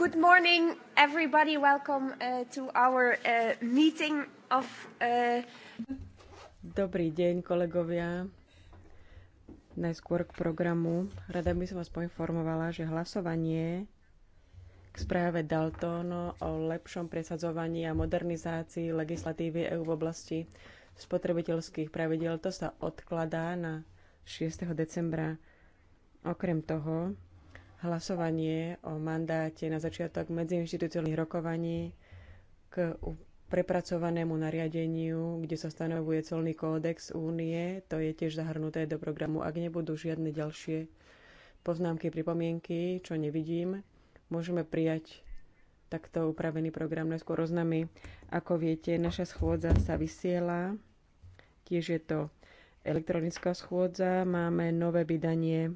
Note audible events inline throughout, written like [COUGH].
Good morning, everybody. Welcome uh, to our uh, meeting of... Uh... Dobrý deň, kolegovia. Najskôr k programu. Rada by som vás poinformovala, že hlasovanie k správe Dalton o lepšom presadzovaní a modernizácii legislatívy EU v oblasti spotrebiteľských pravidel, to sa odkladá na 6. decembra. Okrem toho, hlasovanie o mandáte na začiatok medziinstitucionálnych rokovaní k prepracovanému nariadeniu, kde sa stanovuje celný kódex únie. To je tiež zahrnuté do programu. Ak nebudú žiadne ďalšie poznámky, pripomienky, čo nevidím, môžeme prijať takto upravený program najskôr oznami. Ako viete, naša schôdza sa vysiela. Tiež je to elektronická schôdza. Máme nové vydanie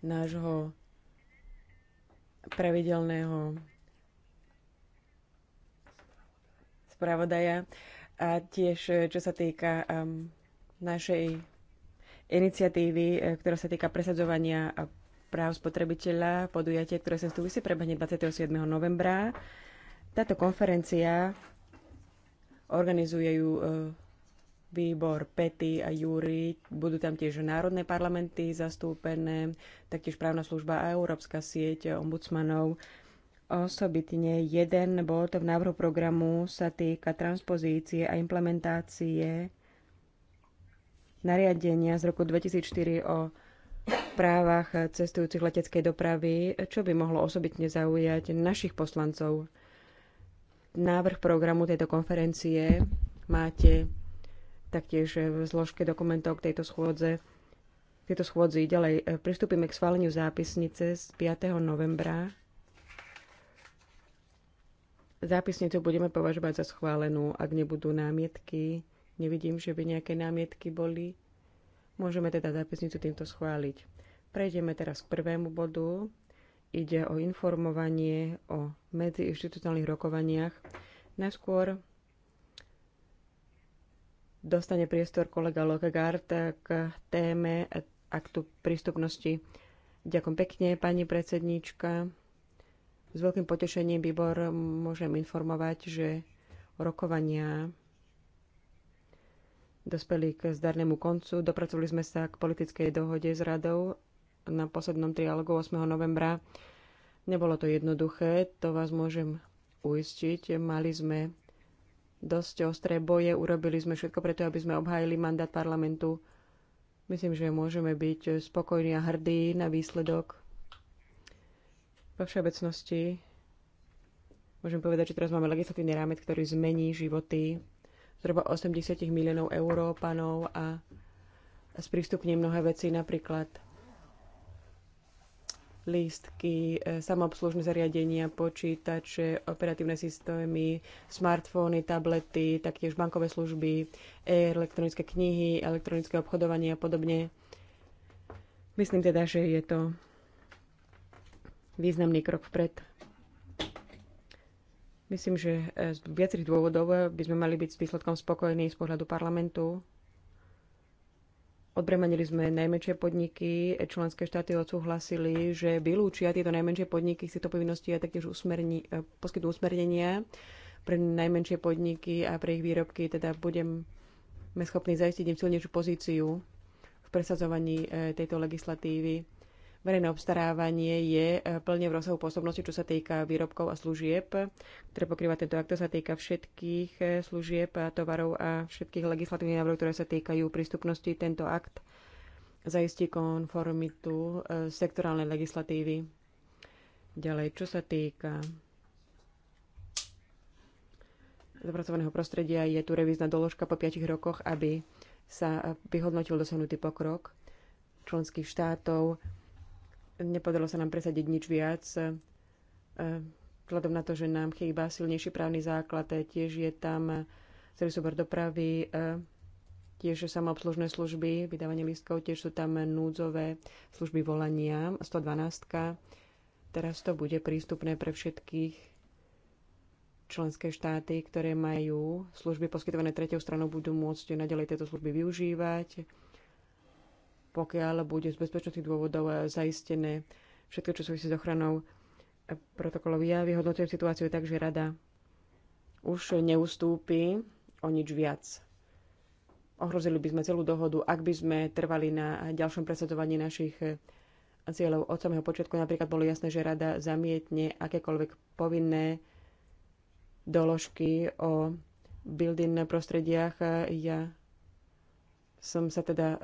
nášho pravidelného spravodaja a tiež čo sa týka um, našej iniciatívy, eh, ktorá sa týka presadzovania eh, práv spotrebiteľa, podujatie, ktoré sa súvisí, prebehne 27. novembra. Táto konferencia organizuje ju eh, výbor Pety a Júri, budú tam tiež národné parlamenty zastúpené, taktiež právna služba a Európska sieť ombudsmanov. Osobitne jeden bod v návrhu programu sa týka transpozície a implementácie nariadenia z roku 2004 o právach cestujúcich leteckej dopravy, čo by mohlo osobitne zaujať našich poslancov. Návrh programu tejto konferencie máte taktiež v zložke dokumentov k tejto schôdze tejto schôdzi. Ďalej e, pristúpime k schváleniu zápisnice z 5. novembra. Zápisnicu budeme považovať za schválenú, ak nebudú námietky. Nevidím, že by nejaké námietky boli. Môžeme teda zápisnicu týmto schváliť. Prejdeme teraz k prvému bodu. Ide o informovanie o medziinstitucionálnych rokovaniach. Najskôr dostane priestor kolega Lokegaard k téme aktu prístupnosti. Ďakujem pekne, pani predsedníčka. S veľkým potešením výbor môžem informovať, že rokovania dospeli k zdarnému koncu. Dopracovali sme sa k politickej dohode s radou na poslednom trialogu 8. novembra. Nebolo to jednoduché, to vás môžem uistiť. Mali sme dosť ostré boje. Urobili sme všetko preto, aby sme obhájili mandát parlamentu. Myslím, že môžeme byť spokojní a hrdí na výsledok. Vo všeobecnosti môžem povedať, že teraz máme legislatívny rámec, ktorý zmení životy zhruba 80 miliónov Európanov a sprístupní mnohé veci, napríklad lístky, e, samoobslužné zariadenia, počítače, operatívne systémy, smartfóny, tablety, taktiež bankové služby, elektronické knihy, elektronické obchodovanie a podobne. Myslím teda, že je to významný krok vpred. Myslím, že e, z viacerých dôvodov by sme mali byť s výsledkom spokojní z pohľadu parlamentu, Odbremenili sme najmenšie podniky, členské štáty odsúhlasili, že vylúčia tieto najmenšie podniky z týchto povinností a taktiež usmerni, e, poskytnú usmernenia pre najmenšie podniky a pre ich výrobky. Teda budeme schopní zajistiť im silnejšiu pozíciu v presadzovaní e, tejto legislatívy verejné obstarávanie je e, plne v rozsahu pôsobnosti, čo sa týka výrobkov a služieb, ktoré pokrýva tento akt, sa týka všetkých e, služieb a tovarov a všetkých legislatívnych návrhov, ktoré sa týkajú prístupnosti. Tento akt zaistí konformitu e, sektorálnej legislatívy. Ďalej, čo sa týka zapracovaného prostredia, je tu revízna doložka po 5 rokoch, aby sa vyhodnotil dosiahnutý pokrok členských štátov Nepodalo sa nám presadiť nič viac. E, vzhľadom na to, že nám chýba silnejší právny základ, e, tiež je tam e, celý súbor dopravy, tiež samoobslužné služby, vydávanie lístkov, tiež sú tam núdzové služby volania, 112. Teraz to bude prístupné pre všetkých členské štáty, ktoré majú služby poskytované tretiou stranou, budú môcť naďalej tieto služby využívať pokiaľ bude z bezpečnostných dôvodov eh, zaistené všetko, čo súvisí s ochranou eh, protokolov. Ja vyhodnotujem situáciu tak, že rada už neustúpi o nič viac. Ohrozili by sme celú dohodu, ak by sme trvali na ďalšom presadzovaní našich eh, cieľov. Od samého počiatku napríklad bolo jasné, že rada zamietne akékoľvek povinné doložky o building prostrediach. Ja som sa teda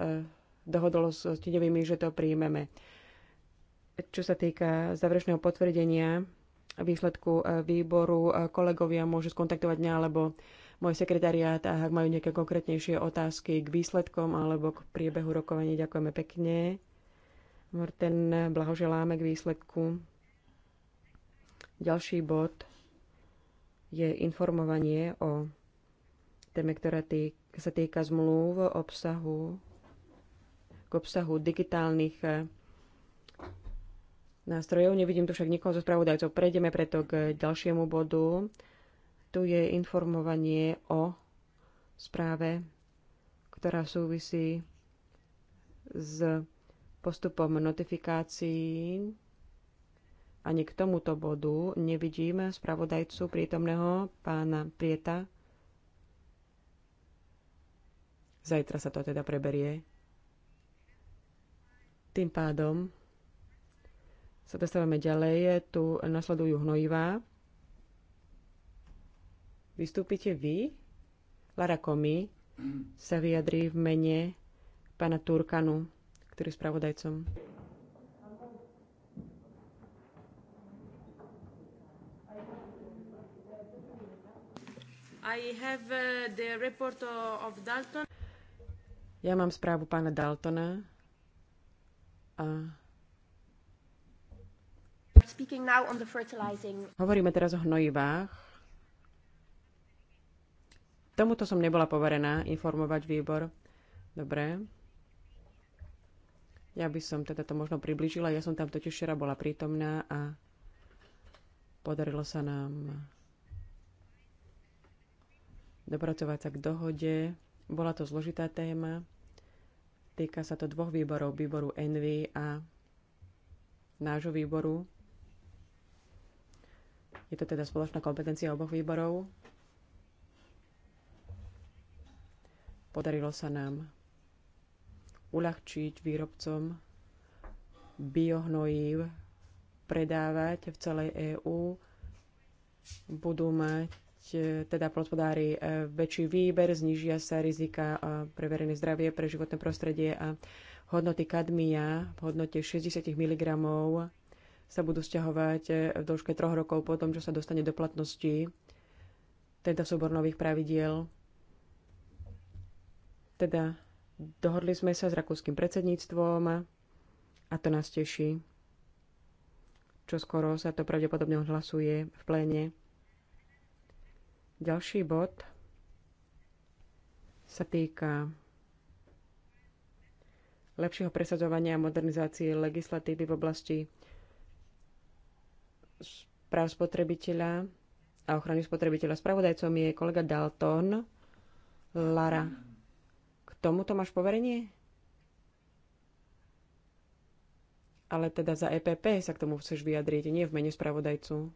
dohodol s tenevými, že to príjmeme. Čo sa týka záverečného potvrdenia výsledku e, výboru, e, kolegovia môžu skontaktovať mňa alebo môj sekretariát a ak majú nejaké konkrétnejšie otázky k výsledkom alebo k priebehu rokovania, ďakujeme pekne. Morten, blahoželáme k výsledku. Ďalší bod je informovanie o téme, ktorá sa týka zmluv, obsahu k obsahu digitálnych eh, nástrojov. Nevidím tu však nikoho zo spravodajcov. Prejdeme preto k ďalšiemu bodu. Tu je informovanie o správe, ktorá súvisí s postupom notifikácií. Ani k tomuto bodu nevidím spravodajcu prítomného pána Prieta. Zajtra sa to teda preberie. Tým pádom sa dostávame ďalej. Tu nasledujú hnojivá. Vystúpite vy. Lara Komi sa vyjadrí v mene pána Turkanu, ktorý je spravodajcom. I have uh, the report uh, of Dalton. Ja mám správu pána Daltona Hovoríme teraz o hnojivách. Tomuto som nebola poverená informovať výbor. Dobre. Ja by som teda to možno približila. Ja som tam totiž včera bola prítomná a podarilo sa nám dopracovať sa k dohode. Bola to zložitá téma. Týka sa to dvoch výborov, výboru Envy a nášho výboru. Je to teda spoločná kompetencia oboch výborov. Podarilo sa nám uľahčiť výrobcom biohnojív predávať v celej EÚ. Budú mať E, teda plnospodári e, väčší výber, znižia sa rizika e, pre verejné zdravie, pre životné prostredie a hodnoty kadmia v hodnote 60 mg sa budú stiahovať v dĺžke troch rokov po tom, čo sa dostane do platnosti, teda súbor nových pravidiel. Teda dohodli sme sa s rakúskym predsedníctvom a to nás teší. Čo skoro sa to pravdepodobne hlasuje v pléne. Ďalší bod sa týka lepšieho presadzovania a modernizácie legislatívy v oblasti práv spotrebiteľa a ochrany spotrebiteľa. Spravodajcom je kolega Dalton. Lara, k tomuto máš poverenie? Ale teda za EPP sa k tomu chceš vyjadriť, nie v mene spravodajcu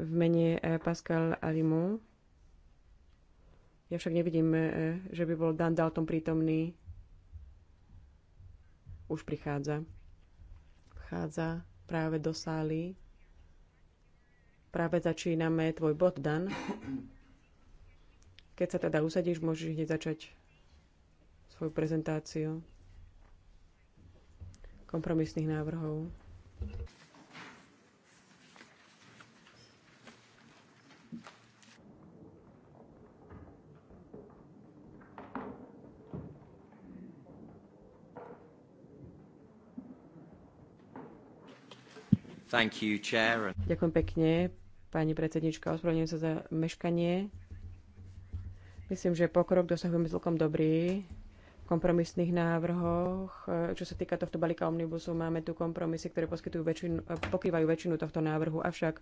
v mene e, Pascal Alimu. Ja však nevidím, e, že by bol Dan Dalton prítomný. Už prichádza. Vchádza práve do sály. Práve začíname tvoj bod, Dan. Keď sa teda usadíš, môžeš hneď začať svoju prezentáciu kompromisných návrhov. Thank you, chair. Ďakujem pekne, pani predsednička. Ospravedlňujem sa za meškanie. Myslím, že pokrok dosahujeme celkom dobrý kompromisných návrhoch. Čo sa týka tohto balíka omnibusu, máme tu kompromisy, ktoré poskytujú väčšinu, väčšinu tohto návrhu. Avšak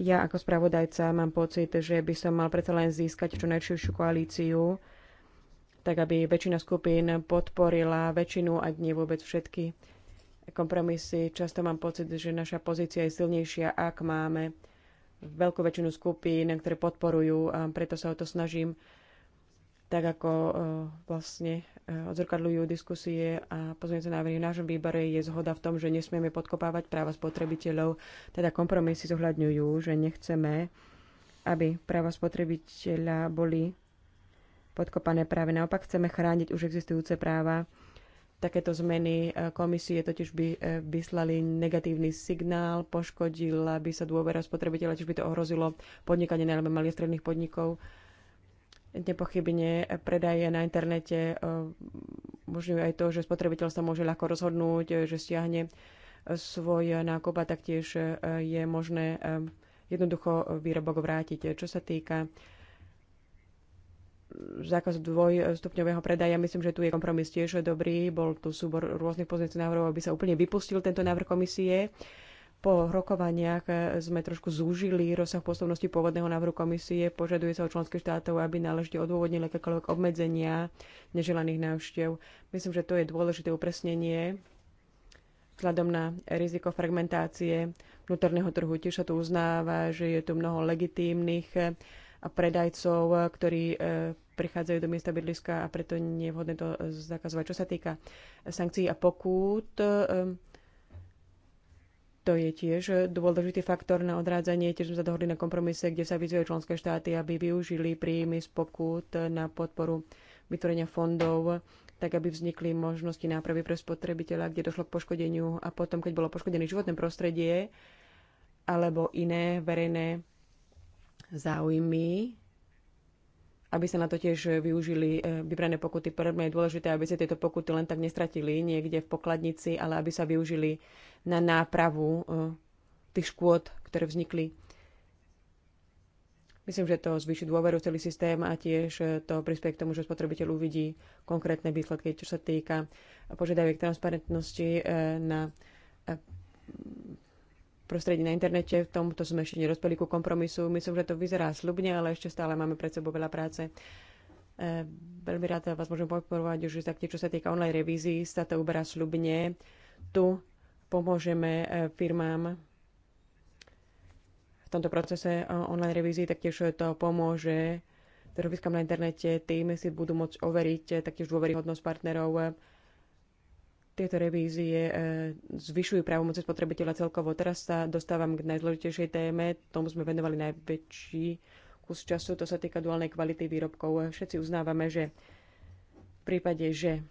ja ako spravodajca mám pocit, že by som mal predsa len získať čo najširšiu koalíciu, tak aby väčšina skupín podporila väčšinu, ak nie vôbec všetky kompromisy. Často mám pocit, že naša pozícia je silnejšia, ak máme veľkú väčšinu skupín, ktoré podporujú a preto sa o to snažím tak ako e, vlastne e, odzrkadľujú diskusie a pozmeňujúce návrhy v nášom výbore, je zhoda v tom, že nesmieme podkopávať práva spotrebiteľov. Teda kompromisy zohľadňujú, že nechceme, aby práva spotrebiteľa boli podkopané práve naopak. Chceme chrániť už existujúce práva takéto zmeny e, komisie totiž by e, vyslali negatívny signál, poškodila by sa dôvera spotrebiteľa, čiže by to ohrozilo podnikanie najmä malých stredných podnikov. Nepochybne predaje na internete e, umožňujú aj to, že spotrebiteľ sa môže ľahko rozhodnúť, že stiahne svoj nákup a taktiež je možné jednoducho výrobok vrátiť. Čo sa týka zákaz dvojstupňového predaja. Myslím, že tu je kompromis tiež dobrý. Bol tu súbor rôznych pozícií návrhov, aby sa úplne vypustil tento návrh komisie. Po rokovaniach sme trošku zúžili rozsah pôsobnosti pôvodného návrhu komisie. Požaduje sa od členských štátov, aby náležite odôvodnili akékoľvek obmedzenia neželaných návštev. Myslím, že to je dôležité upresnenie vzhľadom na riziko fragmentácie vnútorného trhu. Tiež sa tu uznáva, že je tu mnoho legitímnych a predajcov, eh, ktorí eh, prichádzajú do miesta bydliska a preto nie je vhodné to zakazovať. Čo sa týka sankcií a pokút, ehm, to je tiež dôležitý faktor na odrádzanie. Tiež sme sa dohodli na kompromise, kde sa vyzvajú členské štáty, aby využili príjmy z pokút na podporu vytvorenia fondov, tak aby vznikli možnosti nápravy pre spotrebiteľa, kde došlo k poškodeniu a potom, keď bolo poškodené životné prostredie alebo iné verejné záujmy, aby sa na to tiež využili eh, vybrané pokuty. Pre je dôležité, aby sa tieto pokuty len tak nestratili niekde v pokladnici, ale aby sa využili na nápravu eh, tých škôd, ktoré vznikli. Myslím, že to zvýši dôveru celý systém a tiež eh, to prispie k tomu, že spotrebiteľ uvidí konkrétne výsledky, čo sa týka požiadaviek transparentnosti na prostredí na internete. V tomto sme ešte nerozpeli ku kompromisu. Myslím, že to vyzerá slubne, ale ešte stále máme pred sebou veľa práce. E, veľmi rád vás môžem podporovať už taktiež, čo sa týka online revízií, sa to uberá slubne. Tu pomôžeme e, firmám v tomto procese e, online revízií, taktiež to pomôže trhoviskám na internete, tým si budú môcť overiť taktiež dôveryhodnosť partnerov tieto revízie e, zvyšujú právomoce spotrebiteľa celkovo. Teraz sa dostávam k najzložitejšej téme, tomu sme venovali najväčší kus času, to sa týka duálnej kvality výrobkov. Všetci uznávame, že v prípade, že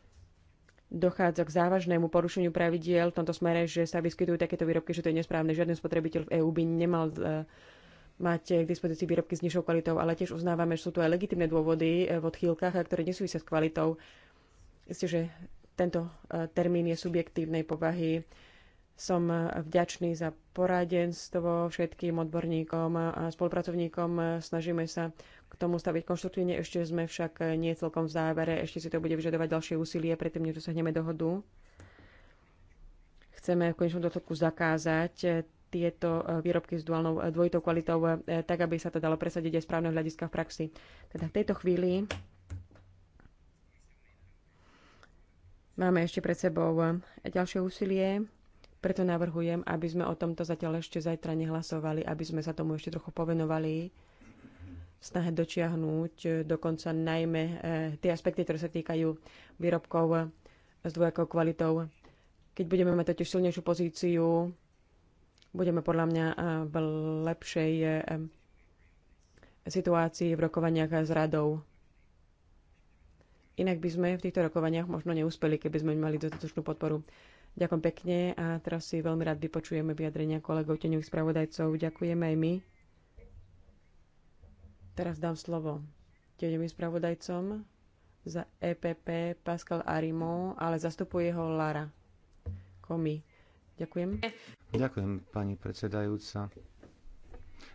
dochádza k závažnému porušeniu pravidiel v tomto smere, že sa vyskytujú takéto výrobky, že to je nesprávne. Žiadny spotrebiteľ v EÚ by nemal e, mať k dispozícii výrobky s nižšou kvalitou, ale tiež uznávame, že sú tu aj legitimné dôvody e, v odchýlkach, ktoré nesúvisia s kvalitou. Isté, že tento e, termín je subjektívnej povahy. Som e, vďačný za poradenstvo všetkým odborníkom a spolupracovníkom. E, snažíme sa k tomu staviť konštruktívne. Ešte sme však nie celkom v závere. Ešte si to bude vyžadovať ďalšie úsilie, predtým než dosiahneme dohodu. Chceme v konečnom dôsledku zakázať tieto výrobky s duálnou dvojitou kvalitou, tak aby sa to dalo presadiť aj správne hľadiska v praxi. Teda v tejto chvíli Máme ešte pred sebou um, ďalšie úsilie, preto navrhujem, aby sme o tomto zatiaľ ešte zajtra nehlasovali, aby sme sa tomu ešte trochu povenovali snahe dočiahnuť eh, dokonca najmä eh, tie aspekty, ktoré sa týkajú výrobkov eh, s dvojakou kvalitou. Keď budeme mať totiž silnejšiu pozíciu, budeme podľa mňa v lepšej situácii v rokovaniach s radou. Inak by sme v týchto rokovaniach možno neúspeli, keby sme mali dostatočnú podporu. Ďakujem pekne a teraz si veľmi rád vypočujeme vyjadrenia kolegov teňových spravodajcov. Ďakujeme aj my. Teraz dám slovo teňovým spravodajcom za EPP Pascal Arimo, ale zastupuje ho Lara Komi. Ďakujem. Ďakujem, pani predsedajúca.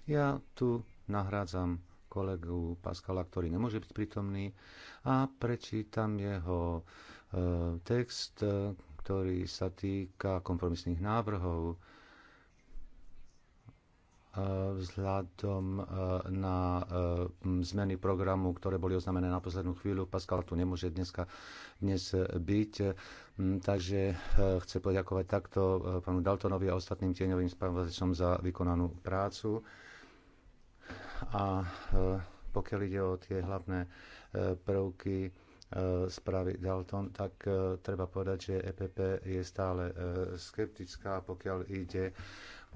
Ja tu nahrádzam kolegu Paskala, ktorý nemôže byť prítomný a prečítam jeho e, text, e, ktorý sa týka kompromisných návrhov e, vzhľadom na zmeny programu, ktoré boli oznamené na poslednú chvíľu. Pascal tu nemôže dneska, dnes byť, takže chce poďakovať takto panu Daltonovi a ostatným tieňovým spravodajcom za vykonanú prácu. A e, pokiaľ ide o tie hlavné e, prvky e, správy Dalton, tak treba povedať, že EPP je stále skeptická, pokiaľ ide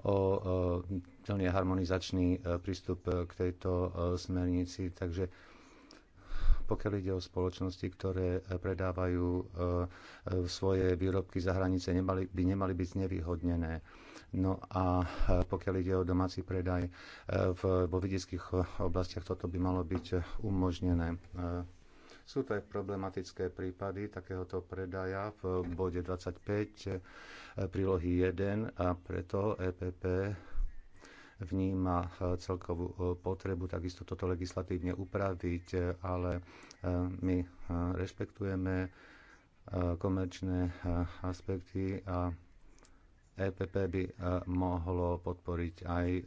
o plne harmonizačný prístup k tejto smernici. Takže pokiaľ ide o spoločnosti, ktoré predávajú svoje výrobky za hranice, by nemali byť znevýhodnené No a e, pokiaľ ide o domáci predaj e, v, vo e, oblastiach, toto by malo byť umožnené. Sú to aj problematické prípady takéhoto predaja v bode 25 prílohy 1 a preto EPP vníma celkovú potrebu takisto toto legislatívne upraviť, ale my rešpektujeme komerčné aspekty a EPP by e, mohlo podporiť aj e,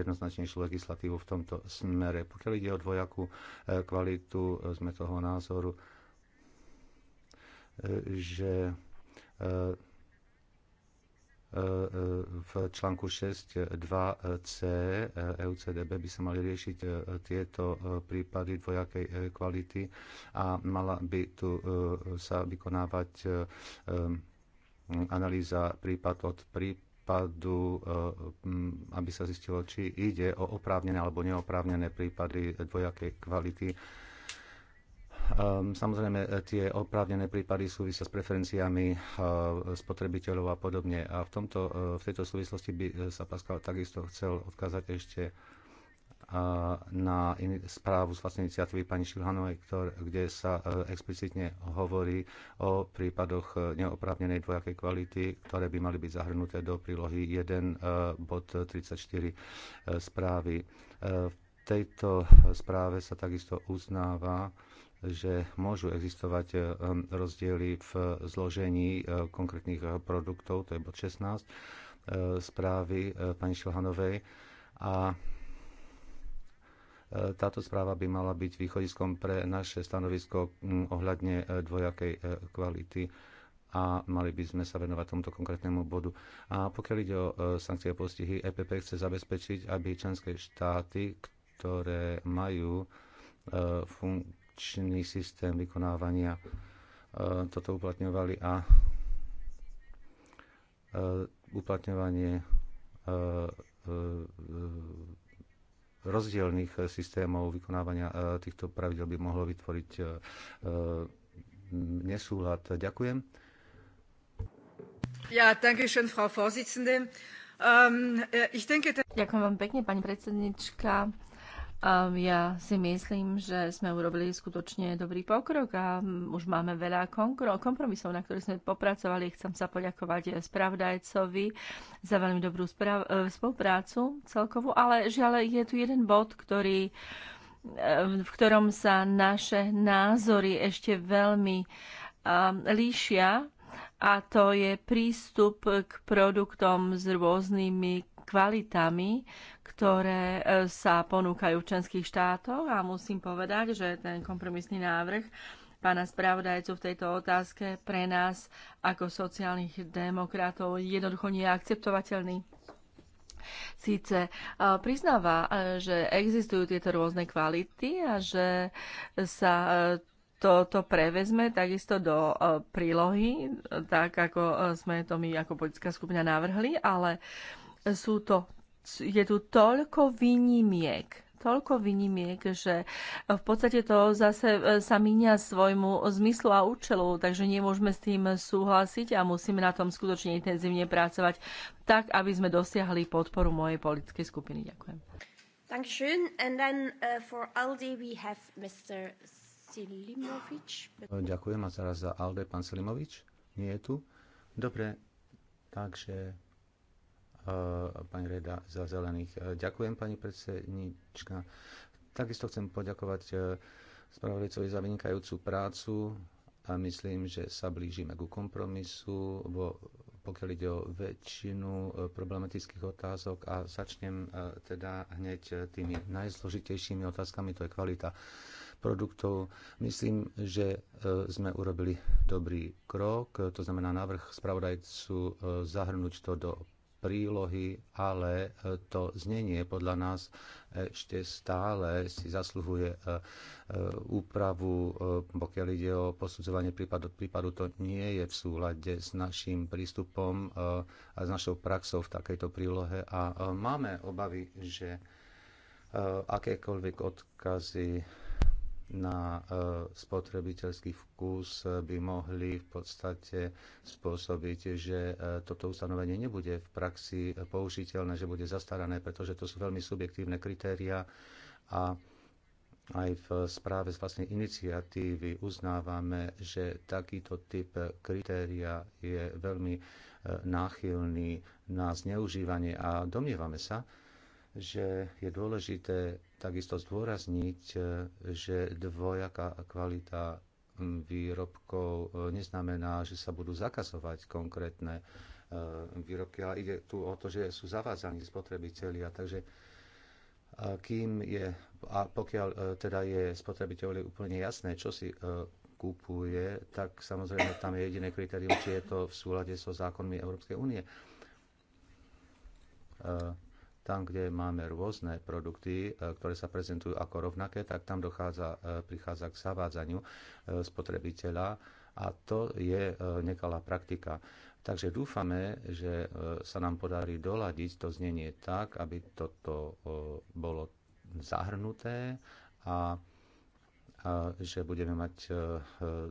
jednoznačnejšiu legislatívu v tomto smere. Pokiaľ ide o dvojakú e, kvalitu, sme toho názoru, že v článku 6.2c EUCDB by sa mali riešiť tieto prípady dvojakej kvality a mala by tu sa vykonávať analýza prípad od prípadu, e, aby sa zistilo, či ide o oprávnené alebo neoprávnené prípady dvojakej kvality. Ehm, samozrejme, tie oprávnené prípady súvisia s preferenciami e, spotrebiteľov a podobne. A v, tomto, e, v tejto súvislosti by sa Pascal takisto chcel odkázať ešte na správu z vlastnej iniciatívy pani Šilhanovej, kde sa e, explicitne hovorí o prípadoch e, neoprávnenej dvojakej kvality, ktoré by mali byť zahrnuté do prílohy 1 e, bod 34 správy. V tejto správe sa takisto uznáva, že môžu existovať rozdiely v zložení konkrétnych produktov, to je bod 16 správy pani Šilhanovej. A táto správa by mala byť východiskom pre naše stanovisko mm, ohľadne e, dvojakej e, kvality a mali by sme sa venovať tomuto konkrétnemu bodu. A pokiaľ ide o e, sankcie a postihy, EPP chce zabezpečiť, aby členské štáty, ktoré majú funkčný systém vykonávania, toto uplatňovali a uplatňovanie rozdielných eh, systémov vykonávania eh, týchto pravidel by mohlo vytvoriť eh, nesúlad. Ďakujem. Ja, danke Frau Vorsitzende. Ähm, äh, Ďakujem vám pekne, pani predsednička. Ja si myslím, že sme urobili skutočne dobrý pokrok a už máme veľa kompromisov, na ktorých sme popracovali. Chcem sa poďakovať spravdajcovi za veľmi dobrú e, spoluprácu celkovú, ale žiaľ je tu jeden bod, ktorý e, v ktorom sa naše názory ešte veľmi e, líšia a to je prístup k produktom s rôznymi kvalitami, ktoré e, sa ponúkajú v členských štátoch a musím povedať, že ten kompromisný návrh pána spravodajcu v tejto otázke pre nás ako sociálnych demokratov jednoducho nie je akceptovateľný. Síce e, priznáva, e, že existujú tieto rôzne kvality a že sa toto prevezme takisto do prílohy, tak ako sme to my ako politická skupina navrhli, ale sú to, je tu toľko výnimiek, toľko výnimiek, že v podstate to zase e, sa míňa svojmu zmyslu a účelu, takže nemôžeme s tým súhlasiť a musíme na tom skutočne intenzívne pracovať, tak aby sme dosiahli podporu mojej politickej skupiny. Ďakujem. Uh, Ďakujem a teraz za Alde pán Selimovič. Nie je tu. Dobre, takže Eh, pani Reda za zelených. Eh, ďakujem, pani predsednička. Takisto chcem poďakovať eh, spravodajcovi za vynikajúcu prácu a myslím, že sa blížime ku kompromisu, bo pokiaľ ide o väčšinu problematických otázok a začnem teda hneď tými najzložitejšími otázkami, to je kvalita produktov. Myslím, že sme urobili dobrý krok, to znamená návrh spravodajcu zahrnúť to do prílohy, ale e, to znenie podľa nás e, ešte stále si zasluhuje e, úpravu, pokiaľ ide o posudzovanie prípadu. Prípadu to nie je v súlade s našim prístupom a s našou praxou v takejto prílohe a máme obavy, že akékoľvek odkazy na e, spotrebiteľský vkus by mohli v podstate spôsobiť, že e, toto ustanovenie nebude v praxi použiteľné, že bude zastarané, pretože to sú veľmi subjektívne kritéria a aj v správe z vlastnej iniciatívy uznávame, že takýto typ kritéria je veľmi e, náchylný na zneužívanie a domnievame sa, že je dôležité takisto zdôrazniť, e, že dvojaká kvalita výrobkov e, neznamená, že sa budú zakazovať konkrétne e, výrobky, ale ide tu o to, že sú zavádzaní spotrebitelia. Takže kým je, a pokiaľ teda je spotrebiteľovi úplne jasné, čo si kupuje, tak samozrejme tam je jediné kritérium, či je to v súlade so zákonmi Európskej únie tam, kde máme rôzne produkty, e, ktoré sa prezentujú ako rovnaké, tak tam dochádza, e, prichádza k zavádzaniu e, spotrebiteľa a to je nekalá praktika. Takže dúfame, že sa nám podarí doladiť to znenie tak, aby toto bolo zahrnuté a a že budeme mať e, e,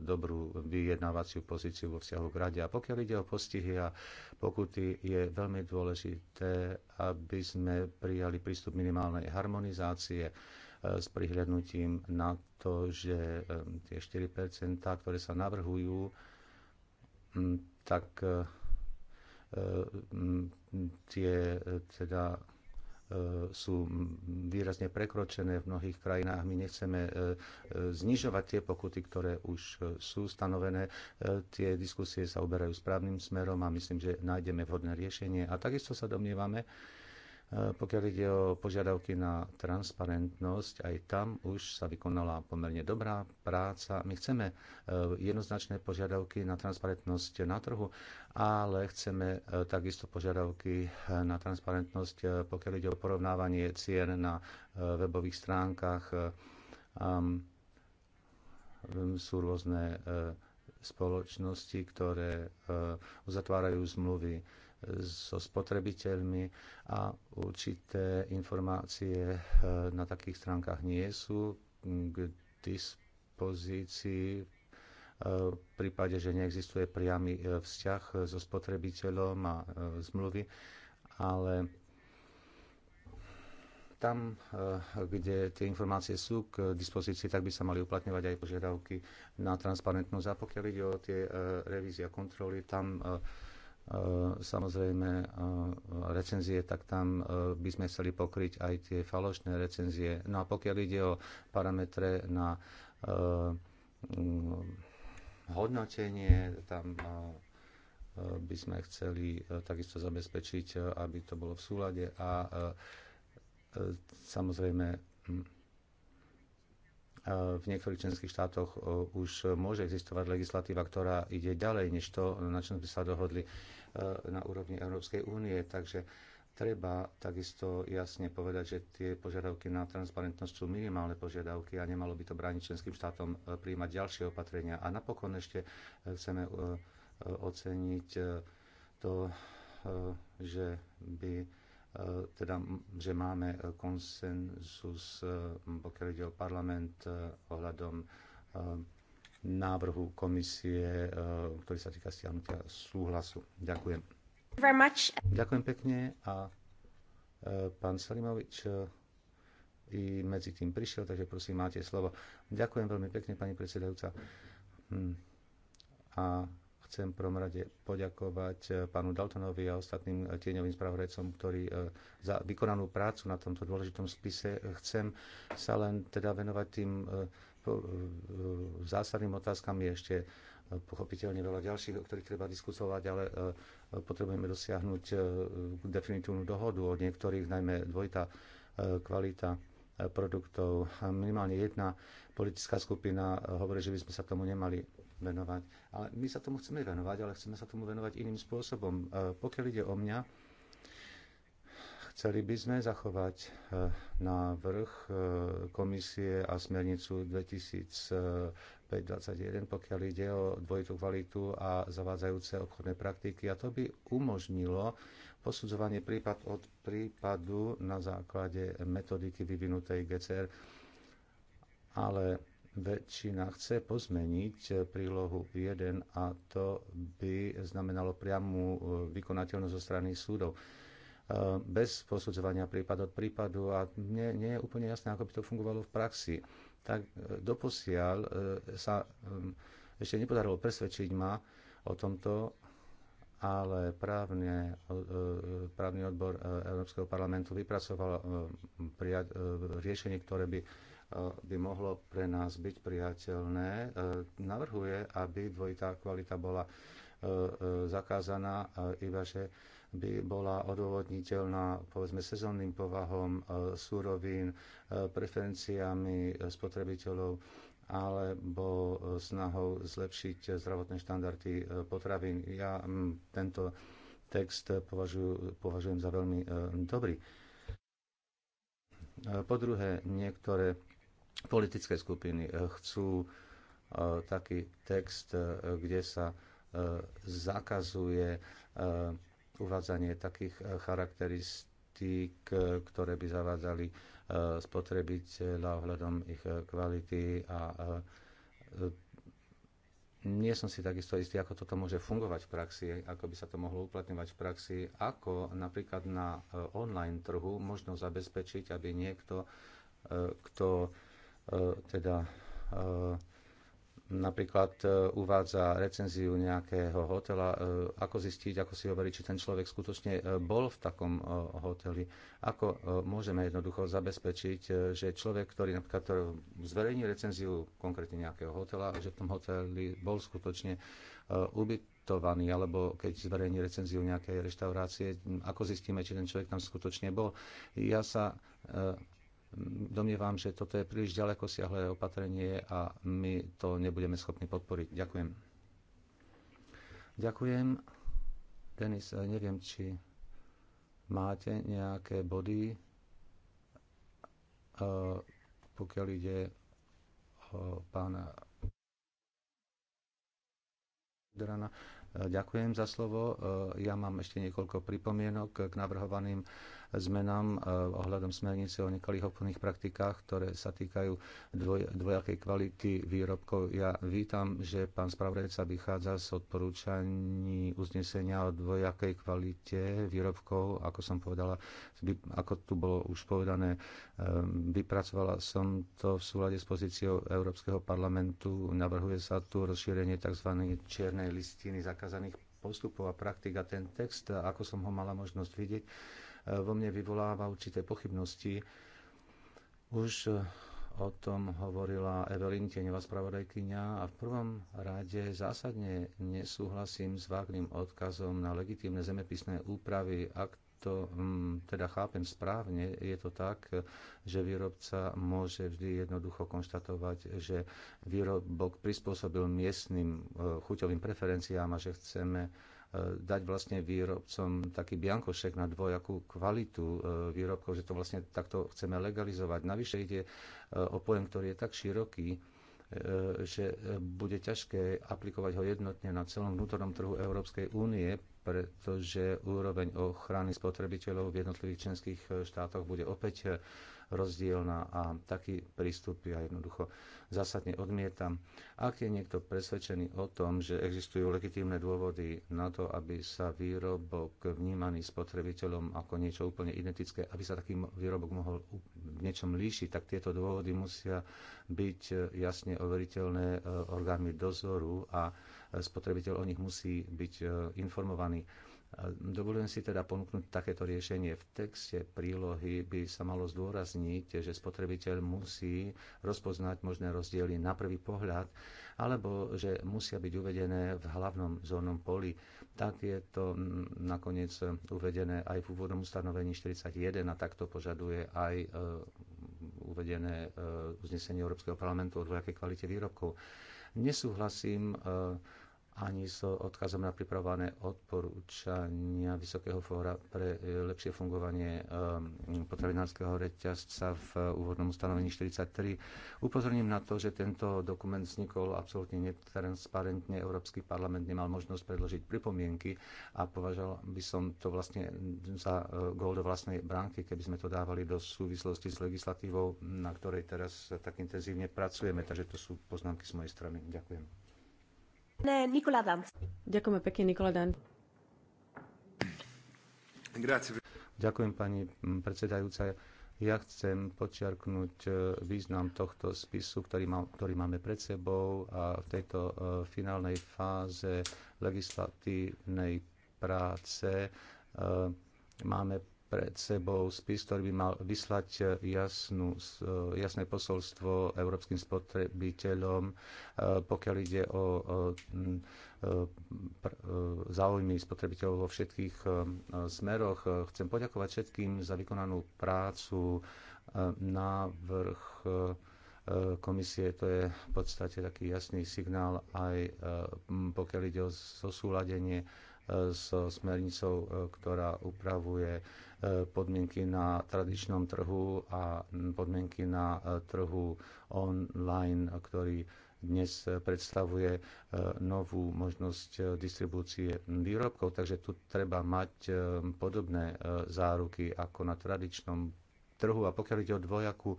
dobrú vyjednávaciu pozíciu vo vzťahu k rade. A pokiaľ ide o postihy a pokuty, je veľmi dôležité, aby sme prijali prístup minimálnej harmonizácie e, s prihľadnutím na to, že tie 4 ktoré sa navrhujú, tak tie teda E, sú výrazne prekročené v mnohých krajinách. My nechceme e, e, znižovať tie pokuty, ktoré už sú stanovené. Tie diskusie sa uberajú správnym smerom a myslím, že nájdeme vhodné riešenie. A takisto sa domnievame, Eh, pokiaľ ide o požiadavky na transparentnosť, aj tam už sa vykonala pomerne dobrá práca. My chceme eh, jednoznačné požiadavky na transparentnosť na trhu, ale chceme eh, takisto požiadavky na transparentnosť, pokiaľ ide o porovnávanie cien na webových stránkach. Ehm, ehm, sú rôzne spoločnosti, ktoré uzatvárajú zmluvy so spotrebiteľmi a určité informácie eh, na takých stránkach nie sú k dispozícii eh, v prípade, že neexistuje priamy eh, vzťah so spotrebiteľom a zmluvy, ale tam, kde tie informácie sú k dispozícii, tak by sa mali uplatňovať aj požiadavky na transparentnosť. A pokiaľ ide o tie revízie a kontroly, tam E, samozrejme e, recenzie, tak tam e, by sme chceli pokryť aj tie falošné recenzie. No a pokiaľ ide o parametre na mm, hodnotenie, tam by sme chceli takisto zabezpečiť, aby to bolo v súlade a samozrejme mm, v niektorých členských štátoch e, už môže existovať legislatíva, ktorá ide ďalej, než to, na čom by sa dohodli e, na úrovni Európskej únie. Takže treba takisto jasne povedať, že tie požiadavky na transparentnosť sú minimálne požiadavky a nemalo by to brániť členským štátom e, príjmať ďalšie opatrenia. A napokon ešte chceme oceniť to, že by Eh, teda, že máme eh, konsenzus, eh, pokiaľ ide o parlament, ohľadom návrhu komisie, ktorý sa týka stiahnutia súhlasu. Ďakujem. Ďakujem pekne a pán Salimovič i medzi tým prišiel, takže prosím, máte slovo. Ďakujem veľmi pekne, pani predsedajúca. Hm. A Chcem prvom rade poďakovať eh, pánu Daltonovi a ostatným eh, tieňovým spravodajcom, ktorí eh, za vykonanú prácu na tomto dôležitom spise chcem sa len teda venovať tým zásadným otázkam je ešte pochopiteľne veľa ďalších, o ktorých treba diskutovať, ale potrebujeme dosiahnuť definitívnu dohodu o niektorých, najmä dvojitá kvalita produktov. Minimálne jedna politická skupina hovorí, že by sme sa tomu nemali venovať. Ale my sa tomu chceme venovať, ale chceme sa tomu venovať iným spôsobom. E, pokiaľ ide o mňa, chceli by sme zachovať e, návrh e, komisie a smernicu 2005 pokiaľ ide o dvojitú kvalitu a zavádzajúce obchodné praktiky. A to by umožnilo posudzovanie prípad od prípadu na základe metodiky vyvinutej GCR. Ale väčšina chce pozmeniť eh, prílohu 1 a to by znamenalo priamu eh, vykonateľnosť zo strany súdov eh, bez posudzovania prípad od prípadu a nie, nie je úplne jasné, ako by to fungovalo v praxi. Tak doposiaľ sa ešte nepodarilo presvedčiť ma o tomto, ale právne, právny odbor Európskeho parlamentu vypracoval riešenie, ktoré by E, by mohlo pre nás byť priateľné, e, navrhuje, aby dvojitá kvalita bola e, zakázaná, iba že by bola odôvodniteľná povedzme sezónnym povahom súrovín, preferenciami spotrebiteľov alebo snahou zlepšiť zdravotné štandardy potravín. Ja tento text považujem za veľmi dobrý. Po druhé, niektoré Politické skupiny eh, chcú eh, taký text, eh, kde sa zakazuje uvádzanie takých charakteristík, ktoré by zavádzali spotrebiteľa ohľadom ich kvality a nie som si takisto istý, ako toto môže fungovať v praxi, ako by sa to mohlo uplatňovať v praxi, ako napríklad na online trhu možno zabezpečiť, aby niekto, kto E, teda e, napríklad e, uvádza recenziu nejakého hotela, ako zistiť, ako si hovorí, či ten človek skutočne bol v takom hoteli, ako môžeme jednoducho zabezpečiť, že človek, ktorý napríklad zverejní recenziu konkrétne nejakého hotela, že v tom hoteli bol skutočne ubytovaný, alebo keď zverejní recenziu nejakej reštaurácie, ako zistíme, či ten človek tam skutočne bol. Ja sa domnievam, že toto je príliš ďaleko siahle opatrenie a my to nebudeme schopní podporiť. Ďakujem. Ďakujem. Denis, neviem, či máte nejaké body, eh, pokiaľ ide o pána Drana. Eh, ďakujem za slovo. Eh, ja mám ešte niekoľko pripomienok k navrhovaným zmenám e, ohľadom smernice o nekalých obchodných praktikách, ktoré sa týkajú dvoj, dvojakej kvality výrobkov. Ja vítam, že pán spravodajca vychádza z odporúčaní uznesenia o dvojakej kvalite výrobkov, ako som povedala, ako tu bolo už povedané, e, vypracovala som to v súlade s pozíciou Európskeho parlamentu. Navrhuje sa tu rozšírenie tzv. čiernej listiny zakázaných postupov a praktik a ten text, ako som ho mala možnosť vidieť, vo mne vyvoláva určité pochybnosti. Už e, o tom hovorila Evelyn Tieňová spravodajkynia a v prvom rade zásadne nesúhlasím s vágným odkazom na legitímne zemepisné úpravy, ak to mm, teda chápem správne, je to tak, že výrobca môže vždy jednoducho konštatovať, že výrobok prispôsobil miestnym e, chuťovým preferenciám a že chceme E, dať vlastne výrobcom taký biankošek na dvojakú kvalitu e, výrobkov, že to vlastne takto chceme legalizovať. Navyše ide e, o pojem, ktorý je tak široký, že bude ťažké aplikovať ho jednotne na celom vnútornom trhu Európskej únie, pretože úroveň ochrany spotrebiteľov v jednotlivých členských štátoch bude opäť rozdielna a taký prístup ja jednoducho zásadne odmietam. Ak je niekto presvedčený o tom, že existujú legitímne dôvody na to, aby sa výrobok vnímaný spotrebiteľom ako niečo úplne identické, aby sa taký výrobok mohol v niečom líšiť, tak tieto dôvody musia byť e, jasne overiteľné e, orgánmi dozoru a e, spotrebiteľ o nich musí byť informovaný. Dovolujem si teda ponúknuť takéto riešenie. V texte prílohy by sa malo zdôrazniť, že spotrebiteľ musí rozpoznať možné rozdiely na prvý pohľad, alebo že musia byť uvedené v hlavnom zónom poli. Tak je to mm, nakoniec uvedené aj v úvodnom ustanovení 41 a takto požaduje aj e, uvedené e, uznesenie Európskeho parlamentu o dvojakej kvalite výrobkov. Nesúhlasím e, ani s odkazom na pripravované odporúčania Vysokého fóra pre e, lepšie fungovanie e, potravinárskeho reťazca v úvodnom ustanovení 43. Upozorním na to, že tento dokument vznikol absolútne netransparentne. Európsky parlament nemal možnosť predložiť pripomienky a považal by som to vlastne za e, gol do vlastnej bránky, keby sme to dávali do súvislosti s legislatívou, na ktorej teraz tak intenzívne pracujeme. Takže to sú poznámky z mojej strany. Ďakujem. Ne, Nikola Danc. Ďakujeme pekne, Nikola Danc. Ďakujem, pani predsedajúca. Ja chcem počiarknúť e, význam tohto spisu, ktorý, má, ktorý máme pred sebou a v tejto e, finálnej fáze legislatívnej práce e, máme pred sebou spis, ktorý by mal vyslať eh, jasnú, eh, jasné posolstvo európskym spotrebiteľom, eh, pokiaľ ide o záujmy spotrebiteľov vo všetkých smeroch. Chcem poďakovať všetkým za vykonanú prácu. Návrh komisie to je v podstate taký jasný signál aj pokiaľ ide o zosúladenie so smernicou, e, ktorá upravuje e, podmienky na tradičnom trhu a podmienky na e, trhu online, ktorý dnes predstavuje novú možnosť distribúcie výrobkov, takže tu treba mať podobné záruky ako na tradičnom trhu. A pokiaľ ide o dvojakú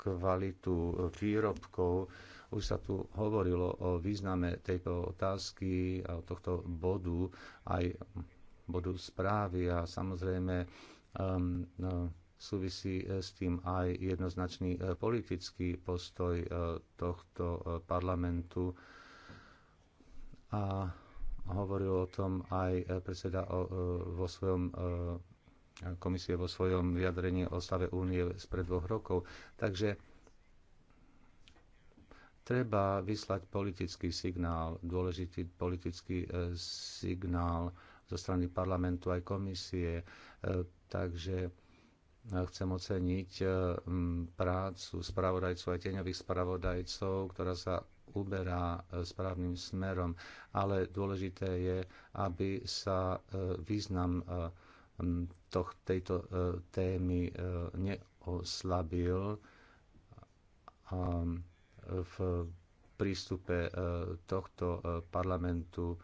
kvalitu výrobkov, už sa tu hovorilo o význame tejto otázky a tohto bodu, aj bodu správy a samozrejme um, no, súvisí eh, s tým aj jednoznačný eh, politický postoj eh, tohto parlamentu. A hovoril o tom aj predseda vo svojom komisie vo svojom vyjadrení o stave únie spred dvoch rokov. Takže Treba vyslať politický signál, dôležitý politický e, signál zo strany parlamentu aj komisie. E, takže e, chcem oceniť prácu spravodajcov aj tieňových spravodajcov, ktorá sa uberá správnym smerom, ale dôležité je, aby sa význam toh, tejto témy neoslabil. Um, v prístupe e, tohto e, parlamentu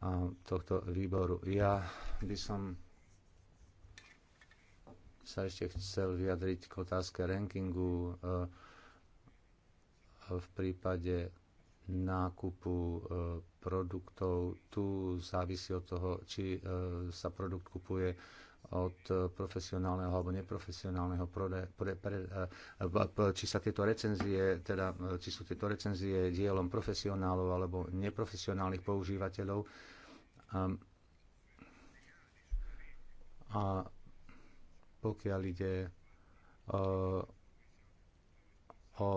a tohto výboru. Ja by som sa ešte chcel vyjadriť k otázke rankingu e, v prípade nákupu produktov. Tu závisí od toho, či sa produkt kupuje od eh, profesionálneho alebo neprofesionálneho prode, pre, eh, pre, či sa tieto recenzie, teda eh, či sú tieto recenzie dielom profesionálov alebo neprofesionálnych používateľov. A, ehm, a pokiaľ ide o, o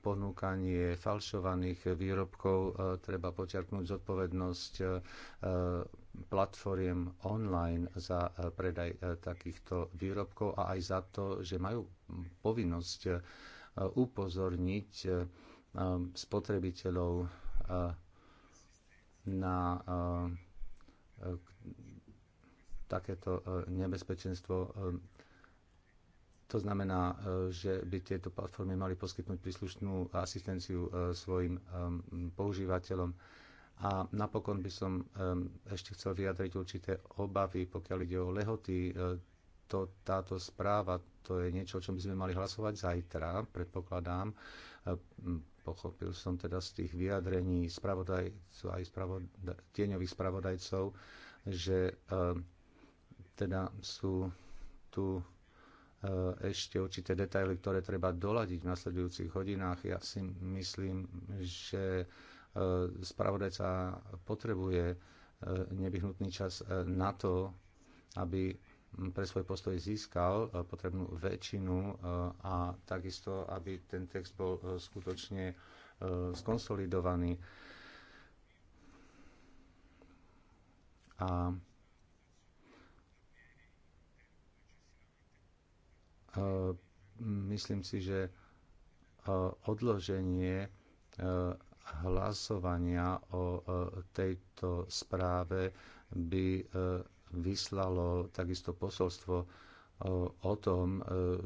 ponúkanie falšovaných výrobkov, treba počiarknúť zodpovednosť platformiem online za e, predaj e, takýchto výrobkov a aj za to, že majú povinnosť e, upozorniť spotrebiteľov na takéto nebezpečenstvo. To znamená, že by tieto platformy mali poskytnúť príslušnú asistenciu svojim používateľom a napokon by som ešte chcel vyjadriť určité obavy, pokiaľ ide o lehoty. E, to, táto správa, to je niečo, o čom by sme mali hlasovať zajtra, predpokladám. E, pochopil som teda z tých vyjadrení spravodajcov aj spravodaj, tieňových spravodajcov, že e, teda sú tu ešte určité detaily, ktoré treba doladiť v nasledujúcich hodinách. Ja si myslím, že E, spravodajca potrebuje e, nevyhnutný čas e, na to, aby pre svoj postoj získal potrebnú väčšinu a takisto, aby ten text bol skutočne skonsolidovaný. A myslím si, že odloženie hlasovania o e, tejto správe by e, vyslalo takisto posolstvo e, o tom,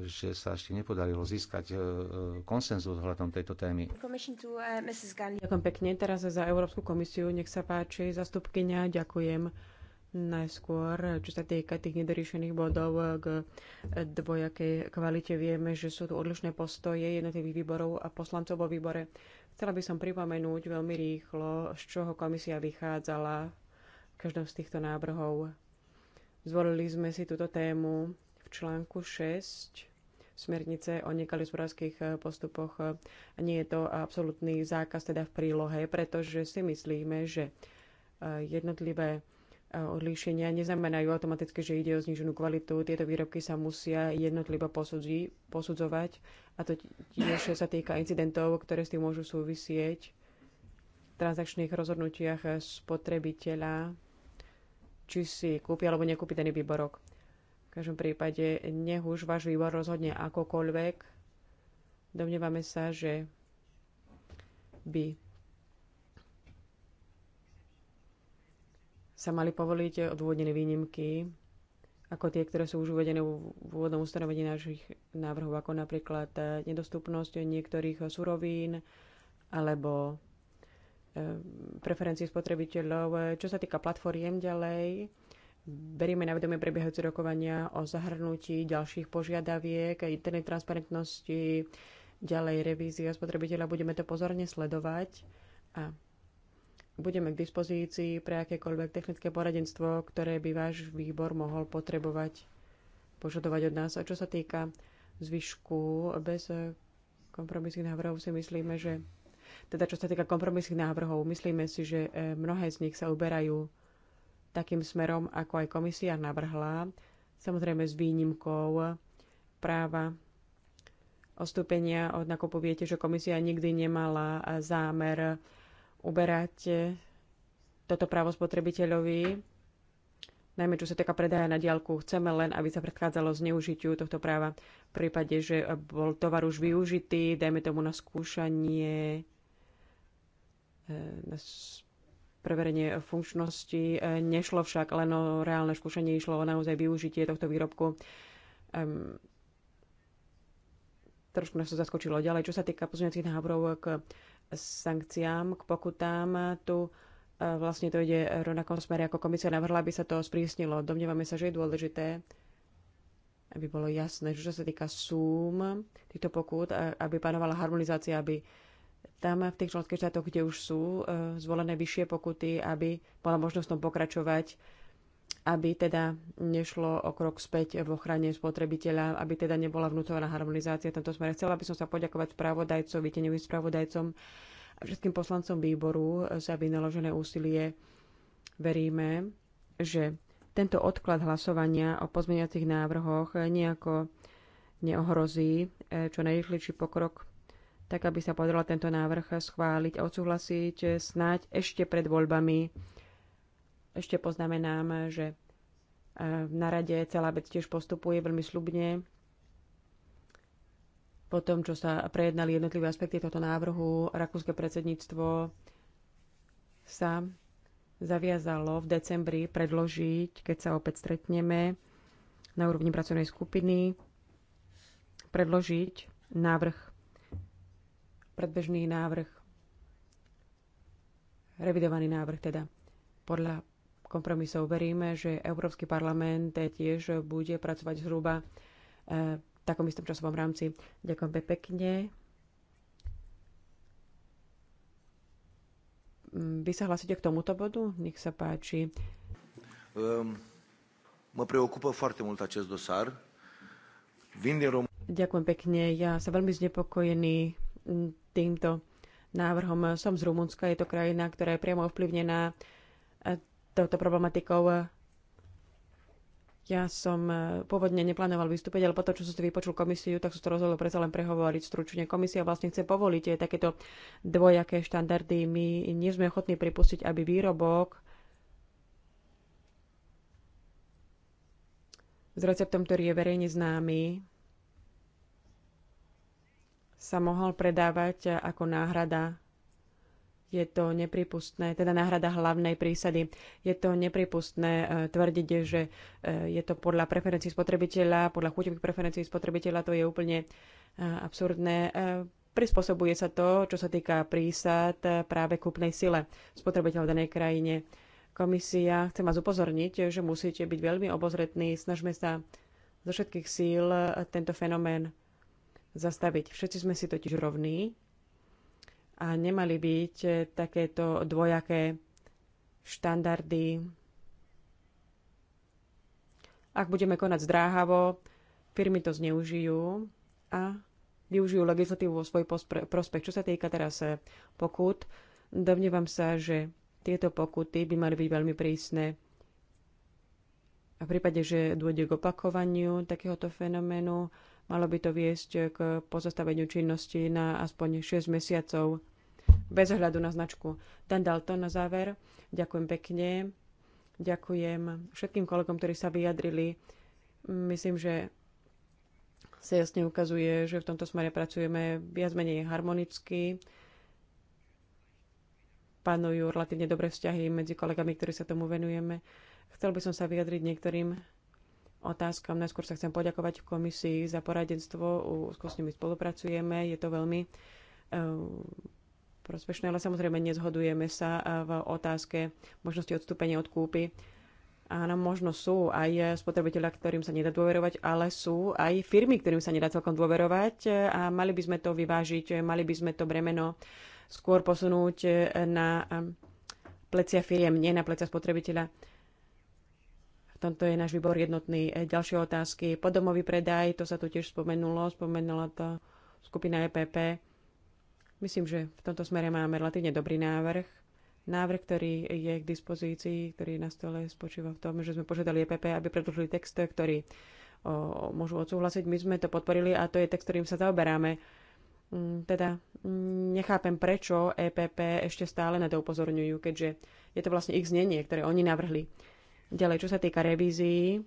že sa ešte nepodarilo získať konsenzus ohľadom tejto témy. Uh, ďakujem pekne. Teraz za Európsku komisiu. Nech sa páči, zastupkynia. Ďakujem najskôr, čo sa týka tých nedoriešených bodov k dvojakej kvalite. Vieme, že sú tu odlišné postoje jednotlivých výborov a poslancov vo výbore Chcela by som pripomenúť veľmi rýchlo, z čoho komisia vychádzala v každom z týchto návrhov. Zvolili sme si túto tému v článku 6 smernice o nekalých hospodárských eh, postupoch. Nie je to absolútny zákaz teda v prílohe, pretože si myslíme, že eh, jednotlivé odlíšenia neznamenajú automaticky, že ide o zniženú kvalitu. Tieto výrobky sa musia jednotlivo posudzi, posudzovať a to tiež sa týka incidentov, ktoré s tým môžu súvisieť v transakčných rozhodnutiach spotrebiteľa, či si kúpi alebo nekúpi ten výborok. V každom prípade nech už váš výbor rozhodne akokoľvek. Domnievame sa, že by sa mali povoliť odvodené výnimky, ako tie, ktoré sú už uvedené v úvodnom ustanovení našich návrhov, ako napríklad eh, nedostupnosť niektorých surovín alebo eh, preferencie spotrebiteľov. Čo sa týka platformiem ďalej, berieme na vedomie prebiehajúce rokovania o zahrnutí ďalších požiadaviek, internet transparentnosti, ďalej revízia spotrebiteľa. Budeme to pozorne sledovať a budeme k dispozícii pre akékoľvek technické poradenstvo, ktoré by váš výbor mohol potrebovať, požadovať od nás. A čo sa týka zvyšku, bez kompromisných návrhov si myslíme, že teda čo sa týka kompromisných návrhov, myslíme si, že e, mnohé z nich sa uberajú takým smerom, ako aj komisia navrhla, samozrejme s výnimkou práva ostúpenia od nakupu. Viete, že komisia nikdy nemala e, zámer uberáte toto právo spotrebiteľovi, najmä čo sa týka predaja na diálku. Chceme len, aby sa predchádzalo zneužitiu tohto práva v prípade, že bol tovar už využitý, dajme tomu na skúšanie, e, na preverenie funkčnosti. E, nešlo však len o reálne skúšanie, išlo o naozaj využitie tohto výrobku. Um, trošku nás to zaskočilo ďalej. Čo sa týka pozmeňovacích návrhov k sankciám, k pokutám. Tu e, vlastne to ide rovnakom smere, ako komisia navrhla, aby sa to sprísnilo. Domnievame sa, že je dôležité, aby bolo jasné, že čo sa týka súm týchto pokut, aby panovala harmonizácia, aby tam v tých členských štátoch, kde už sú e, zvolené vyššie pokuty, aby bola možnosť tom pokračovať aby teda nešlo o krok späť v ochrane spotrebiteľa, aby teda nebola vnútorná harmonizácia v tomto smere. Chcela by som sa poďakovať spravodajcom, tenevým spravodajcom a všetkým poslancom výboru za vynaložené úsilie. Veríme, že tento odklad hlasovania o pozmeniacich návrhoch nejako neohrozí eh, čo najrychlejší pokrok, tak aby sa podarilo tento návrh schváliť a odsúhlasiť eh, snáď ešte pred voľbami ešte poznamenám, že e, na rade celá vec tiež postupuje veľmi slubne. Po tom, čo sa prejednali jednotlivé aspekty tohto návrhu, rakúske predsedníctvo sa zaviazalo v decembri predložiť, keď sa opäť stretneme na úrovni pracovnej skupiny, predložiť návrh, predbežný návrh, revidovaný návrh teda podľa kompromisov. Veríme, že Európsky parlament tiež bude pracovať zhruba eh, v takom istom časovom rámci. Ďakujem pekne. Mm, vy sa hlasíte k tomuto bodu? Nech sa páči. Ehm, mă preocupă foarte mult acest dosar. Vin din Ďakujem pekne. Ja som veľmi znepokojený mm, týmto návrhom. Som z Rumunska, je to krajina, ktorá je priamo ovplyvnená eh, touto problematikou. Ja som eh, pôvodne neplánoval vystúpiť, ale potom, čo som si vypočul komisiu, tak som to rozhodol predsa len prehovoriť stručne. Komisia vlastne chce povoliť takéto dvojaké štandardy. My nie sme ochotní pripustiť, aby výrobok s receptom, ktorý je verejne známy, sa mohol predávať ako náhrada je to nepripustné, teda náhrada hlavnej prísady. Je to nepripustné e, tvrdiť, že e, je to podľa preferencií spotrebiteľa, podľa chuťových preferencií spotrebiteľa, to je úplne e, absurdné. Prispôsobuje sa to, čo sa týka prísad práve kúpnej sile spotrebiteľa v danej krajine. Komisia chce vás upozorniť, že musíte byť veľmi obozretní. Snažme sa zo všetkých síl tento fenomén zastaviť. Všetci sme si totiž rovní a nemali byť e, takéto dvojaké štandardy. Ak budeme konať zdráhavo, firmy to zneužijú a využijú legislatívu vo svoj prospech. Čo sa týka teraz e, pokut, domnievam sa, že tieto pokuty by mali byť veľmi prísne. A v prípade, že dôjde k opakovaniu takéhoto fenoménu, malo by to viesť k pozastaveniu činnosti na aspoň 6 mesiacov bez ohľadu na značku. Dan Dalton na záver. Ďakujem pekne. Ďakujem všetkým kolegom, ktorí sa vyjadrili. Myslím, že sa jasne ukazuje, že v tomto smere pracujeme viac menej harmonicky. Panujú relatívne dobré vzťahy medzi kolegami, ktorí sa tomu venujeme. Chcel by som sa vyjadriť niektorým otázkam. Najskôr sa chcem poďakovať komisii za poradenstvo, s nimi spolupracujeme. Je to veľmi eh, prospešné, ale samozrejme nezhodujeme sa eh, v otázke možnosti odstúpenia od kúpy. Áno, možno sú aj spotrebitelia, ktorým sa nedá dôverovať, ale sú aj firmy, ktorým sa nedá celkom dôverovať eh, a mali by sme to vyvážiť, eh, mali by sme to bremeno skôr posunúť na plecia firiem, nie na plecia spotrebiteľa. V tomto je náš výbor jednotný. Ďalšie otázky. Podomový predaj, to sa tu tiež spomenulo, spomenula to skupina EPP. Myslím, že v tomto smere máme relatívne dobrý návrh. Návrh, ktorý je k dispozícii, ktorý na stole, spočíva v tom, že sme požiadali EPP, aby predložili text, ktorý o, môžu odsúhlasiť. My sme to podporili a to je text, ktorým sa zaoberáme. Mm, teda mm, nechápem, prečo EPP ešte stále na to upozorňujú, keďže je to vlastne ich znenie, ktoré oni navrhli. Ďalej, čo sa týka revízií,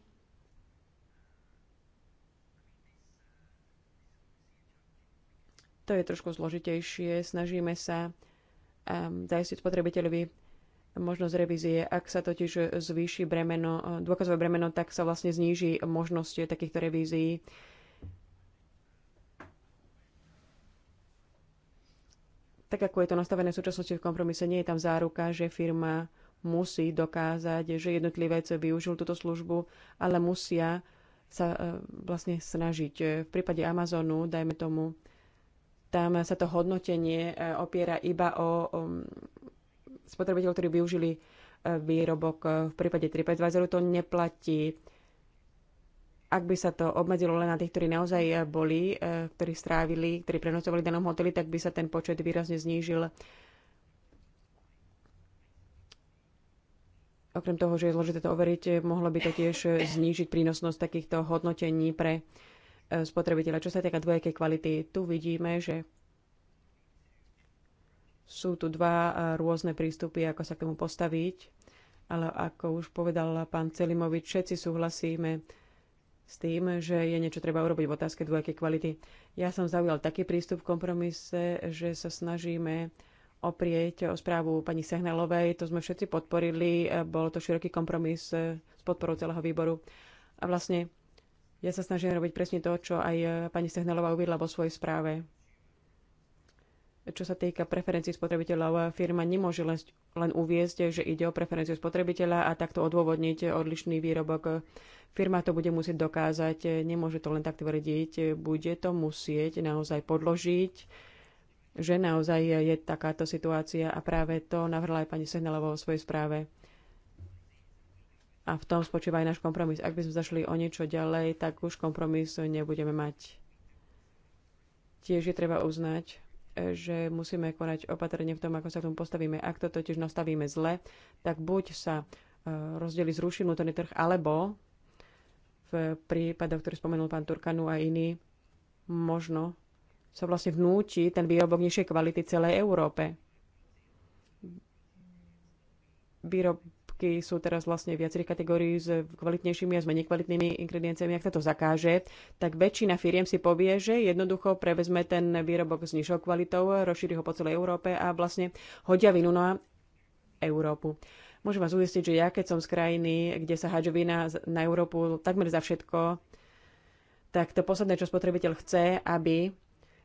To je trošku zložitejšie. Snažíme sa zajistiť ehm, spotrebiteľovi možnosť revízie. Ak sa totiž zvýši bremeno, dôkazové bremeno, tak sa vlastne zníži možnosť takýchto revízií. Tak ako je to nastavené v súčasnosti v kompromise, nie je tam záruka, že firma musí dokázať, že jednotlivec využil túto službu, ale musia sa ehm, vlastne snažiť. V prípade Amazonu, dajme tomu, tam sa to hodnotenie e, opiera iba o spotrebiteľov, ktorí využili e, výrobok. E, v prípade TripAdvisoru to neplatí. Ak by sa to obmedzilo len na tých, ktorí naozaj boli, ktorí strávili, ktorí prenosovali v danom hoteli, tak by sa ten počet výrazne znížil. Okrem toho, že je zložité to overiť, mohlo by to tiež znížiť prínosnosť takýchto hodnotení pre E, spotrebiteľa. Čo sa týka dvojakej kvality, tu vidíme, že sú tu dva e, rôzne prístupy, ako sa k tomu postaviť, ale ako už povedal pán Celimovič, všetci súhlasíme s tým, že je niečo treba urobiť v otázke dvojakej kvality. Ja som zaujal taký prístup v kompromise, že sa snažíme oprieť o správu pani Sehnalovej. To sme všetci podporili. E, bol to široký kompromis s podporou celého výboru. A vlastne ja sa snažím robiť presne to, čo aj eh, pani Stehnalová uviedla vo svojej správe. Čo sa týka preferencií spotrebiteľov, eh, firma nemôže len, len uviezť, eh, že ide o preferenciu spotrebiteľa a takto odôvodniť odlišný výrobok. Firma to bude musieť dokázať, nemôže to len tak tvrdiť, bude to musieť naozaj podložiť, že naozaj je takáto situácia a práve to navrhla aj pani Sehnalová vo svojej správe a v tom spočíva aj náš kompromis. Ak by sme zašli o niečo ďalej, tak už kompromis nebudeme mať. Tiež je treba uznať, že musíme konať opatrne v tom, ako sa k tomu postavíme. Ak to totiž nastavíme zle, tak buď sa e, rozdeli zruší vnútorný trh, alebo v prípadoch, ktorý spomenul pán Turkanu a iní, možno sa vlastne vnúči ten výrobok nižšej kvality celej Európe. Výrob, výrobky sú teraz vlastne viacerých kategórií s kvalitnejšími a s menej kvalitnými ingredienciami. Ak sa to zakáže, tak väčšina firiem si povie, že jednoducho prevezme ten výrobok s nižšou kvalitou, rozšíri ho po celej Európe a vlastne hodia vinu na Európu. Môžem vás uistiť, že ja keď som z krajiny, kde sa hádže vina na Európu takmer za všetko, tak to posledné, čo spotrebiteľ chce, aby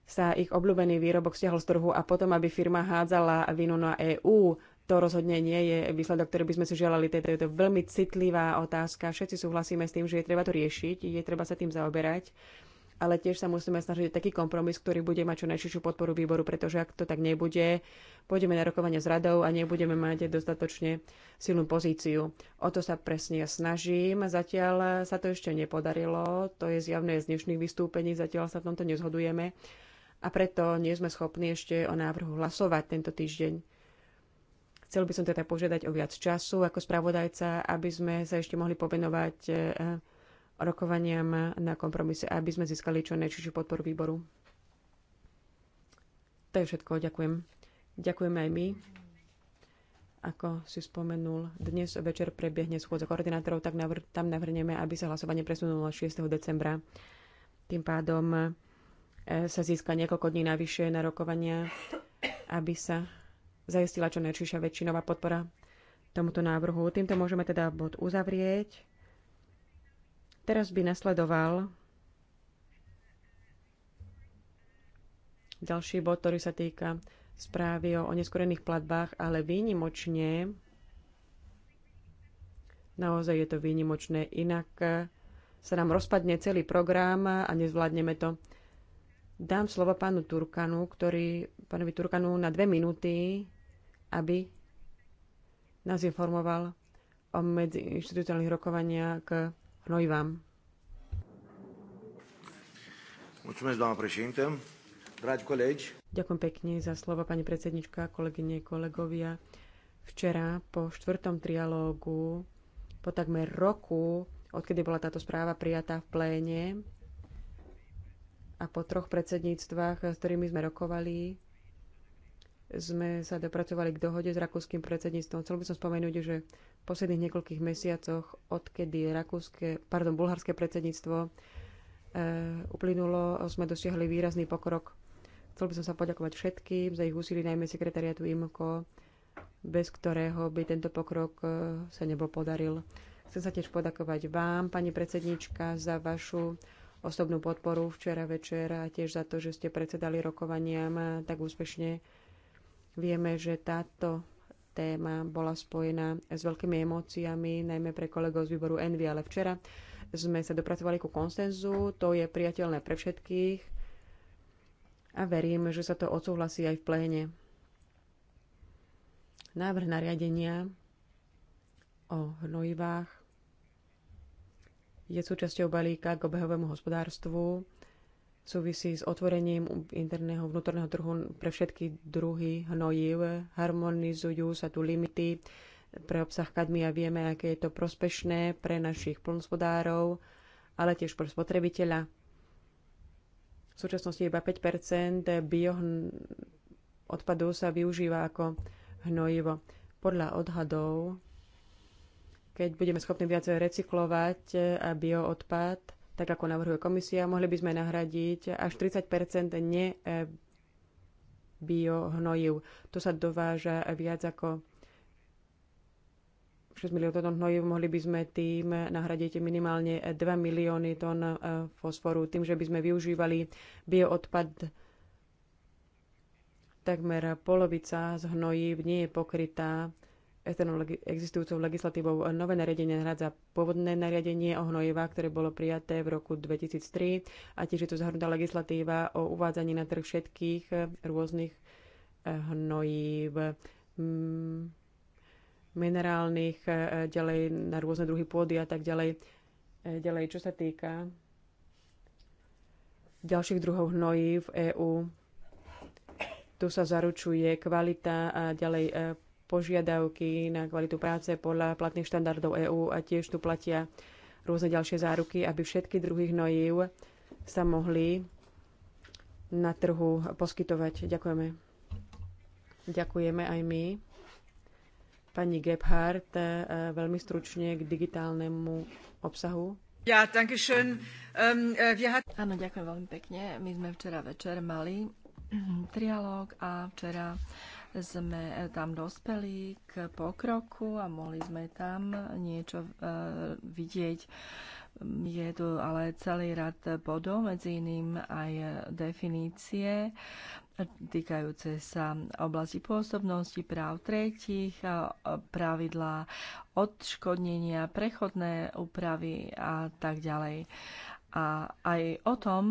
sa ich obľúbený výrobok stiahol z trhu a potom, aby firma hádzala vinu na EÚ to rozhodne nie je výsledok, ktorý by sme si želali. Teda. je to veľmi citlivá otázka. Všetci súhlasíme s tým, že je treba to riešiť, je treba sa tým zaoberať ale tiež sa musíme snažiť taký kompromis, ktorý bude mať čo najširšiu podporu výboru, pretože ak to tak nebude, pôjdeme na rokovanie s radou a nebudeme mať dostatočne silnú pozíciu. O to sa presne snažím. Zatiaľ sa to ešte nepodarilo, to je zjavné z dnešných vystúpení, zatiaľ sa v tomto nezhodujeme a preto nie sme schopní ešte o návrhu hlasovať tento týždeň. Chcel by som teda požiadať o viac času ako spravodajca, aby sme sa ešte mohli povenovať e, rokovaniam na kompromise, aby sme získali čo najčišiu podporu výboru. To je všetko, ďakujem. Ďakujem aj my. Ako si spomenul, dnes večer prebiehne schôdza koordinátorov, tak navr- tam navrhneme, aby sa hlasovanie presunulo 6. decembra. Tým pádom e, sa získa niekoľko dní navyše na rokovania, aby sa zajistila čo najčišia väčšinová podpora tomuto návrhu. Týmto môžeme teda bod uzavrieť. Teraz by nasledoval ďalší bod, ktorý sa týka správy o oneskorených platbách, ale výnimočne, naozaj je to výnimočné, inak eh, sa nám rozpadne celý program a nezvládneme to. Dám slovo pánu Turkanu, ktorý, pánovi Turkanu na dve minúty aby nás informoval o medziinstitutálnych rokovania k hnojivám. Ďakujem pekne za slovo, pani predsednička, kolegyne, kolegovia. Včera po štvrtom trialógu, po takmer roku, odkedy bola táto správa prijatá v pléne a po troch predsedníctvách, s ktorými sme rokovali, sme sa dopracovali k dohode s rakúskym predsedníctvom. Chcel by som spomenúť, že v posledných niekoľkých mesiacoch, odkedy rakúske, pardon, bulharské predsedníctvo e, uplynulo, sme dosiahli výrazný pokrok. Chcel by som sa poďakovať všetkým za ich úsilí, najmä sekretariatu IMKO, bez ktorého by tento pokrok e, sa nebol podaril. Chcem sa tiež poďakovať vám, pani predsednička, za vašu osobnú podporu včera večer a tiež za to, že ste predsedali rokovaniam e, tak úspešne Vieme, že táto téma bola spojená s veľkými emóciami, najmä pre kolegov z výboru Envy, ale včera sme sa dopracovali ku konsenzu, to je priateľné pre všetkých a verím, že sa to odsúhlasí aj v pléne. Návrh nariadenia o hnojivách je súčasťou balíka k obehovému hospodárstvu súvisí s otvorením interného vnútorného trhu pre všetky druhy hnojív. Harmonizujú sa tu limity pre obsah kadmia. Vieme, aké je to prospešné pre našich plnospodárov, ale tiež pre spotrebiteľa. V súčasnosti iba 5 bio odpadu sa využíva ako hnojivo. Podľa odhadov, keď budeme schopní viac recyklovať a eh, bioodpad, tak ako navrhuje komisia, mohli by sme nahradiť až 30 ne e, biohnojiv. To sa dováža viac ako 6 miliónov tón hnojiv, mohli by sme tým nahradiť minimálne 2 milióny tón e, fosforu, tým, že by sme využívali bioodpad takmer polovica z hnojív nie je pokrytá existujúcou legislatívou. Nové nariadenie nahradza pôvodné nariadenie o hnojiva, ktoré bolo prijaté v roku 2003 a tiež je to zahrnutá legislatíva o uvádzaní na trh všetkých eh, rôznych eh, hnojív mm, minerálnych, eh, ďalej na rôzne druhy pôdy a tak ďalej. Ďalej, čo sa týka ďalších druhov hnojí v EÚ, tu sa zaručuje kvalita a ďalej požiadavky na kvalitu práce podľa platných štandardov EÚ a tiež tu platia rôzne ďalšie záruky, aby všetky druhy hnojív sa mohli na trhu poskytovať. Ďakujeme. Ďakujeme aj my. Pani Gebhardt, eh, veľmi stručne k digitálnemu obsahu. Ja, danke schön. Um, ähm, äh, wir hat... Áno, ďakujem veľmi pekne. My sme včera večer mali [CLEARS THROAT] trialóg a včera sme e, tam dospeli k pokroku a mohli sme tam niečo e, vidieť. Je tu ale celý rad bodov, medzi iným aj definície e, týkajúce sa oblasti pôsobnosti práv tretich, pravidlá odškodnenia, prechodné úpravy a tak ďalej. A aj o tom,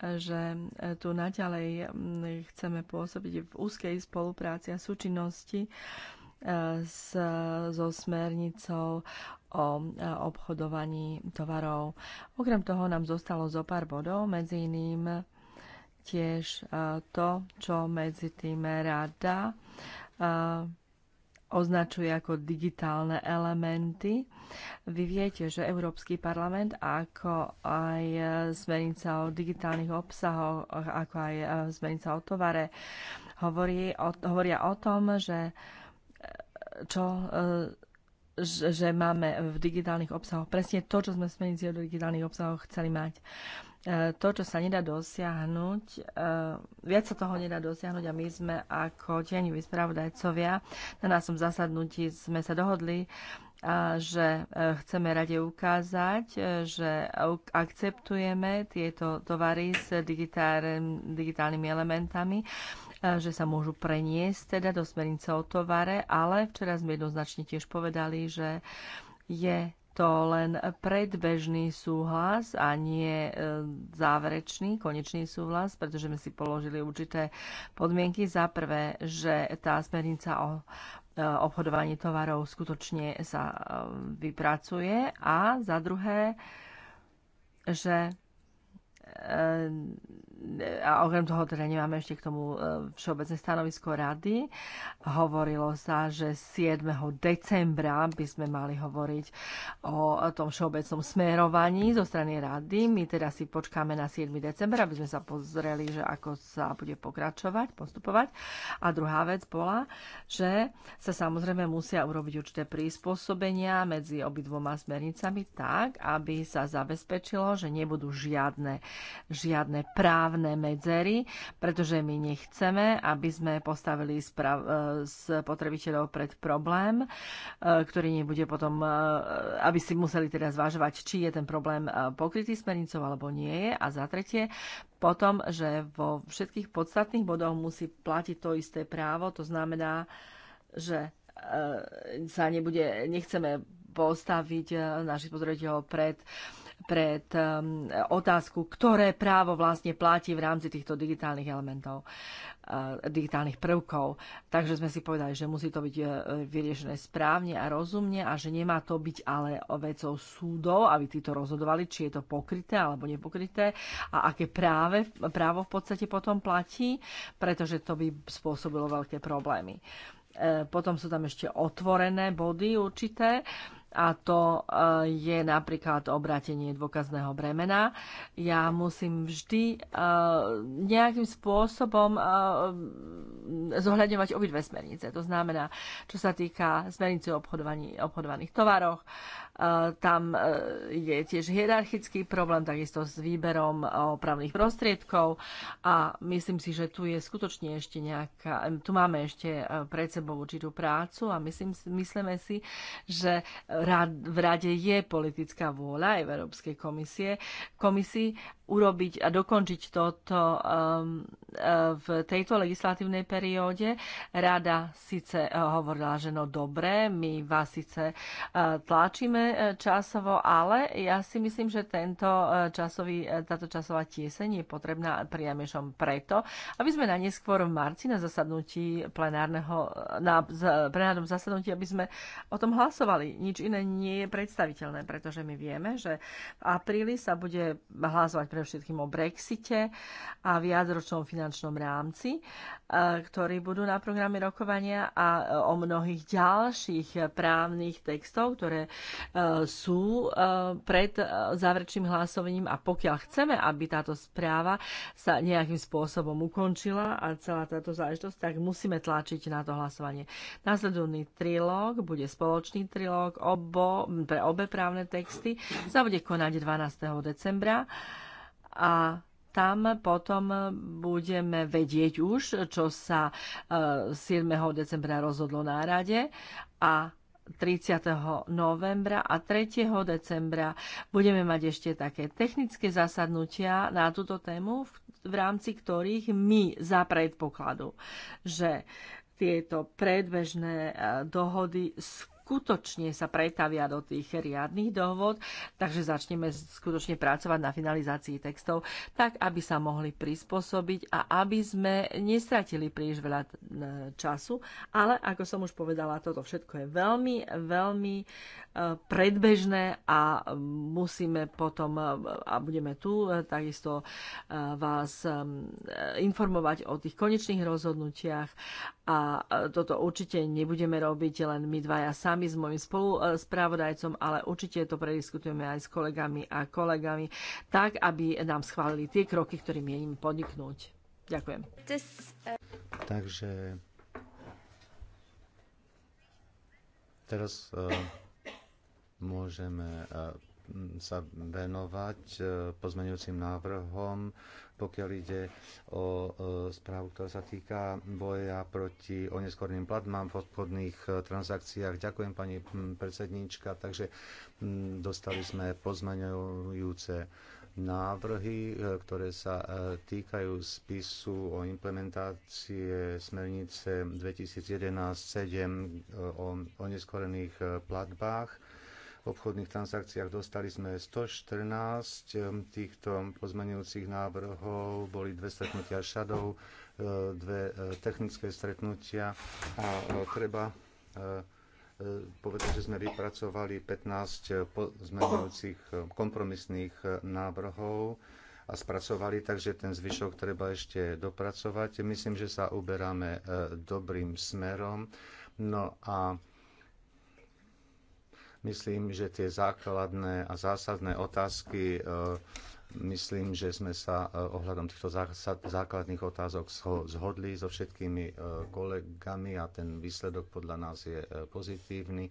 že e, tu naďalej chceme pôsobiť v úzkej spolupráci a súčinnosti e, s, so smernicou o e, obchodovaní tovarov. Okrem toho nám zostalo zo pár bodov, medzi iným tiež to, čo medzi tým rada označuje ako digitálne elementy. Vy viete, že Európsky parlament, ako aj zmenica e, o digitálnych obsahoch, ako aj zmenica e, o tovare, hovorí o, hovoria o tom, že e, čo že máme v digitálnych obsahoch presne to, čo sme v o digitálnych obsahoch chceli mať. E, to, čo sa nedá dosiahnuť, e, viac sa toho nedá dosiahnuť a my sme ako tieňoví spravodajcovia na našom zasadnutí sme sa dohodli, e, že chceme rade ukázať, že akceptujeme tieto tovary s digitálnymi elementami, že sa môžu preniesť teda do smernice o tovare, ale včera sme jednoznačne tiež povedali, že je to len predbežný súhlas a nie e, záverečný, konečný súhlas, pretože sme si položili určité podmienky. Za prvé, že tá smernica o e, obchodovaní tovarov skutočne sa e, vypracuje a za druhé, že a okrem toho teda nemáme ešte k tomu e, všeobecné stanovisko rady. Hovorilo sa, že 7. decembra by sme mali hovoriť o tom všeobecnom smerovaní zo strany rady. My teda si počkáme na 7. decembra, aby sme sa pozreli, že ako sa bude pokračovať, postupovať. A druhá vec bola, že sa samozrejme musia urobiť určité prispôsobenia medzi obidvoma smernicami tak, aby sa zabezpečilo, že nebudú žiadne, žiadne práva právne medzery, pretože my nechceme, aby sme postavili spotrebiteľov e, pred problém, e, ktorý nebude potom, e, aby si museli teda zvažovať, či je ten problém pokrytý smernicou alebo nie je. A za tretie, potom, že vo všetkých podstatných bodoch musí platiť to isté právo, to znamená, že sa nebude, nechceme postaviť našich pozorovateľov pred pred um, otázku, ktoré právo vlastne platí v rámci týchto digitálnych elementov, uh, digitálnych prvkov. Takže sme si povedali, že musí to byť uh, vyriešené správne a rozumne a že nemá to byť ale vecou súdov, aby títo rozhodovali, či je to pokryté alebo nepokryté a aké práve, právo v podstate potom platí, pretože to by spôsobilo veľké problémy. Uh, potom sú tam ešte otvorené body určité, a to e, je napríklad obratenie dôkazného bremena. Ja musím vždy e, nejakým spôsobom e, zohľadňovať obidve smernice. To znamená, čo sa týka smernice o obchodovaných tovaroch, tam e, je tiež hierarchický problém, takisto s výberom e, opravných prostriedkov a myslím si, že tu je skutočne ešte nejaká, tu máme ešte e, pred sebou určitú prácu a myslím, myslíme si, že v rade je politická vôľa aj v Európskej komisie, komisii urobiť a dokončiť toto um, uh, v tejto legislatívnej perióde. Rada síce uh, hovorila, že no dobre, my vás síce uh, tlačíme časovo, ale ja si myslím, že tento časový, táto časová tieseň je potrebná priamešom preto, aby sme na neskôr v marci na zasadnutí plenárneho, na plenárnom zasadnutí, aby sme o tom hlasovali. Nič iné nie je predstaviteľné, pretože my vieme, že v apríli sa bude hlasovať pre všetkým o Brexite a viacročnom finančnom rámci, e, ktorí budú na programe rokovania a o mnohých ďalších právnych textov, ktoré e, sú e, pred záverečným hlasovaním a pokiaľ chceme, aby táto správa sa nejakým spôsobom ukončila a celá táto záležitosť, tak musíme tlačiť na to hlasovanie. Následovný trilóg bude spoločný trilóg obo, pre obe právne texty sa bude konať 12. decembra a tam potom budeme vedieť už, čo sa 7. Eh, decembra rozhodlo na rade a 30. novembra a 3. decembra budeme mať ešte také technické zasadnutia na túto tému, v, rámci ktorých my za predpokladu, že tieto predbežné eh, dohody skôr skutočne sa pretavia do tých riadných dohod, takže začneme skutočne pracovať na finalizácii textov, tak aby sa mohli prispôsobiť a aby sme nestratili príliš veľa e, času, ale ako som už povedala, toto všetko je veľmi, veľmi e, predbežné a musíme potom, e, a budeme tu, takisto vás informovať o tých konečných rozhodnutiach a toto určite nebudeme robiť len my dvaja sami, vami, s mojim spoluspravodajcom, ale určite to prediskutujeme aj s kolegami a kolegami, tak, aby nám schválili tie kroky, ktoré mienim podniknúť. Ďakujem. Takže teraz uh, môžeme uh, sa venovať e, pozmenujúcim návrhom, pokiaľ ide o e, správu, ktorá sa týka boja proti oneskorným platbám v obchodných e, transakciách. Ďakujem pani predsednička. Takže dostali sme pozmenujúce návrhy, ktoré sa týkajú spisu o implementácie smernice 2011-7 o oneskorených platbách obchodných transakciách. Dostali sme 114 týchto pozmenujúcich návrhov, boli dve stretnutia šadov, e, dve e, technické stretnutia a e, treba povedať, že sme vypracovali 15 zmenujúcich kompromisných návrhov a spracovali, takže ten zvyšok treba ešte dopracovať. Myslím, že sa uberáme dobrým smerom. No a Myslím, že tie základné a zásadné otázky, e, myslím, že sme sa e, ohľadom týchto základných otázok zhodli so všetkými e, kolegami a ten výsledok podľa nás je pozitívny.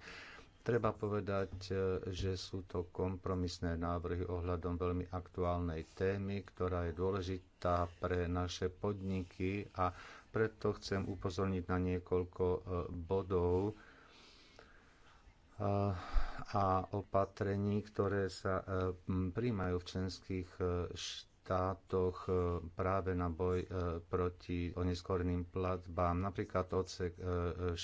Treba povedať, že sú to kompromisné návrhy ohľadom veľmi aktuálnej témy, ktorá je dôležitá pre naše podniky a preto chcem upozorniť na niekoľko bodov, a opatrení, ktoré sa e, príjmajú v členských e, štátoch e, práve na boj proti oneskorným platbám. Napríklad odsek 6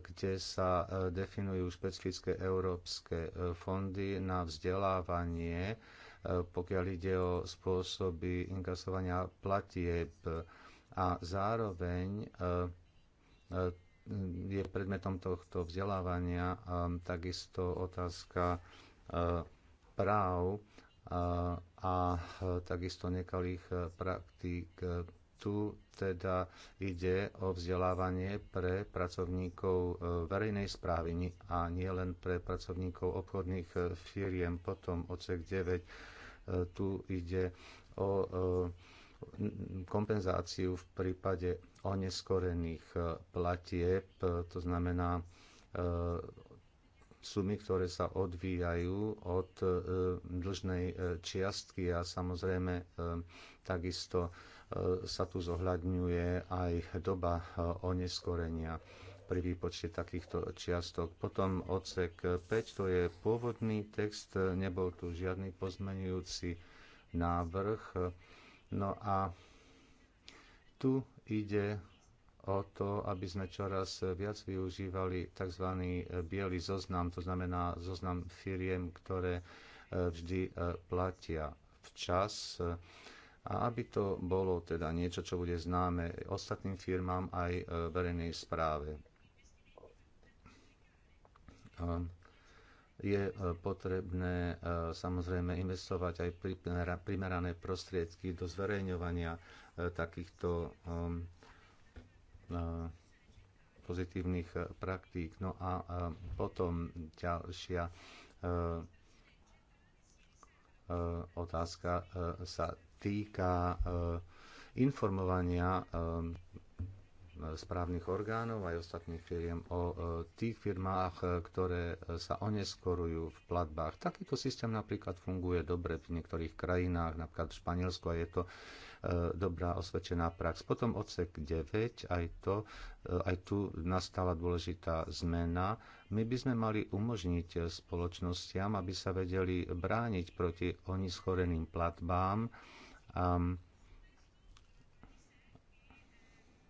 kde sa definujú špecifické európske fondy na vzdelávanie, pokiaľ ide o spôsoby inkasovania platieb a zároveň je predmetom tohto vzdelávania a takisto otázka práv a, a takisto nekalých e, praktík. Tu teda ide o vzdelávanie pre pracovníkov e, verejnej správy a nie len pre pracovníkov obchodných e, firiem. Potom odsek 9. Tu ide o kompenzáciu v prípade oneskorených e, platieb, e, to znamená e, sumy, ktoré sa odvíjajú od dlžnej čiastky a samozrejme takisto sa tu zohľadňuje aj doba oneskorenia pri výpočte takýchto čiastok. Potom odsek 5, to je pôvodný text, nebol tu žiadny pozmenujúci návrh No a tu ide o to, aby sme čoraz viac využívali tzv. biely zoznam, to znamená zoznam firiem, ktoré e, vždy e, platia včas a aby to bolo teda niečo, čo bude známe ostatným firmám aj e, verejnej správe. Ehm, je e, potrebné e, samozrejme investovať aj primerané prostriedky do zverejňovania e, takýchto um, pozitívnych praktík. No a potom ďalšia otázka sa týka informovania správnych orgánov aj ostatných firiem o e, tých firmách, e, ktoré sa oneskorujú v platbách. Takýto systém napríklad funguje dobre v niektorých krajinách, napríklad v Španielsku a je to e, dobrá osvedčená prax. Potom odsek 9, aj, to, aj tu nastala dôležitá zmena. My by sme mali umožniť spoločnostiam, aby sa vedeli brániť proti oneskoreným platbám. Um,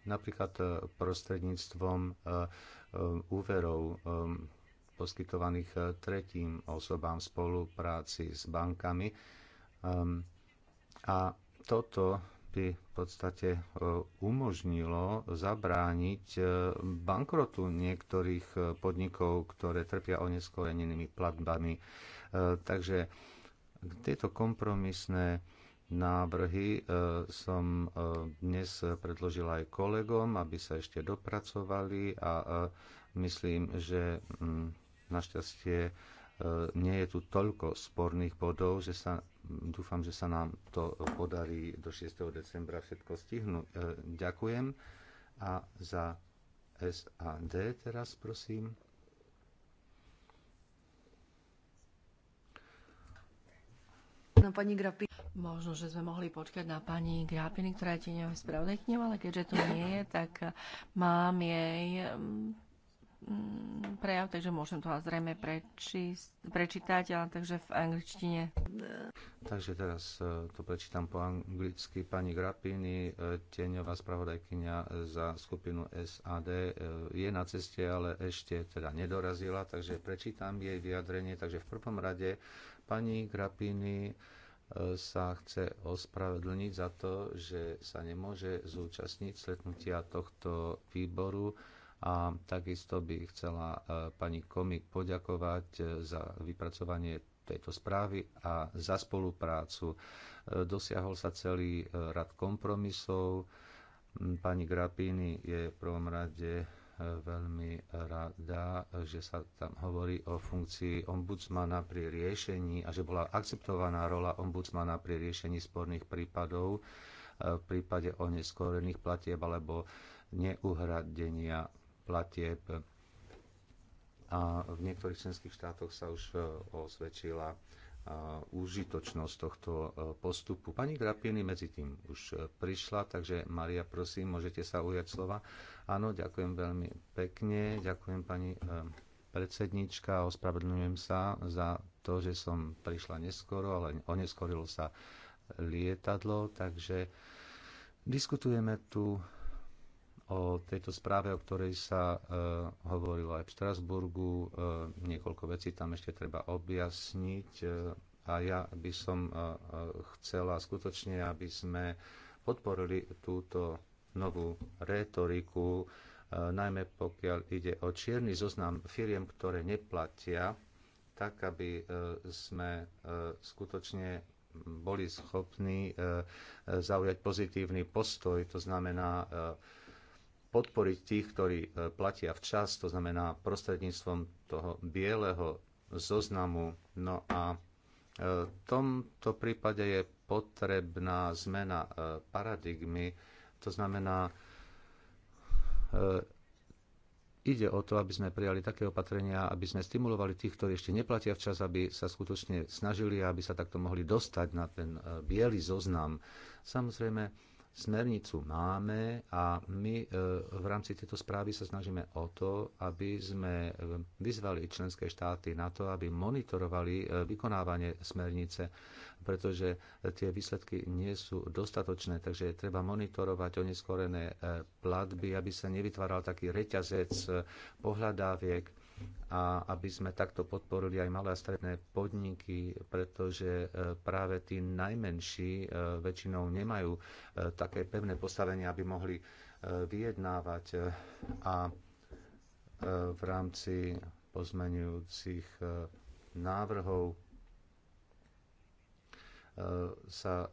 napríklad e, prostredníctvom e, e, úverov poskytovaných tretím osobám v spolupráci s bankami. A toto by v podstate umožnilo zabrániť bankrotu niektorých podnikov, ktoré trpia oneskorenenými platbami. Takže tieto kompromisné návrhy e, som e, dnes predložila aj kolegom, aby sa ešte dopracovali a e, myslím, že mm, našťastie nie je tu toľko sporných bodov, že sa, dúfam, že sa nám to podarí do 6. decembra všetko stihnúť. Ďakujem a za SAD teraz prosím. No, pani Grapi. Možno, že sme mohli počkať na pani Grapiny, ktorá je tieňovou spravodajkňou, ale keďže tu nie je, tak eh, mám jej mm, prejav, takže môžem to zrejme prečítať, ale takže v angličtine. Takže teraz eh, to prečítam po anglicky. Pani Grapini, eh, tieňová spravodajkynia za skupinu SAD, je na ceste, ale ešte teda nedorazila, takže prečítam jej vyjadrenie. Takže v prvom rade Pani Grapini e, sa chce ospravedlniť za to, že sa nemôže zúčastniť stretnutia tohto výboru a takisto by chcela e, pani Komik poďakovať e, za vypracovanie tejto správy a za spoluprácu. Dosiahol sa celý rad kompromisov. Pani Grapini je v prvom rade veľmi rada, že sa tam hovorí o funkcii ombudsmana pri riešení a že bola akceptovaná rola ombudsmana pri riešení sporných prípadov e, v prípade oneskorených platieb alebo neuhradenia platieb. A v niektorých členských štátoch sa už e, osvedčila užitočnosť tohto e, postupu. Pani Grapiny medzi tým už e, prišla, takže Maria, prosím, môžete sa ujať slova. Áno, ďakujem veľmi pekne, ďakujem pani e, predsednička, ospravedlňujem sa za to, že som prišla neskoro, ale oneskorilo sa lietadlo, takže diskutujeme tu o tejto správe, o ktorej sa e, hovorilo aj v Štrasburgu. E, niekoľko vecí tam ešte treba objasniť. E, a ja by som e, e, chcela skutočne, aby sme podporili túto novú rétoriku, e, najmä pokiaľ ide o čierny zoznam firiem, ktoré neplatia, tak aby e, sme e, skutočne boli schopní e, e zaujať pozitívny postoj. To znamená, e, podporiť tých, ktorí e, platia včas, to znamená prostredníctvom toho bieleho zoznamu. No a e, v tomto prípade je potrebná zmena e, paradigmy, to znamená, ide o to, aby sme prijali také opatrenia, aby sme stimulovali tých, ktorí ešte neplatia včas, aby sa skutočne snažili, aby sa takto mohli dostať na ten biely zoznam. Samozrejme, Smernicu máme a my e, v rámci tejto správy sa snažíme o to, aby sme e, vyzvali členské štáty na to, aby monitorovali e, vykonávanie smernice, pretože tie výsledky nie sú dostatočné, takže treba monitorovať oneskorené platby, aby sa nevytváral taký reťazec pohľadáviek a aby sme takto podporili aj malé a stredné podniky, pretože e, práve tí najmenší e, väčšinou nemajú e, také pevné postavenie, aby mohli vyjednávať a v rámci pozmenujúcich návrhov sa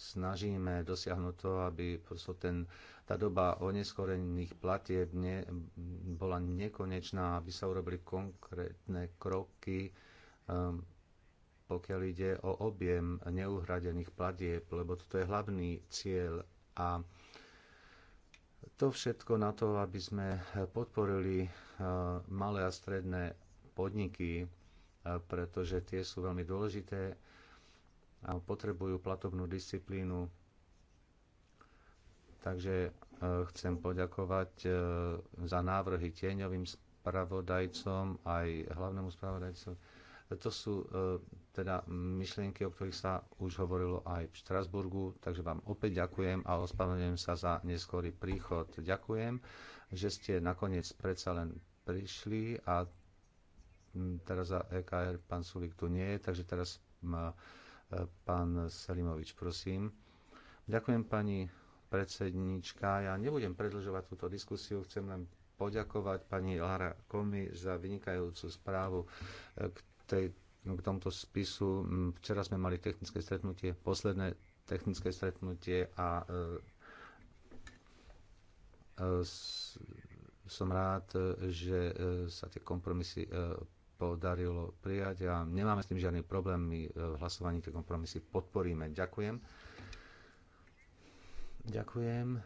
snažíme dosiahnuť to, aby ten tá doba oneskorených platieb ne, bola nekonečná, aby sa urobili konkrétne kroky, um, pokiaľ ide o objem neuhradených platieb, lebo toto je hlavný cieľ. A to všetko na to, aby sme podporili ehm, malé a stredné podniky, ehm, pretože tie sú veľmi dôležité a potrebujú platobnú disciplínu Takže e, chcem poďakovať e, za návrhy tieňovým spravodajcom, aj hlavnému spravodajcovi. To sú e, teda myšlienky, o ktorých sa už hovorilo aj v Štrasburgu, takže vám opäť ďakujem a ospravedlňujem sa za neskorý príchod. Ďakujem, že ste nakoniec predsa len prišli a teraz za EKR pán Sulik tu nie je, takže teraz pán Selimovič, prosím. Ďakujem pani predsedníčka. Ja nebudem predlžovať túto diskusiu, chcem len poďakovať pani Lara Komi za vynikajúcu správu eh, k, tej, k tomto spisu. Mm, včera sme mali technické stretnutie, posledné technické stretnutie a e, e, som rád, že sa tie kompromisy podarilo prijať a nemáme s tým žiadny problém. My v hlasovaní tie kompromisy podporíme. Ďakujem. Ďakujem.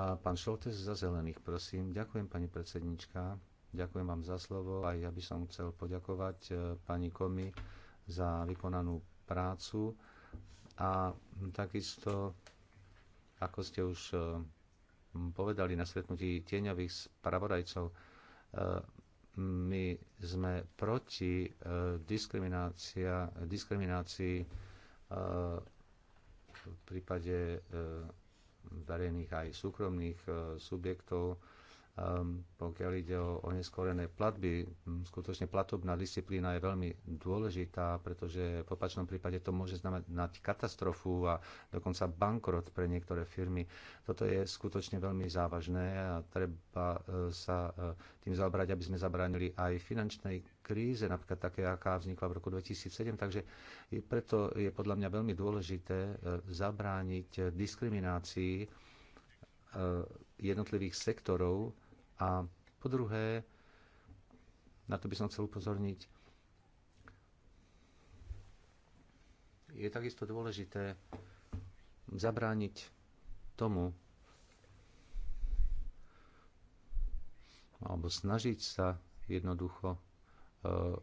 A pán Šoltes za zelených, prosím. Ďakujem, pani predsednička. Ďakujem vám za slovo. A ja by som chcel poďakovať e, pani Komi za vykonanú prácu. A takisto, ako ste už e, povedali na stretnutí tieňových spravodajcov, e, my sme proti diskriminácii v prípade eh, verejných aj súkromných eh, subjektov Ehm, pokiaľ ide o neskorené platby, hm, skutočne platobná disciplína je veľmi dôležitá, pretože v opačnom prípade to môže znamenať katastrofu a dokonca bankrot pre niektoré firmy. Toto je skutočne veľmi závažné a treba eh, sa eh, tým zaobrať, aby sme zabránili aj finančnej kríze, napríklad také, aká vznikla v roku 2007. Takže preto je podľa mňa veľmi dôležité eh, zabrániť diskriminácii jednotlivých sektorov, a po druhé, na to by som chcel upozorniť, je takisto dôležité zabrániť tomu, alebo snažiť sa jednoducho e,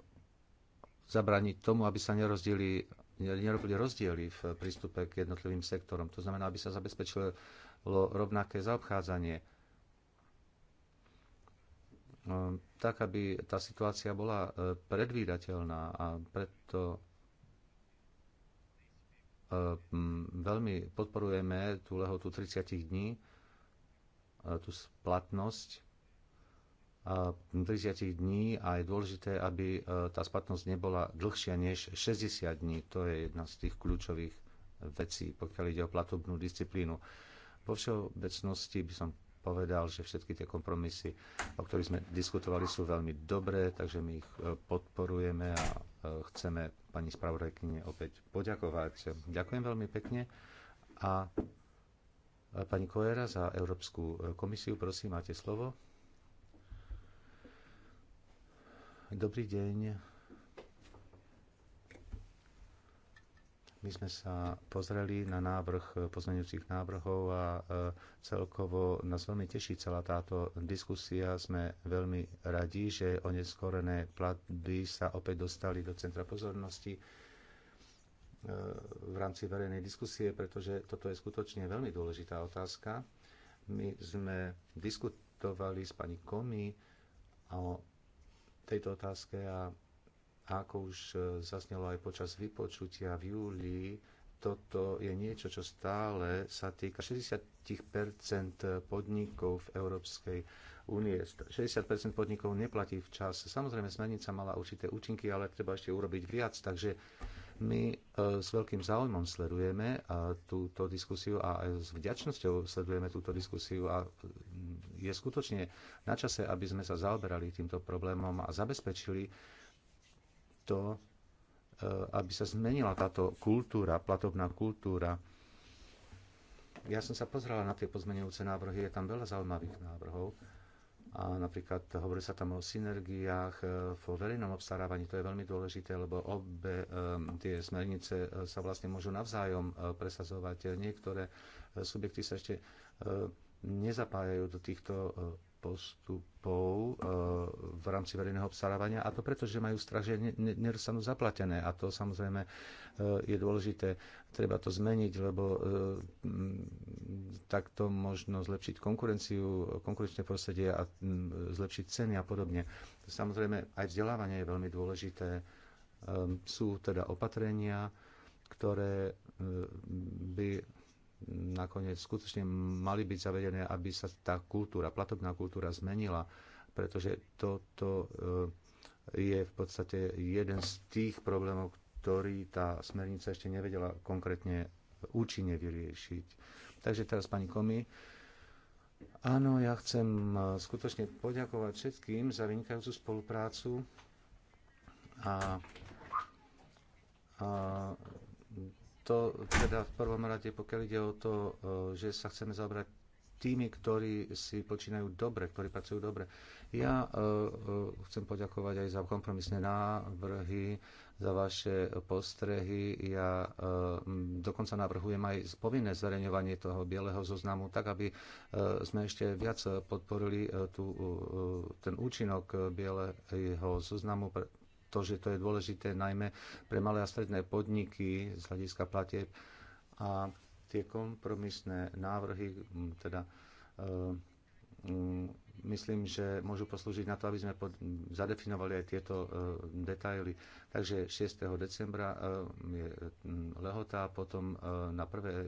zabrániť tomu, aby sa nerozdeli, nerobili rozdiely v prístupe k jednotlivým sektorom. To znamená, aby sa zabezpečilo rovnaké zaobchádzanie. Ehm, tak, aby tá situácia bola e, predvídateľná a preto e, veľmi podporujeme tú lehotu 30 dní, e, tú splatnosť 30 dní a je dôležité, aby tá splatnosť nebola dlhšia než 60 dní. To je jedna z tých kľúčových vecí, pokiaľ ide o platobnú disciplínu. Vo všeobecnosti by som povedal, že všetky tie kompromisy, o ktorých sme diskutovali, sú veľmi dobré, takže my ich e, podporujeme a e, chceme pani spravodajkyne opäť poďakovať. Ďakujem veľmi pekne a e, pani Koera za Európsku komisiu, prosím, máte slovo. Dobrý deň. My sme sa pozreli na návrh eh, pozmeňujúcich návrhov a eh, celkovo nás veľmi teší celá táto diskusia. Sme veľmi radi, že oneskorené platby sa opäť dostali do centra pozornosti eh, v rámci verejnej diskusie, pretože toto je skutočne veľmi dôležitá otázka. My sme diskutovali s pani Komi o tejto otázke a a ako už e, zaznelo aj počas vypočutia v júli, toto je niečo, čo stále sa týka 60 podnikov v Európskej únie. 60 podnikov neplatí včas. Samozrejme, smernica mala určité účinky, ale treba ešte urobiť viac. Takže my e, s veľkým záujmom sledujeme e, túto diskusiu a s vďačnosťou sledujeme túto diskusiu a je skutočne na čase, aby sme sa zaoberali týmto problémom a zabezpečili, to, e, aby sa zmenila táto kultúra, platobná kultúra. Ja som sa pozrela na tie pozmenujúce návrhy, je tam veľa zaujímavých návrhov. A napríklad hovorí sa tam o synergiách e, vo verejnom obstarávaní, to je veľmi dôležité, lebo obe e, tie smernice sa vlastne môžu navzájom presazovať. Niektoré subjekty sa ešte nezapájajú do týchto postupov eh, v rámci verejného obstarávania a to preto, že majú strach, že nedostanú zaplatené a to samozrejme eh, je dôležité. Treba to zmeniť, lebo eh, takto možno zlepšiť konkurenciu, konkurenčné prostredie a zlepšiť ceny a podobne. Samozrejme aj vzdelávanie je veľmi dôležité. Ehm, sú teda opatrenia, ktoré by nakoniec skutočne mali byť zavedené, aby sa tá kultúra, platobná kultúra zmenila, pretože toto e, je v podstate jeden z tých problémov, ktorý tá smernica ešte nevedela konkrétne účinne vyriešiť. Takže teraz pani Komi. Áno, ja chcem e, skutočne poďakovať všetkým za vynikajúcu spoluprácu a, a to teda v prvom rade, pokiaľ ide o to, e, že sa chceme zabrať tými, ktorí si počínajú dobre, ktorí pracujú dobre. Ja e, e, chcem poďakovať aj za kompromisné návrhy, za vaše postrehy. Ja dokonca navrhujem aj povinné zverejňovanie toho bieleho zoznamu, tak aby sme ešte viac podporili tú, ten účinok bieleho zoznamu, to, že to je dôležité najmä pre malé a stredné podniky z hľadiska platieb a tie kompromisné návrhy, teda e, myslím, že môžu poslúžiť na to, aby sme pod, zadefinovali aj tieto e, detaily. Takže 6. decembra e, je lehota a potom e, na prvé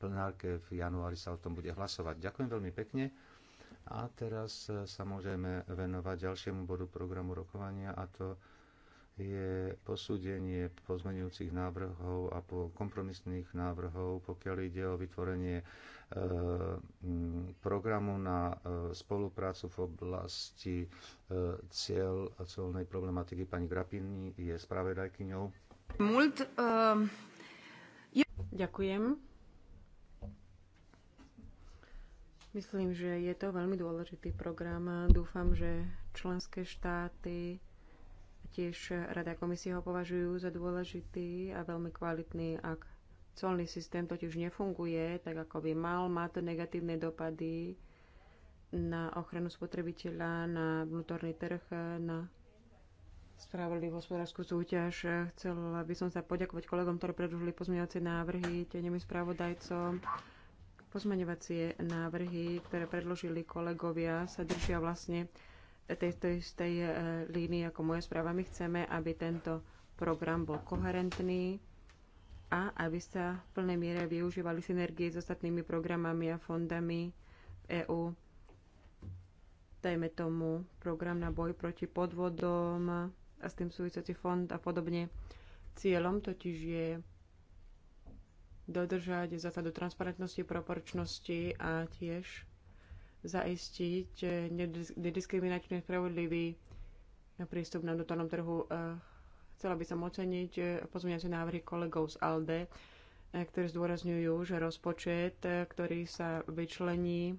plenárke v januári sa o tom bude hlasovať. Ďakujem veľmi pekne. A teraz e, sa môžeme venovať ďalšiemu bodu programu rokovania a to je posúdenie pozmenujúcich návrhov a po kompromisných návrhov, pokiaľ ide o vytvorenie e, programu na e, spoluprácu v oblasti e, cieľ a celnej problematiky. Pani Grapini je spravedajkyňou. Mult, je... Ďakujem. Myslím, že je to veľmi dôležitý program. Dúfam, že členské štáty Tiež Rada komisie ho považujú za dôležitý a veľmi kvalitný. Ak colný systém totiž nefunguje tak, ako by mal, má to negatívne dopady na ochranu spotrebiteľa, na vnútorný trh, na spravodlivú hospodárskú súťaž. Chcela by som sa poďakovať kolegom, ktorí predložili pozmeňovacie návrhy, tenemi spravodajcom. Pozmeňovacie návrhy, ktoré predložili kolegovia, sa držia vlastne tejto istej e, línii ako moje správa. My chceme, aby tento program bol koherentný a aby sa v plnej miere využívali synergie s ostatnými programami a fondami v e EÚ. Dajme tomu program na boj proti podvodom a s tým súvisiaci fond a podobne. Cieľom totiž je dodržať zásadu transparentnosti, proporčnosti a tiež zaistiť eh, nediskriminačne spravodlivý eh, prístup na vnútornom trhu. Eh, chcela by som oceniť pozmeňace návrhy kolegov z ALDE, ktorí zdôrazňujú, že rozpočet, ktorý sa vyčlení,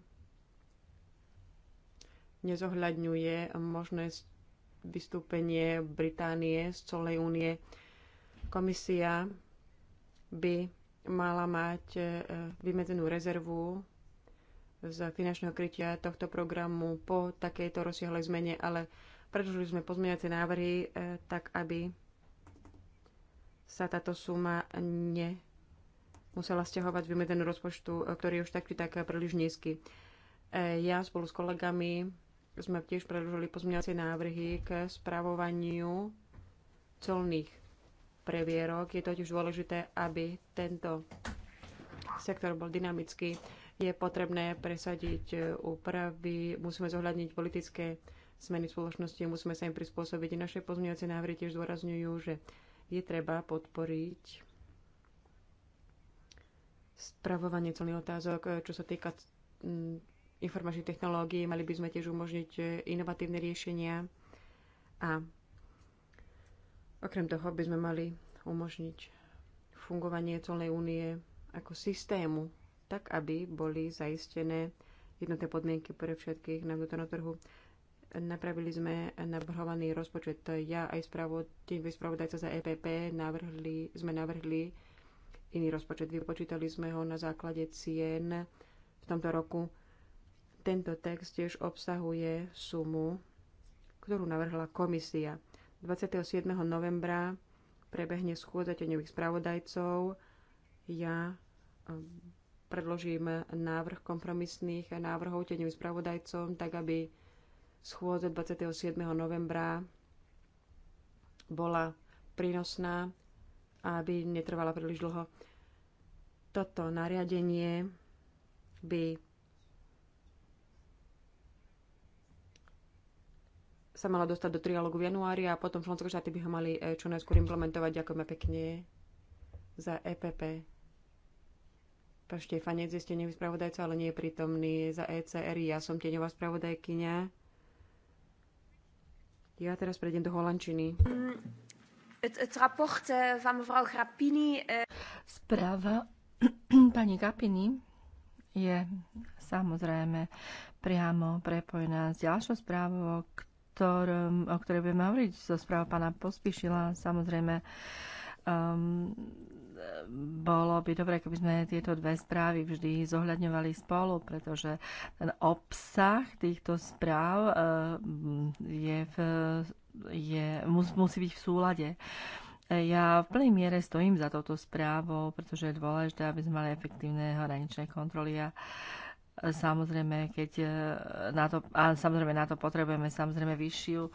nezohľadňuje možné vystúpenie Británie z celej únie. Komisia by mala mať vymedzenú rezervu z finančného krytia tohto programu po takejto rozsiahlej zmene, ale predložili sme pozmeňovacie návrhy e, tak, aby sa táto suma ne musela stiahovať z rozpočtu, e, ktorý je už tak či e, tak príliš nízky. Ja spolu s kolegami sme tiež predložili pozmeňovacie návrhy k spravovaniu colných previerok. Je totiž dôležité, aby tento sektor bol dynamický je potrebné presadiť e, úpravy, musíme zohľadniť politické zmeny spoločnosti, musíme sa im prispôsobiť. Naše pozmeňovacie návrhy tiež zdôrazňujú, že je treba podporiť spravovanie celných otázok, e, čo sa týka informačných technológií. Mali by sme tiež umožniť e, inovatívne riešenia a okrem toho by sme mali umožniť fungovanie celnej únie ako systému tak aby boli zaistené jednotné podmienky pre všetkých na vnútornom trhu. Napravili sme navrhovaný rozpočet. Ja aj spravodajca spravodajca za EPP navrhli, sme navrhli iný rozpočet. Vypočítali sme ho na základe cien v tomto roku. Tento text tiež obsahuje sumu, ktorú navrhla komisia. 27. novembra prebehne schôdza teňových spravodajcov. Ja predložím návrh kompromisných návrhov teným spravodajcom, tak aby schôdza 27. novembra bola prínosná a aby netrvala príliš dlho. Toto nariadenie by sa mala dostať do trialógu v januári a potom členské štáty by ho mali eh, čo najskôr implementovať. Ďakujeme pekne za EPP. Pán Štefanec je ste spravodajca, ale nie je prítomný za ECR. Ja som tieňová spravodajkyňa. Ja teraz prejdem do holandčiny. Mm, eh, eh, správa [CLEARS THROAT] pani Kapiny je samozrejme priamo prepojená s ďalšou správou, ktorom, o ktorej budeme hovoriť, so správa pána Pospíšila. Samozrejme, um, bolo by dobre, keby sme tieto dve správy vždy zohľadňovali spolu, pretože ten obsah týchto správ eh, je, v, je, mus, musí byť v súlade. Ja v plnej miere stojím za touto správou, pretože je dôležité, aby sme mali efektívne hraničné kontroly a samozrejme, keď eh, na to, a samozrejme na to potrebujeme samozrejme vyššiu,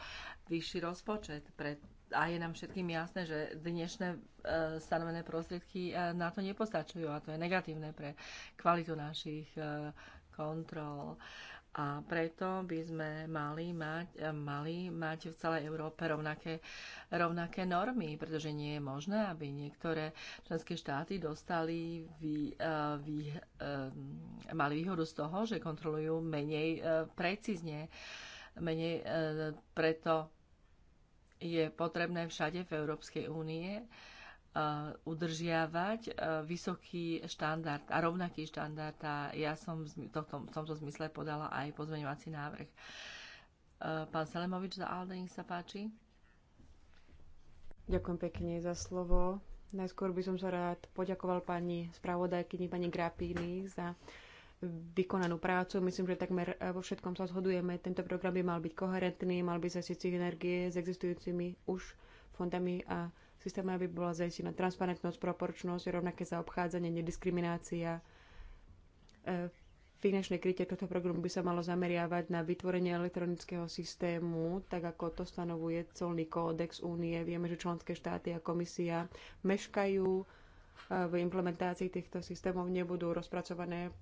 vyšší rozpočet, pre, a je nám všetkým jasné, že dnešné e, stanovené prostriedky e, na to nepostačujú a to je negatívne pre kvalitu našich e, kontrol. A preto by sme mali mať, mali mať v celej Európe rovnaké, rovnaké normy, pretože nie je možné, aby niektoré členské štáty dostali vý, vý, mali výhodu z toho, že kontrolujú menej precízne, menej preto je potrebné všade v Európskej únie eh, udržiavať eh, vysoký štandard a rovnaký štandard a ja som v tomto zmysle podala aj pozmeňovací návrh. Eh, pán Selemovič za ALDE, nech sa páči. Ďakujem pekne za slovo. Najskôr by som sa rád poďakoval pani spravodajkyni, pani Grapini za vykonanú prácu. Myslím, že takmer eh, vo všetkom sa zhodujeme. Tento program by mal byť koherentný, mal by zasiť energie s existujúcimi už fondami a systémy, aby bola zajistená transparentnosť, proporčnosť, rovnaké zaobchádzanie, nediskriminácia. Eh, finančné krytie tohto programu by sa malo zameriavať na vytvorenie elektronického systému, tak ako to stanovuje colný kódex únie. Vieme, že členské štáty a komisia meškajú eh, v implementácii týchto systémov nebudú rozpracované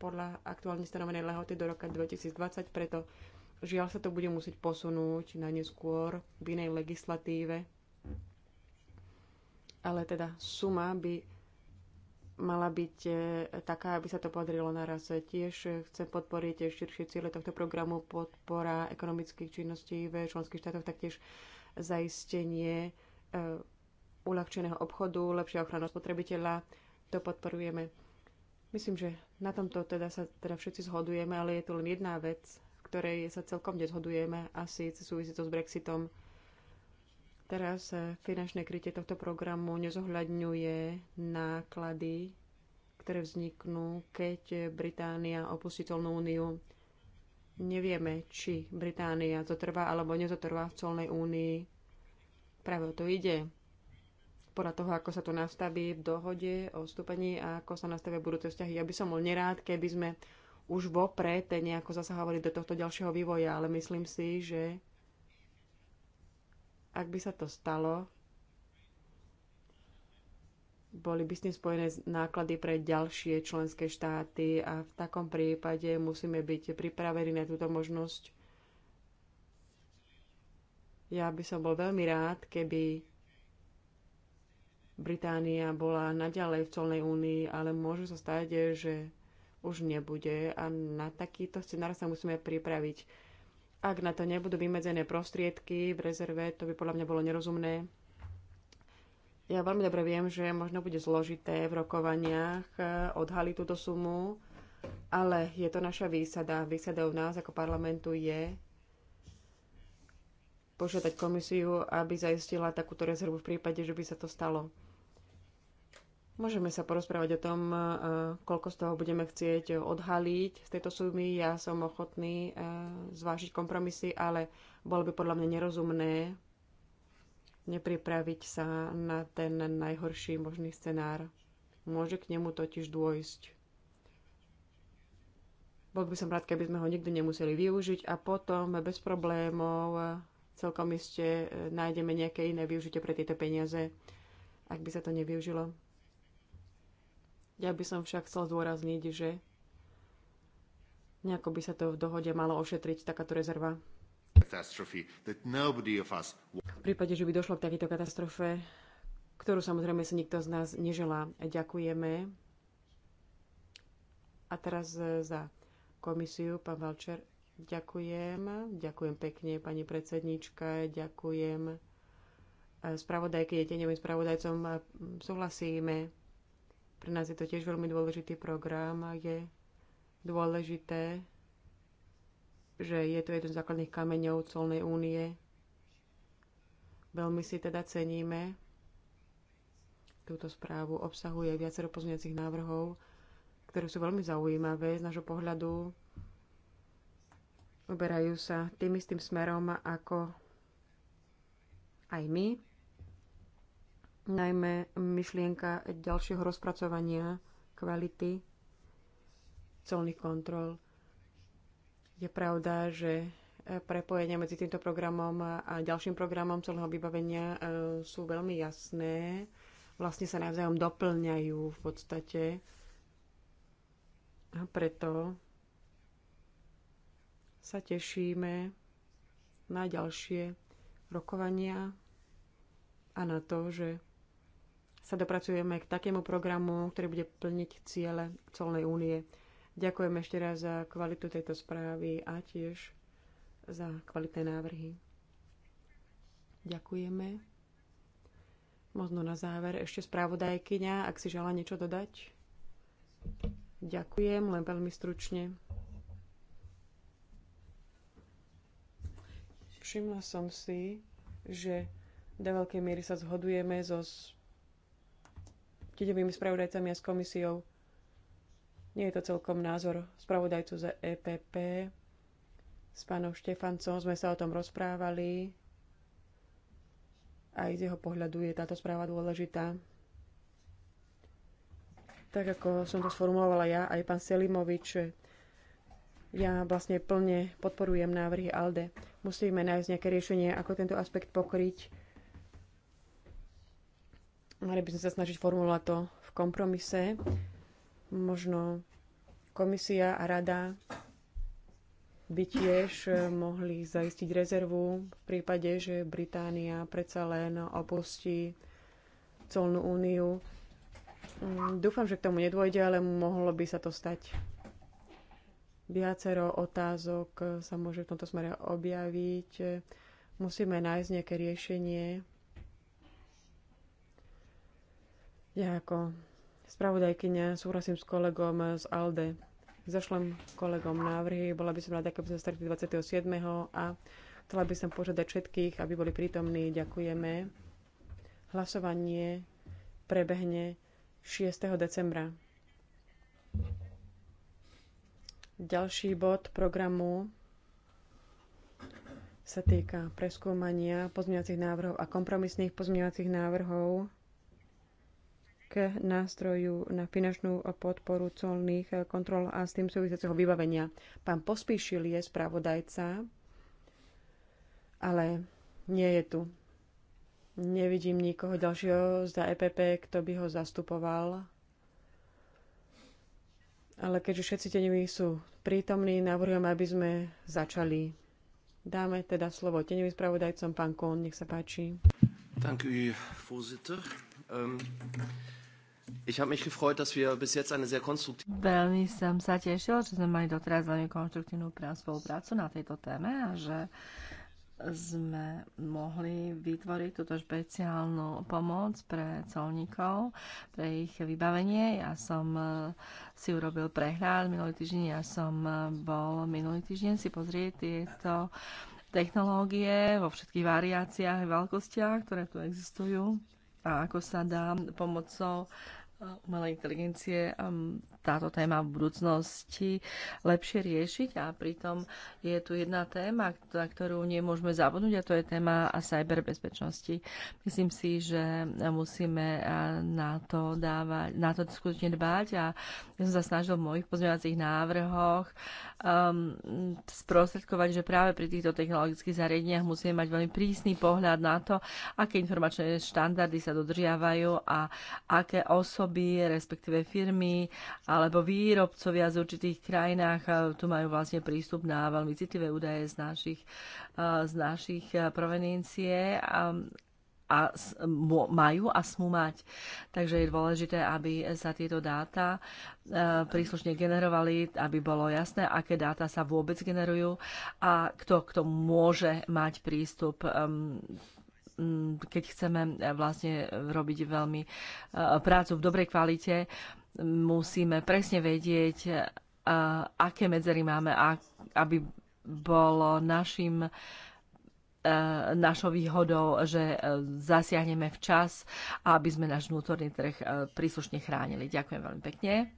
podľa aktuálne stanovenej lehoty do roka 2020, preto žiaľ sa to bude musieť posunúť na neskôr v inej legislatíve. Ale teda suma by mala byť e, taká, aby sa to podarilo naraz. Tiež chcem podporiť e, širšie ciele tohto programu, podpora ekonomických činností v členských štátoch, taktiež zaistenie e, uľahčeného obchodu, lepšia ochrana spotrebiteľa. To podporujeme. Myslím, že na tomto teda sa teda všetci zhodujeme, ale je tu len jedna vec, v ktorej sa celkom nezhodujeme asi súvisí to s Brexitom. Teraz finančné krytie tohto programu nezohľadňuje náklady, ktoré vzniknú, keď Británia opustí colnú úniu. Nevieme, či Británia zotrvá alebo nezotrvá v colnej únii. Práve o to ide podľa toho, ako sa to nastaví v dohode o vstúpení a ako sa nastavia budúce vzťahy. Ja by som bol nerád, keby sme už vopred nejako zasahovali do tohto ďalšieho vývoja, ale myslím si, že ak by sa to stalo, boli by s tým spojené náklady pre ďalšie členské štáty a v takom prípade musíme byť pripravení na túto možnosť. Ja by som bol veľmi rád, keby Británia bola naďalej v colnej únii, ale môže sa stať, že už nebude a na takýto scenár sa musíme pripraviť. Ak na to nebudú vymedzené prostriedky v rezerve, to by podľa mňa bolo nerozumné. Ja veľmi dobre viem, že možno bude zložité v rokovaniach eh, odhaliť túto sumu, ale je to naša výsada. Výsadou nás ako parlamentu je požiadať komisiu, aby zaistila takúto rezervu v prípade, že by sa to stalo. Môžeme sa porozprávať o tom, e, koľko z toho budeme chcieť odhaliť z tejto sumy. Ja som ochotný e, zvážiť kompromisy, ale bolo by podľa mňa nerozumné nepripraviť sa na ten najhorší možný scenár. Môže k nemu totiž dôjsť. Bol by som rád, keby sme ho nikdy nemuseli využiť a potom bez problémov celkom iste e, nájdeme nejaké iné využitie pre tieto peniaze, ak by sa to nevyužilo. Ja by som však chcel zdôrazniť, že nejako by sa to v dohode malo ošetriť takáto rezerva. V prípade, že by došlo k takejto katastrofe, ktorú samozrejme si nikto z nás neželá. Ďakujeme. A teraz e, za komisiu, pán Valčer, ďakujem. Ďakujem pekne, pani predsednička, ďakujem e, spravodajky, deteňovým spravodajcom súhlasíme pre nás je to tiež veľmi dôležitý program a je dôležité, že je to jeden z základných kameňov colnej únie. Veľmi si teda ceníme túto správu. Obsahuje viacero pozmeňacích návrhov, ktoré sú veľmi zaujímavé z nášho pohľadu. Uberajú sa tým istým smerom ako aj my najmä myšlienka ďalšieho rozpracovania kvality colných kontrol. Je pravda, že e, prepojenia medzi týmto programom a ďalším programom celého vybavenia e, sú veľmi jasné. Vlastne sa navzájom doplňajú v podstate. A preto sa tešíme na ďalšie rokovania a na to, že sa dopracujeme k takému programu, ktorý bude plniť ciele celnej únie. Ďakujem ešte raz za kvalitu tejto správy a tiež za kvalitné návrhy. Ďakujeme. Možno na záver ešte správodajkyňa, ak si žela niečo dodať. Ďakujem, len veľmi stručne. Všimla som si, že do veľkej miery sa zhodujeme so tieňovými spravodajcami a s komisiou. Nie je to celkom názor spravodajcu Z EPP. S pánom Štefancom sme sa o tom rozprávali. Aj z jeho pohľadu je táto správa dôležitá. Tak ako som to sformulovala ja, aj pán Selimovič, ja vlastne plne podporujem návrhy ALDE. Musíme nájsť nejaké riešenie, ako tento aspekt pokryť Mali by sme sa snažiť formulovať to v kompromise. Možno komisia a rada by tiež eh, mohli zaistiť rezervu v prípade, že Británia predsa len opustí colnú úniu. Mm, dúfam, že k tomu nedôjde, ale mohlo by sa to stať. Viacero otázok eh, sa môže v tomto smere objaviť. Musíme nájsť nejaké riešenie. Ja ako spravodajkyňa súhlasím s kolegom z ALDE. Zašlem kolegom návrhy, bola by som rada, keby sme stretli 27. a chcela by som požiadať všetkých, aby boli prítomní. Ďakujeme. Hlasovanie prebehne 6. decembra. Ďalší bod programu sa týka preskúmania pozmeňovacích návrhov a kompromisných pozmeňovacích návrhov k nástroju na finančnú podporu colných kontrol a s tým súvisiaceho vybavenia. Pán Pospíšil je spravodajca, ale nie je tu. Nevidím nikoho ďalšieho za EPP, kto by ho zastupoval. Ale keďže všetci teneví sú prítomní, navrhujem, aby sme začali. Dáme teda slovo tenevým spravodajcom, pán Kohn, nech sa páči. Thank you, Veľmi som sa tešil, že sme mali doteraz veľmi konstruktívnu spoluprácu na tejto téme a že sme mohli vytvoriť túto špeciálnu pomoc pre colníkov, pre ich vybavenie. Ja som e, si urobil prehľad minulý týždeň, ja som e, bol minulý týždeň si pozrieť tieto technológie vo všetkých variáciách a veľkostiach, ktoré tu existujú a ako sa dá pomocou umelej inteligencie um, táto téma v budúcnosti lepšie riešiť a pritom je tu jedna téma, na ktorú nemôžeme zabudnúť a to je téma cyberbezpečnosti. Myslím si, že musíme na to, dávať, na to skutočne dbať a ja som sa snažil v mojich pozmeňovacích návrhoch um, sprostredkovať, že práve pri týchto technologických zariadeniach musíme mať veľmi prísny pohľad na to, aké informačné štandardy sa dodržiavajú a aké osoby, respektíve firmy alebo výrobcovia z určitých krajinách tu majú vlastne prístup na veľmi citlivé údaje z našich, z našich proveniencie a, a majú a smú mať. Takže je dôležité, aby sa tieto dáta príslušne generovali, aby bolo jasné, aké dáta sa vôbec generujú a kto k tomu môže mať prístup um, um, keď chceme vlastne robiť veľmi prácu v dobrej kvalite, musíme presne vedieť, aké medzery máme, aby bolo našim e, našou výhodou, že e, zasiahneme včas a aby sme náš vnútorný trh e, príslušne chránili. Ďakujem veľmi pekne.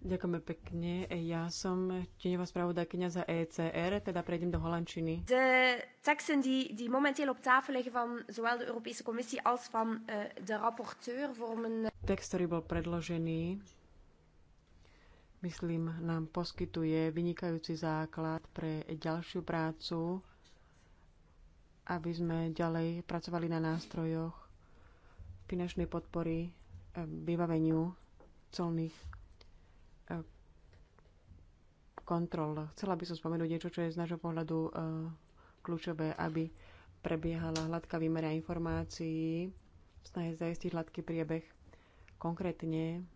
Ďakujeme pekne. Ja som tieňová spravodajkynia za ECR, teda prejdem do Holandčiny. De teksten die, die momenteel op tafel liggen van zowel de Europese Commissie als van uh, de rapporteur vormen... Eh, Text, ktorý bol predložený, myslím, nám poskytuje vynikajúci základ pre ďalšiu prácu, aby sme ďalej pracovali na nástrojoch finančnej podpory eh, vybaveniu colných kontrol. Chcela by som spomenúť niečo, čo je z nášho pohľadu eh, kľúčové, aby prebiehala hladká výmera informácií v snahe zajistiť hladký priebeh. Konkrétne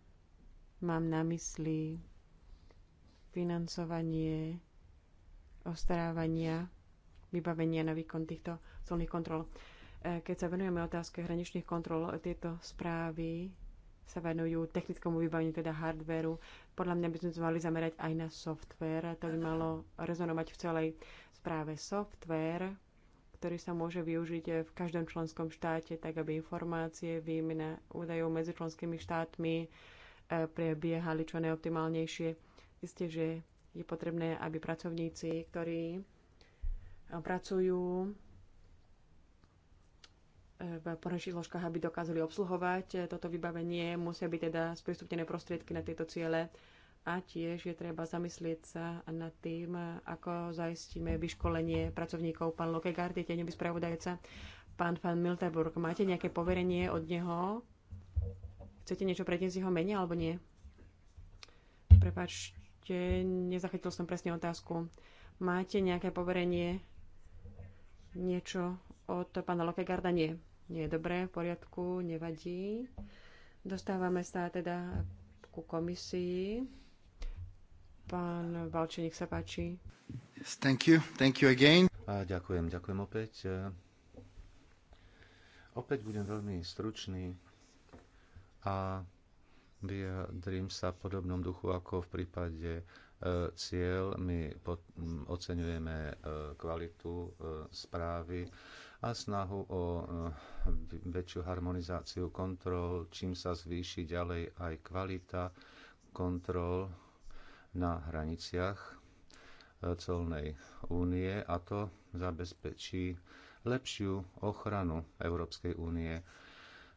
mám na mysli financovanie ostarávania, vybavenia na výkon týchto colných kontrol. Eh, keď sa venujeme otázke hraničných kontrol, tieto správy sa venujú technickému vybaveniu, teda hardveru. Podľa mňa by sme sa mali zamerať aj na software. To by malo rezonovať v celej správe software, ktorý sa môže využiť v každom členskom štáte, tak aby informácie, výmena údajov medzi členskými štátmi e, prebiehali čo najoptimálnejšie. Isté, že je potrebné, aby pracovníci, ktorí e, pracujú v poranších zložkách, aby dokázali obsluhovať eh, toto vybavenie. Musia byť teda sprístupnené prostriedky na tieto ciele a tiež je treba zamyslieť sa nad tým, ako zaistíme vyškolenie pracovníkov. Pán Lokegard je tenevý spravodajca. Pán Van Milterburg, máte nejaké poverenie od neho? Chcete niečo predniesť jeho mene alebo nie? Prepačte, nezachytil som presne otázku. Máte nejaké poverenie niečo od pána Lokegarda nie. Nie je dobré, v poriadku, nevadí. Dostávame sa teda ku komisii. Pán Valčeník sa páči. Yes, thank you. Thank you again. A ďakujem, ďakujem opäť. Opäť budem veľmi stručný a vyjadrím sa v podobnom duchu ako v prípade e, cieľ. My oceňujeme e, kvalitu e, správy a snahu o e, väčšiu harmonizáciu kontrol, čím sa zvýši ďalej aj kvalita kontrol na hraniciach e, colnej únie a to zabezpečí lepšiu ochranu Európskej únie.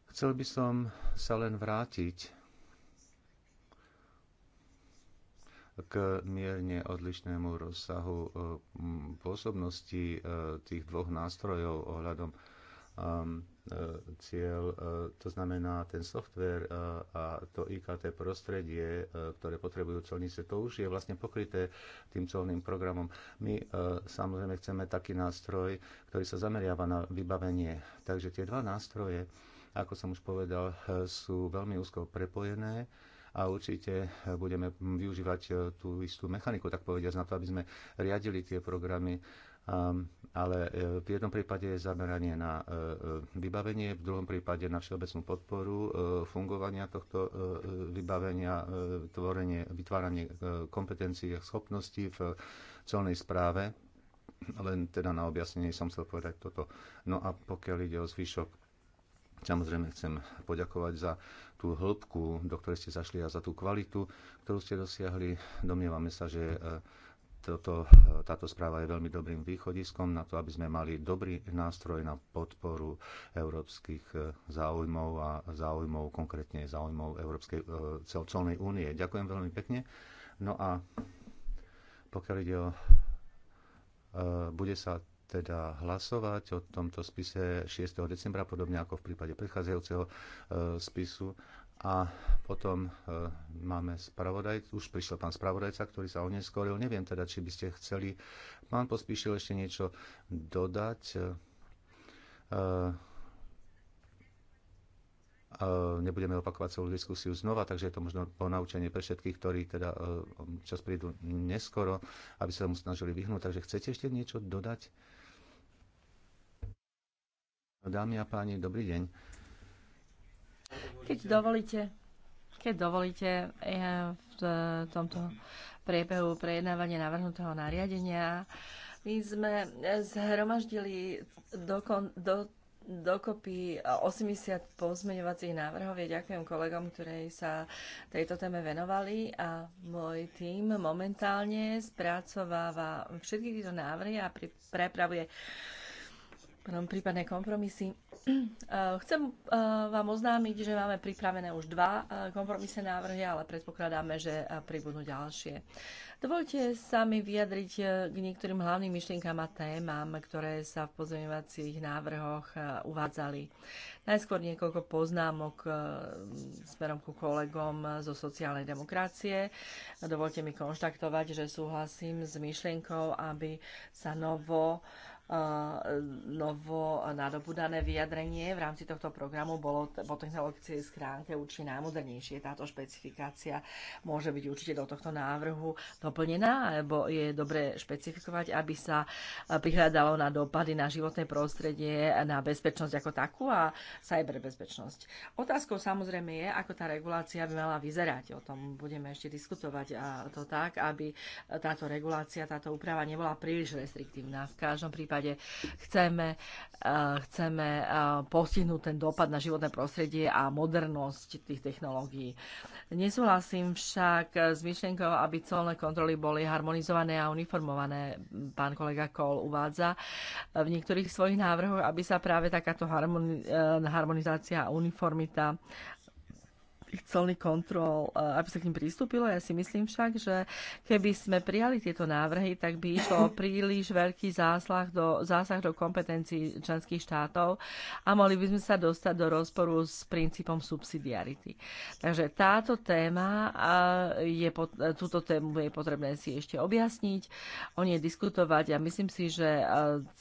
Chcel by som sa len vrátiť k mierne odlišnému rozsahu eh, pôsobnosti eh, tých dvoch nástrojov ohľadom ehm, eh, cieľ, to znamená ten software a to IKT prostredie, ktoré potrebujú celnice, to už je vlastne pokryté tým colným programom. My samozrejme chceme taký nástroj, ktorý sa zameriava na vybavenie. Takže tie dva nástroje, ako som už povedal, sú veľmi úzko prepojené a určite budeme využívať e, tú istú mechaniku, tak povediať, na to, aby sme riadili tie programy ale e, v jednom prípade je zameranie na e, vybavenie, v druhom prípade na všeobecnú podporu fungovania tohto vybavenia, tvorenie, vytváranie kompetencií a schopností v celnej správe. Len teda na objasnenie som chcel povedať toto. No a pokiaľ ide o zvyšok Samozrejme chcem poďakovať za tú hĺbku, do ktorej ste zašli a za tú kvalitu, ktorú ste dosiahli. Domnievame sa, že e, toto, e, táto správa je veľmi dobrým východiskom na to, aby sme mali dobrý nástroj na podporu európskych e, záujmov a záujmov, konkrétne záujmov Európskej celnej únie. Ďakujem veľmi pekne. No a pokiaľ ide o... Bude sa teda hlasovať o tomto spise 6. decembra, podobne ako v prípade predchádzajúceho e, spisu. A potom e, máme spravodajcu, už prišiel pán spravodajca, ktorý sa oneskoril. Neviem teda, či by ste chceli, pán pospíšil ešte niečo dodať. E, nebudeme opakovať celú diskusiu znova, takže je to možno po naučenie pre všetkých, ktorí teda čas prídu neskoro, aby sa mu snažili vyhnúť. Takže chcete ešte niečo dodať? Dámy a páni, dobrý deň. Keď dovolíte, keď dovolíte, ja v tomto priebehu prejednávania navrhnutého nariadenia my sme zhromaždili dokon, do, dokopy 80 pozmeňovacích návrhov. Ja ďakujem kolegom, ktorí sa tejto téme venovali a môj tím momentálne spracováva všetky tieto návrhy a pri, potom prípadné kompromisy. [CLEARS THROAT] Eh, chcem eh, vám oznámiť, že máme pripravené už dva eh, kompromisné návrhy, ale predpokladáme, že pribudnú ďalšie. Dovolte sa mi vyjadriť k niektorým hlavným myšlienkám a témam, ktoré sa v pozmeňovacích návrhoch uvádzali. Najskôr niekoľko poznámok smerom ku kolegom zo sociálnej demokracie. Dovolte mi konštaktovať, že súhlasím s myšlienkou, aby sa novo novo nadobudané vyjadrenie v rámci tohto programu bolo po technologickej schránke určite najmodernejšie. Táto špecifikácia môže byť určite do tohto návrhu doplnená, alebo je dobre špecifikovať, aby sa prihľadalo na dopady na životné prostredie, na bezpečnosť ako takú a cyberbezpečnosť. Otázkou samozrejme je, ako tá regulácia by mala vyzerať. O tom budeme ešte diskutovať a to tak, aby táto regulácia, táto úprava nebola príliš restriktívna. V každom prípade prípade chceme, chceme postihnúť ten dopad na životné prostredie a modernosť tých technológií. Nesúhlasím však s myšlienkou, aby colné kontroly boli harmonizované a uniformované. Pán kolega Kol uvádza v niektorých svojich návrhoch, aby sa práve takáto e, harmonizácia a uniformita tých kontrol, e, aby sa k ním pristúpilo. Ja si myslím však, že keby sme prijali tieto návrhy, tak by išlo príliš veľký zásah do, zásah do kompetencií členských štátov a mohli by sme sa dostať do rozporu s princípom subsidiarity. Takže táto téma je, túto tému je potrebné si ešte objasniť, o nej diskutovať a ja myslím si, že e,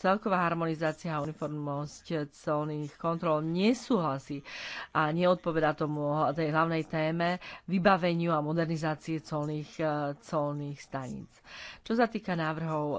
celková harmonizácia a uniformnosť colných kontrol nesúhlasí a neodpoveda tomu tej hlavnej téme vybaveniu a modernizácie colných, e, colných staníc. Čo sa týka návrhov e,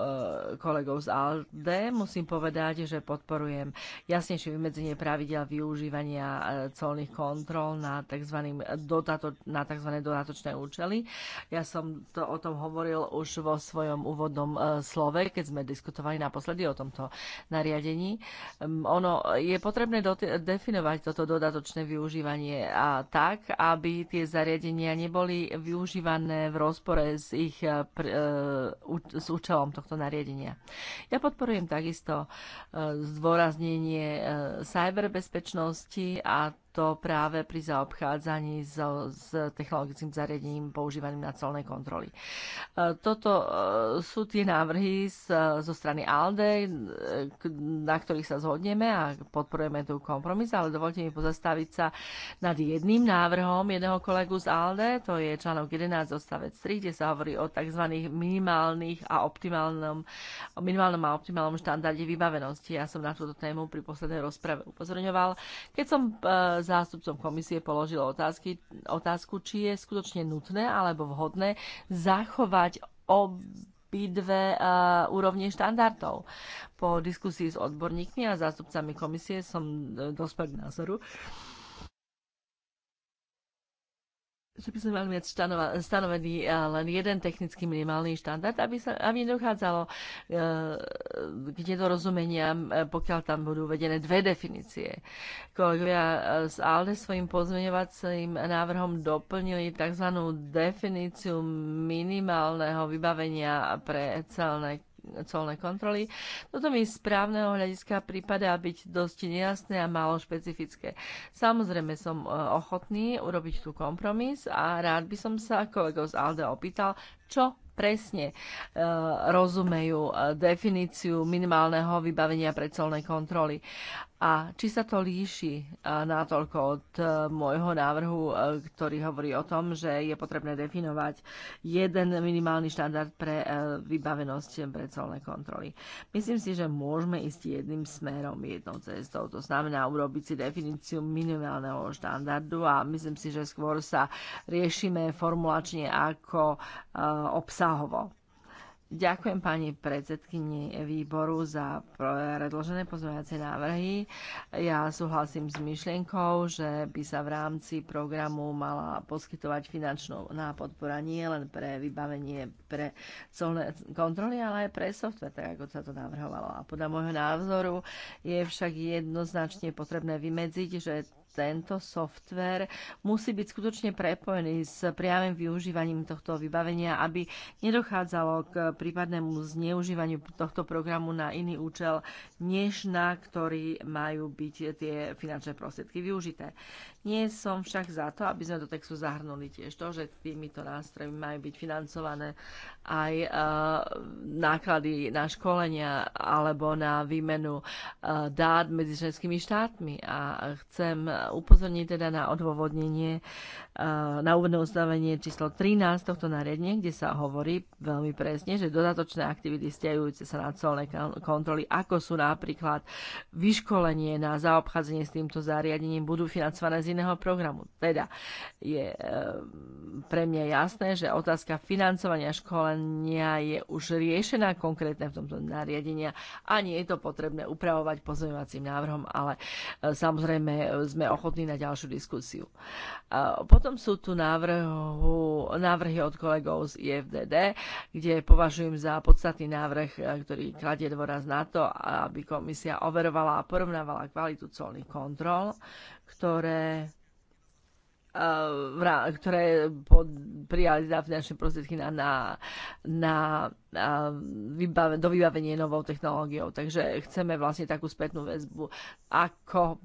kolegov z ALDE, musím povedať, že podporujem jasnejšie vymedzenie pravidel využívania e, colných kontrol na tzv. Dotato, na tzv. dodatočné účely. Ja som to, o tom hovoril už vo svojom úvodnom slove, keď sme diskutovali naposledy o tomto nariadení. Ono je potrebné definovať toto dodatočné využívanie a tak, aby tie zariadenia neboli využívané v rozpore s ich eh, eh, s účelom tohto nariadenia. Ja podporujem takisto eh, zdôraznenie cyberbezpečnosti a to práve pri zaobchádzaní s, s technologickým zariadením používaným na celné kontroly. E, toto e, sú tie návrhy z, zo strany ALDE, e, na ktorých sa zhodneme a podporujeme tu kompromis, ale dovolte mi pozastaviť sa nad jedným návrhom jedného kolegu z ALDE, to je článok 11 odstavec 3, kde sa hovorí o tzv. minimálnych a optimálnom, minimálnom a optimálnom štandarde vybavenosti. Ja som na túto tému pri poslednej rozprave upozorňoval. Keď som zástupcom komisie položil otázky, otázku, či je skutočne nutné alebo vhodné zachovať ob obidve uh, úrovne štandardov. Po diskusii s odborníkmi a zástupcami komisie som eh, dospel k názoru, že by sme mali mať stanovený eh, len jeden technický minimálny štandard, aby, sa, aby nedochádzalo eh, k nedorozumeniam, eh, pokiaľ tam budú uvedené dve definície. Kolegovia s ALDE svojim pozmeňovacím návrhom doplnili tzv. definíciu minimálneho vybavenia pre celné colné kontroly. Toto mi z právneho hľadiska prípada byť dosť nejasné a málo špecifické. Samozrejme som e, ochotný urobiť tu kompromis a rád by som sa kolegov z ALDE opýtal, čo presne e, rozumejú e, definíciu minimálneho vybavenia pre colnej kontroly a či sa to líši e, natoľko od e, môjho návrhu, e, ktorý hovorí o tom, že je potrebné definovať jeden minimálny štandard pre vybavenosť pre celné kontroly. Myslím si, že môžeme ísť jedným smerom, jednou cestou. To znamená urobiť si definíciu minimálneho štandardu a myslím si, že skôr sa riešime formulačne ako obsahovo. Ďakujem pani predsedkyni výboru za predložené pozmeňovacie návrhy. Ja súhlasím s myšlienkou, že by sa v rámci programu mala poskytovať finančná podpora nie len pre vybavenie pre colné kontroly, ale aj pre software, tak ako sa to navrhovalo. A podľa môjho názoru je však jednoznačne potrebné vymedziť, že tento software musí byť skutočne prepojený s priamým využívaním tohto vybavenia, aby nedochádzalo k prípadnému zneužívaniu tohto programu na iný účel, než na ktorý majú byť tie finančné prostriedky využité. Nie som však za to, aby sme do textu zahrnuli tiež to, že týmito nástrojmi majú byť financované aj uh, náklady na školenia alebo na výmenu uh, dát medzi členskými štátmi. A chcem upozorniť teda na odôvodnenie, uh, na úvodné ustavenie číslo 13 tohto nariadenia, kde sa hovorí veľmi presne, že dodatočné aktivity stiajúce sa na celné kontroly, ako sú napríklad vyškolenie na zaobchádzanie s týmto zariadením, budú financované z študijného programu. Teda je ehm, pre mňa jasné, že otázka financovania školenia je už riešená konkrétne v tomto nariadenia a nie je to potrebné upravovať pozmeňovacím návrhom, ale e, samozrejme e, sme ochotní na ďalšiu diskusiu. E, potom sú tu návrhu, návrhy od kolegov z IFDD, kde považujem za podstatný návrh, ktorý kladie dôraz na to, aby komisia overovala a porovnávala kvalitu colných kontrol, ktoré e, ktoré pod, prijali za finančné prostriedky na, na, na, na vybave, do vybavenie novou technológiou. Takže chceme vlastne takú spätnú väzbu, ako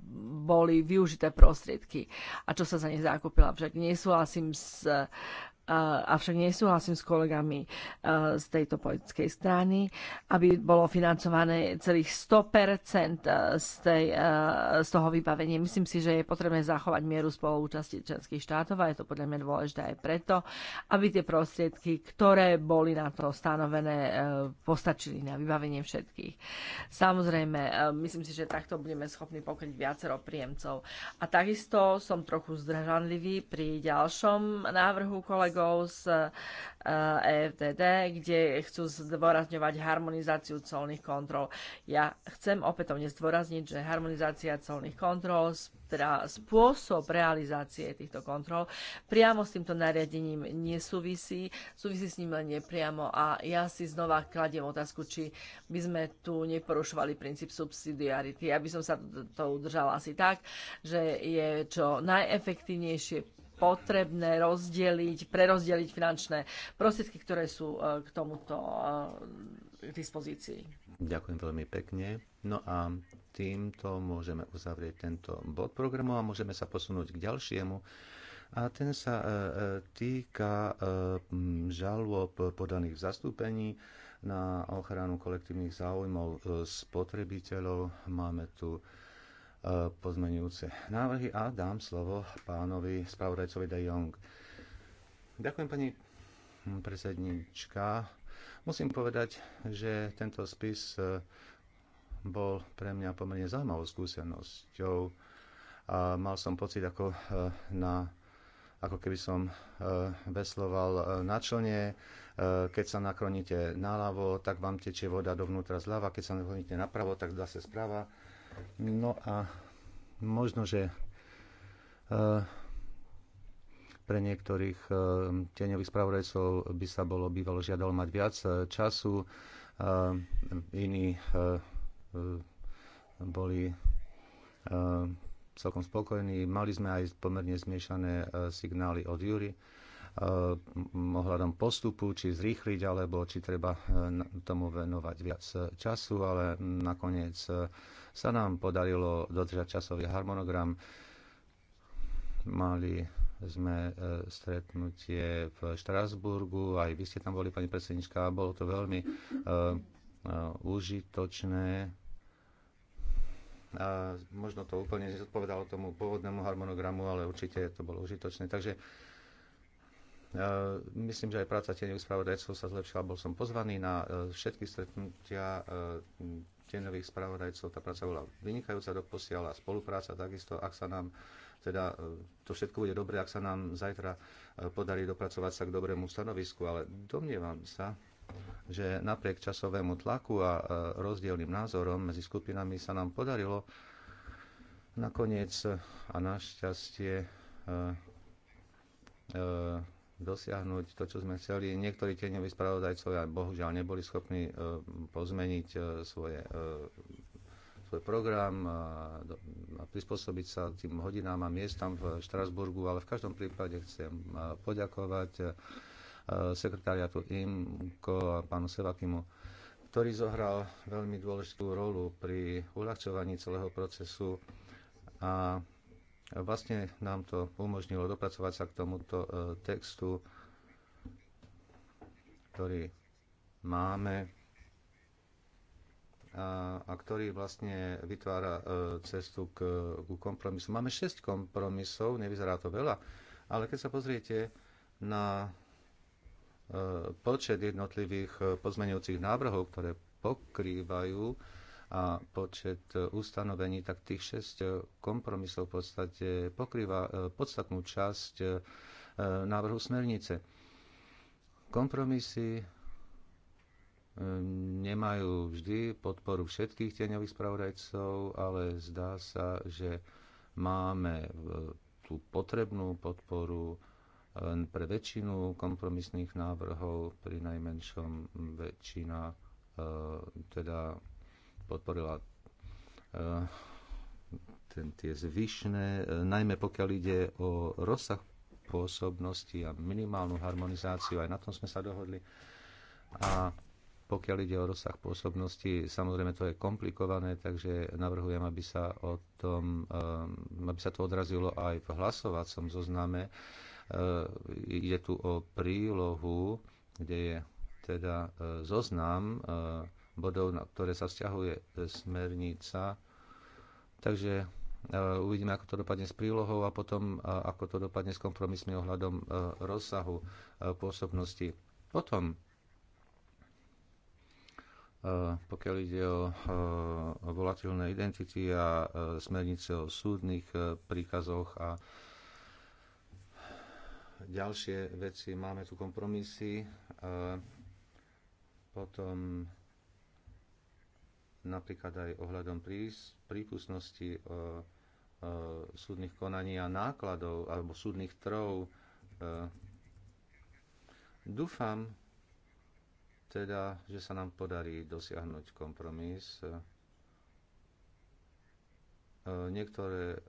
boli využité prostriedky a čo sa za ne zakúpila. Však nesúhlasím s avšak nesúhlasím s kolegami z tejto politickej strany, aby bolo financované celých 100% z, tej, z toho vybavenia. Myslím si, že je potrebné zachovať mieru spoluúčasti členských štátov a je to podľa mňa dôležité aj preto, aby tie prostriedky, ktoré boli na to stanovené, e, postačili na vybavenie všetkých. Samozrejme, e, myslím si, že takto budeme schopní pokryť viacero príjemcov. A takisto som trochu zdržanlivý pri ďalšom návrhu kolegov kolegov z EFTD, eh, e kde chcú zdôrazňovať harmonizáciu colných kontrol. Ja chcem opätovne zdôrazniť, že harmonizácia colných kontrol, teda spôsob realizácie týchto kontrol priamo s týmto nariadením nesúvisí, súvisí s ním len nepriamo a ja si znova kladiem otázku, či by sme tu neporušovali princíp subsidiarity. Ja by som sa to, to udržala asi tak, že je čo najefektívnejšie potrebné rozdeliť, prerozdeliť finančné prostriedky, ktoré sú e, k tomuto e, k dispozícii. Ďakujem veľmi pekne. No a týmto môžeme uzavrieť tento bod programu a môžeme sa posunúť k ďalšiemu. A ten sa e, týka žalob podaných v zastúpení na ochranu kolektívnych záujmov spotrebiteľov. Máme tu pozmenujúce návrhy a dám slovo pánovi spravodajcovi De Jong. Ďakujem pani predsednička. Musím povedať, že tento spis eh, bol pre mňa pomerne zaujímavou skúsenosťou. A mal som pocit, ako, eh, na, ako keby som eh, vesloval na člne. Keď sa nakloníte naľavo, tak vám tečie voda dovnútra zľava. Keď sa nakloníte napravo, tak zase správa No a možno, že e, pre niektorých e, tieňových spravodajcov by sa bolo bývalo žiadalo mať viac e, času. Iní boli celkom spokojní. Mali sme aj pomerne zmiešané signály od Júry. Eh, ohľadom postupu, či zrýchliť, alebo či treba eh, tomu venovať viac eh, času, ale nakoniec sa nám podarilo dodržať časový harmonogram. Mali sme stretnutie v Štrasburgu, aj vy ste tam boli, pani predsednička, a bolo to veľmi uh, uh, užitočné. A možno to úplne nezodpovedalo tomu pôvodnému harmonogramu, ale určite to bolo užitočné. Takže Eh, myslím, že aj práca tieňových spravodajcov sa zlepšila. Bol som pozvaný na eh, všetky stretnutia eh, tieňových spravodajcov. Tá práca bola vynikajúca do posiaľa, spolupráca takisto, ak sa nám teda to všetko bude dobre, ak sa nám zajtra podarí dopracovať sa k dobrému stanovisku, ale domnievam sa, že napriek časovému tlaku a rozdielným názorom medzi skupinami sa nám podarilo nakoniec a našťastie dosiahnuť to, čo sme chceli. Niektorí tieňoví spravodajcovia bohužiaľ neboli schopní e, pozmeniť e, svoje, e, svoj program a prispôsobiť sa tým hodinám a miestam v Štrasburgu, ale v každom prípade chcem poďakovať sekretáriatu IMKO a pánu Sevakimu, ktorý zohral veľmi dôležitú rolu pri uľahčovaní celého procesu a Vlastne nám to umožnilo dopracovať sa k tomuto e, textu, ktorý máme a, a ktorý vlastne vytvára e, cestu k, k kompromisu. Máme 6 kompromisov, nevyzerá to veľa, ale keď sa pozriete na e, počet jednotlivých pozmeňujúcich návrhov, ktoré pokrývajú a počet e, ustanovení, tak tých 6 e, kompromisov v podstate pokrýva e, podstatnú časť návrhu smernice. Kompromisy nemajú vždy podporu všetkých tieňových spravodajcov, ale zdá sa, že máme tú potrebnú podporu pre väčšinu kompromisných návrhov, pri najmenšom väčšina teda podporila eh, ten, tie zvyšné, eh, najmä pokiaľ ide o rozsah pôsobnosti a minimálnu harmonizáciu, aj na tom sme sa dohodli. A pokiaľ ide o rozsah pôsobnosti, samozrejme to je komplikované, takže navrhujem, aby sa, o tom, eh, aby sa to odrazilo aj v hlasovacom zozname. Ide tu o prílohu, kde je teda zoznam bodov, na ktoré sa vzťahuje smernica. Takže e, uvidíme, ako to dopadne s prílohou a potom e, ako to dopadne s kompromismi ohľadom e, rozsahu pôsobnosti. Potom, pokiaľ ide o volatilné identity a smernice o súdnych príkazoch a ďalšie veci, máme tu kompromisy, potom napríklad aj ohľadom prípustnosti e, e, súdnych konaní a nákladov alebo súdnych trov. E, dúfam teda, že sa nám podarí dosiahnuť kompromis. Niektoré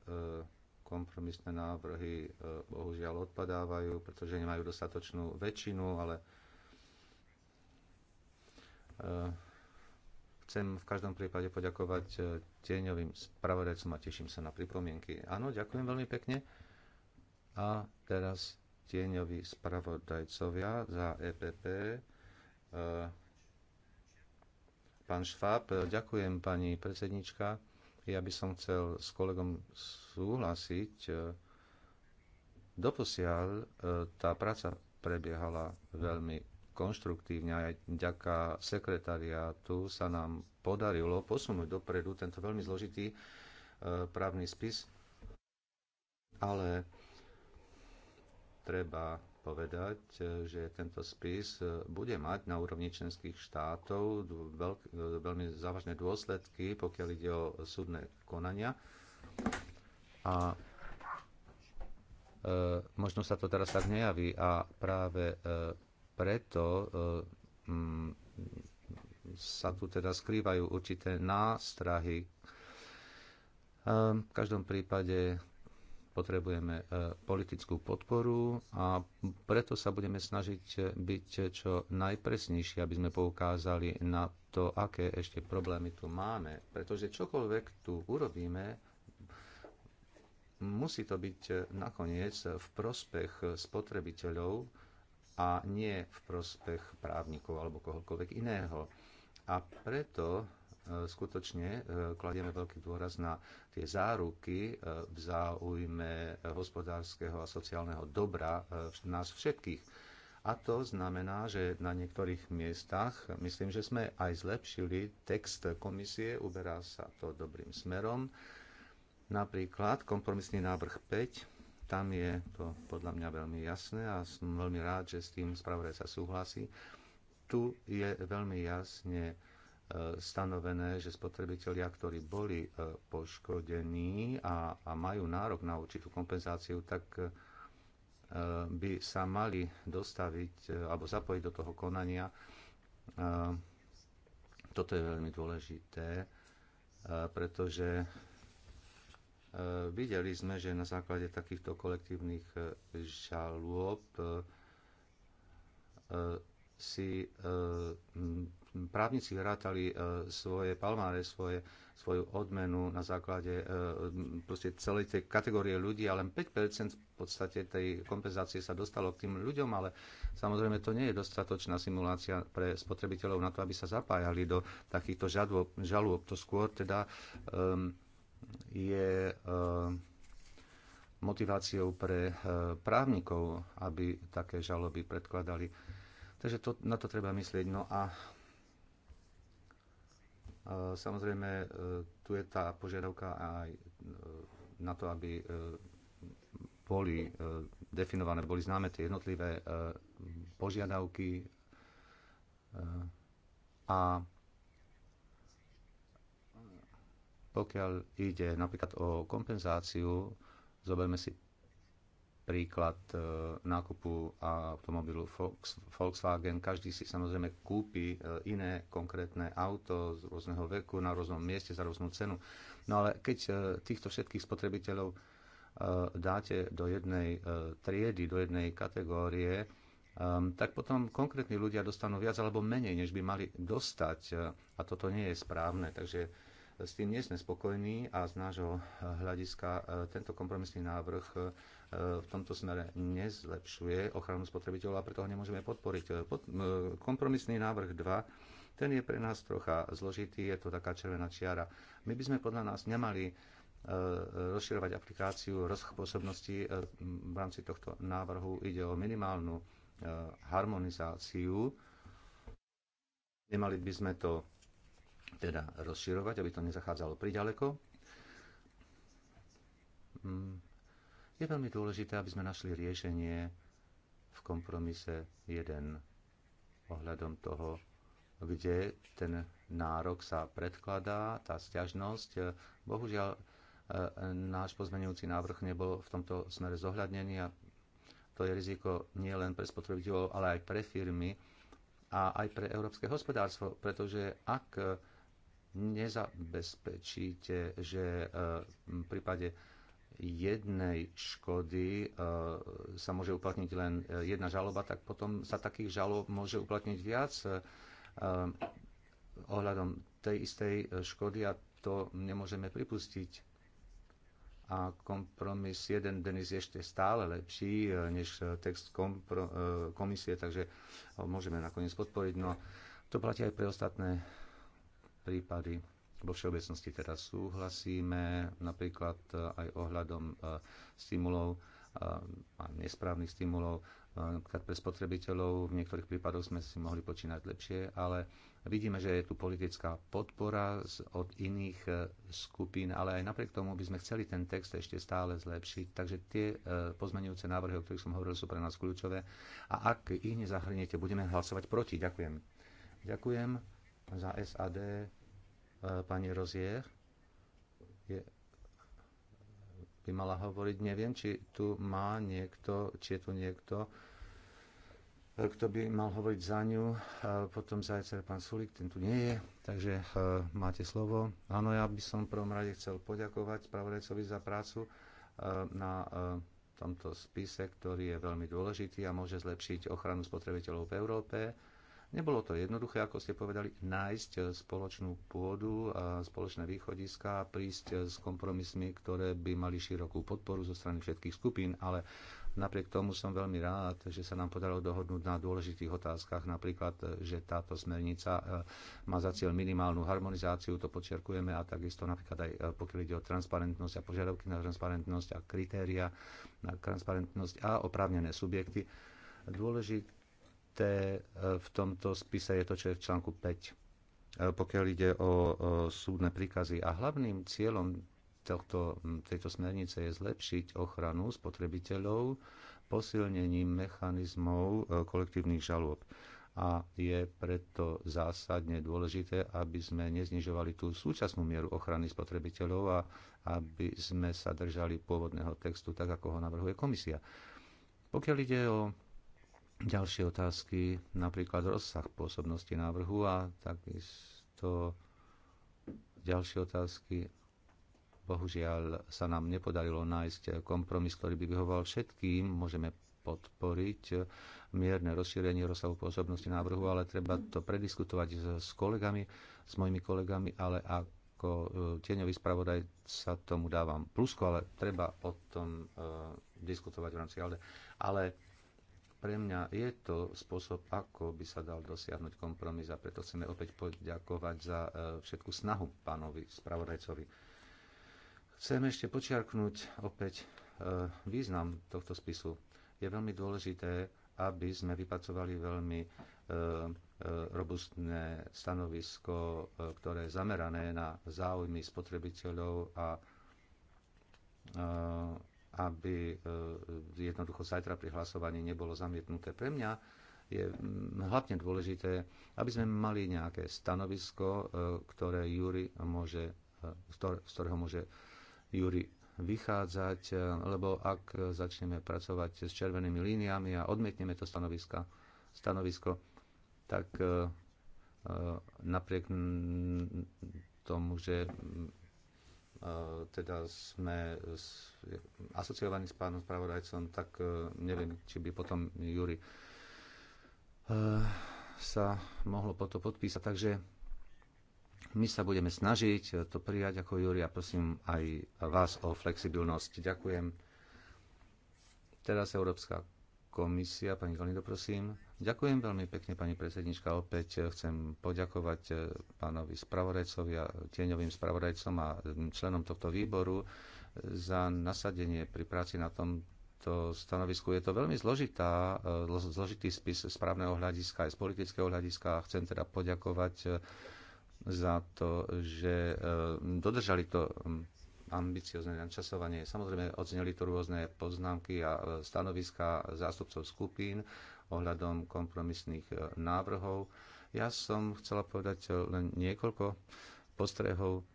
kompromisné návrhy bohužiaľ odpadávajú, pretože nemajú dostatočnú väčšinu, ale Chcem v každom prípade poďakovať e, tieňovým spravodajcom a teším sa na pripomienky. Áno, ďakujem veľmi pekne. A teraz tieňoví spravodajcovia za EPP. E, pán Šváb, e, ďakujem pani predsednička. Ja by som chcel s kolegom súhlasiť. Doposiaľ tá práca prebiehala veľmi konštruktívne aj ďaká sekretariátu sa nám podarilo posunúť dopredu tento veľmi zložitý e, právny spis, ale treba povedať, e, že tento spis e, bude mať na úrovni členských štátov veľmi závažné dôsledky, pokiaľ ide o súdne konania. A možno sa to teraz tak nejaví a práve preto e, mm, sa tu teda skrývajú určité nástrahy. E, v každom prípade potrebujeme e, politickú podporu a preto sa budeme snažiť byť čo najpresnejší, aby sme poukázali na to, aké ešte problémy tu máme. Pretože čokoľvek tu urobíme, musí to byť nakoniec v prospech spotrebiteľov, a nie v prospech právnikov alebo kohokoľvek iného. A preto e, skutočne e, kladieme veľký dôraz na tie záruky e, v záujme hospodárskeho a sociálneho dobra nás všetkých. A to znamená, že na niektorých miestach, myslím, že sme aj zlepšili text komisie, uberá sa to dobrým smerom. Napríklad kompromisný návrh 5 tam je to podľa mňa veľmi jasné a som veľmi rád, že s tým spravodajca súhlasí. Tu je veľmi jasne e, stanovené, že spotrebitelia, ktorí boli e, poškodení a, a majú nárok na určitú kompenzáciu, tak e, by sa mali dostaviť alebo zapojiť do toho konania. Toto je veľmi dôležité, pretože E, videli sme, že na základe takýchto kolektívnych e, žalôb e, si právnici vyrátali svoje palmáre, svoje, svoju odmenu na základe proste celej tej kategórie ľudí a len 5% v podstate tej kompenzácie sa dostalo k tým ľuďom, ale samozrejme to nie je dostatočná simulácia pre spotrebiteľov na to, aby sa zapájali do takýchto žalôb. žalôb. To skôr teda um, je eh, motiváciou pre eh, právnikov, aby také žaloby predkladali. Takže to, na to treba myslieť. No a eh, samozrejme, tu je tá požiadavka aj na to, aby boli definované, boli známe tie jednotlivé požiadavky a Pokiaľ ide napríklad o kompenzáciu, zoberme si príklad e, nákupu automobilu Volkswagen. Každý si samozrejme kúpi e, iné konkrétne auto z rôzneho veku, na rôznom mieste, za rôznu cenu. No ale keď e, týchto všetkých spotrebiteľov dáte do jednej triedy, do jednej kategórie, tak potom konkrétni ľudia dostanú viac alebo menej, než by mali dostať. A toto nie je správne. Takže s tým nie sme spokojní a z nášho hľadiska e, tento kompromisný návrh e, v tomto smere nezlepšuje ochranu spotrebiteľov a preto ho nemôžeme podporiť. E, kompromisný návrh 2, ten je pre nás trocha zložitý, je to taká červená čiara. My by sme podľa nás nemali rozširovať aplikáciu rozpôsobnosti v rámci tohto návrhu. Ide o minimálnu harmonizáciu. Nemali by sme to teda rozširovať, aby to nezachádzalo priďaleko. Mm. Je veľmi dôležité, aby sme našli riešenie v kompromise 1 ohľadom toho, kde ten nárok sa predkladá, tá stiažnosť. Bohužiaľ, e, náš pozmenujúci návrh nebol v tomto smere zohľadnený a to je riziko nie len pre spotrebiteľov, ale aj pre firmy a aj pre európske hospodárstvo, pretože ak nezabezpečíte, že eh, v prípade jednej škody eh, sa môže uplatniť len eh, jedna žaloba, tak potom sa takých žalob môže uplatniť viac ohľadom tej istej škody a to nemôžeme pripustiť. A kompromis 1 dnes je ešte stále lepší než text komisie, takže ho môžeme nakoniec podporiť. No to platí aj pre ostatné prípady. Vo všeobecnosti teraz súhlasíme napríklad eh, aj ohľadom eh, stimulov eh, a nesprávnych stimulov napríklad pre spotrebiteľov. V niektorých prípadoch sme si mohli počínať lepšie, ale vidíme, že je tu politická podpora od iných skupín, ale aj napriek tomu by sme chceli ten text ešte stále zlepšiť. Takže tie pozmenujúce návrhy, o ktorých som hovoril, sú pre nás kľúčové. A ak ich nezahrniete, budeme hlasovať proti. Ďakujem. Ďakujem za SAD e, pani Rozier je, by mala hovoriť. Neviem, či tu má niekto, či je tu niekto, e, kto by mal hovoriť za ňu. E, potom za ECR pán Sulik, ten tu nie je, takže máte slovo. Áno, ja by som v prvom rade chcel poďakovať spravodajcovi za prácu na tomto spise, ktorý je veľmi dôležitý a môže zlepšiť ochranu spotrebiteľov v Európe Nebolo to jednoduché, ako ste povedali, nájsť eh, spoločnú pôdu a spoločné východiska a prísť eh, s kompromismi, ktoré by mali širokú podporu zo strany všetkých skupín, ale napriek tomu som veľmi rád, že sa nám podarilo dohodnúť na dôležitých otázkach, napríklad, eh, že táto smernica má za cieľ minimálnu harmonizáciu, to počerkujeme a takisto napríklad aj pokiaľ ide o transparentnosť a požiadavky na transparentnosť a kritéria na transparentnosť a oprávnené subjekty. Dôležitý dôležité e, v tomto spise je to, čo je v článku 5, e, pokiaľ ide o súdne príkazy. A hlavným cieľom tohto, tejto smernice je zlepšiť ochranu spotrebiteľov posilnením mechanizmov e, kolektívnych žalôb. A je preto zásadne dôležité, aby sme neznižovali tú súčasnú mieru ochrany spotrebiteľov a aby sme sa držali pôvodného textu, tak ako ho navrhuje komisia. Pokiaľ ide o Ďalšie otázky, napríklad rozsah pôsobnosti návrhu a takisto ďalšie otázky. Bohužiaľ sa nám nepodarilo nájsť kompromis, ktorý by vyhoval všetkým. Môžeme podporiť mierne rozšírenie rozsahu pôsobnosti návrhu, ale treba to prediskutovať s kolegami, s mojimi kolegami, ale ako e, tieňový spravodaj sa tomu dávam plusko, ale treba o tom e, diskutovať v rámci ALDE. Ale pre mňa je to spôsob, ako by sa dal dosiahnuť kompromis a preto chceme opäť poďakovať za e, všetku snahu pánovi spravodajcovi. Chcem ešte počiarknúť opäť e, význam tohto spisu. Je veľmi dôležité, aby sme vypracovali veľmi e, robustné stanovisko, ktoré je zamerané na záujmy spotrebiteľov a aby e, jednoducho zajtra pri hlasovaní nebolo zamietnuté. Pre mňa je hlavne dôležité, aby sme mali nejaké stanovisko, e, ktoré Júri môže, e, z ktorého môže Júri vychádzať, lebo ak začneme pracovať s červenými líniami a odmietneme to stanoviska, stanovisko, tak napriek tomu, že teda sme asociovaní s pánom spravodajcom, tak e, neviem, či by potom Juri e, sa mohlo po to podpísať. Takže my sa budeme snažiť to prijať ako Juri a prosím aj vás o flexibilnosť. Ďakujem. Teraz Európska komisia, pani Galindo, prosím. Ďakujem veľmi pekne, pani predsednička. Opäť chcem poďakovať eh, pánovi spravodajcovi a tieňovým spravodajcom a mm, členom tohto výboru eh, za nasadenie pri práci na tomto stanovisku. Je to veľmi zložitá, eh, zložitý spis správneho hľadiska aj z politického hľadiska a chcem teda poďakovať za to, že dodržali to mm, ambiciozne načasovanie. Samozrejme, odzneli tu rôzne poznámky a stanoviska zástupcov skupín ohľadom kompromisných e, návrhov. Ja som chcela povedať e, len niekoľko postrehov.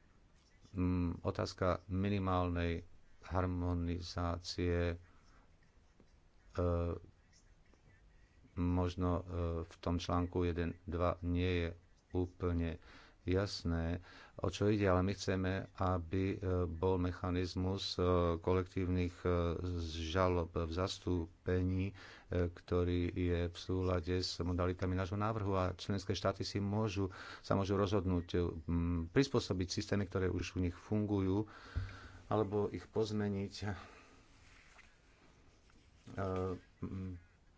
Mm, otázka minimálnej harmonizácie e, možno v tom článku 1.2 nie je úplne jasné, o čo ide, ale my chceme, aby e, bol mechanizmus e, kolektívnych e, žalob v zastúpení, ktorý je v súlade s modalitami nášho návrhu a členské štáty si môžu, sa môžu rozhodnúť prispôsobiť systémy, ktoré už u nich fungujú, alebo ich pozmeniť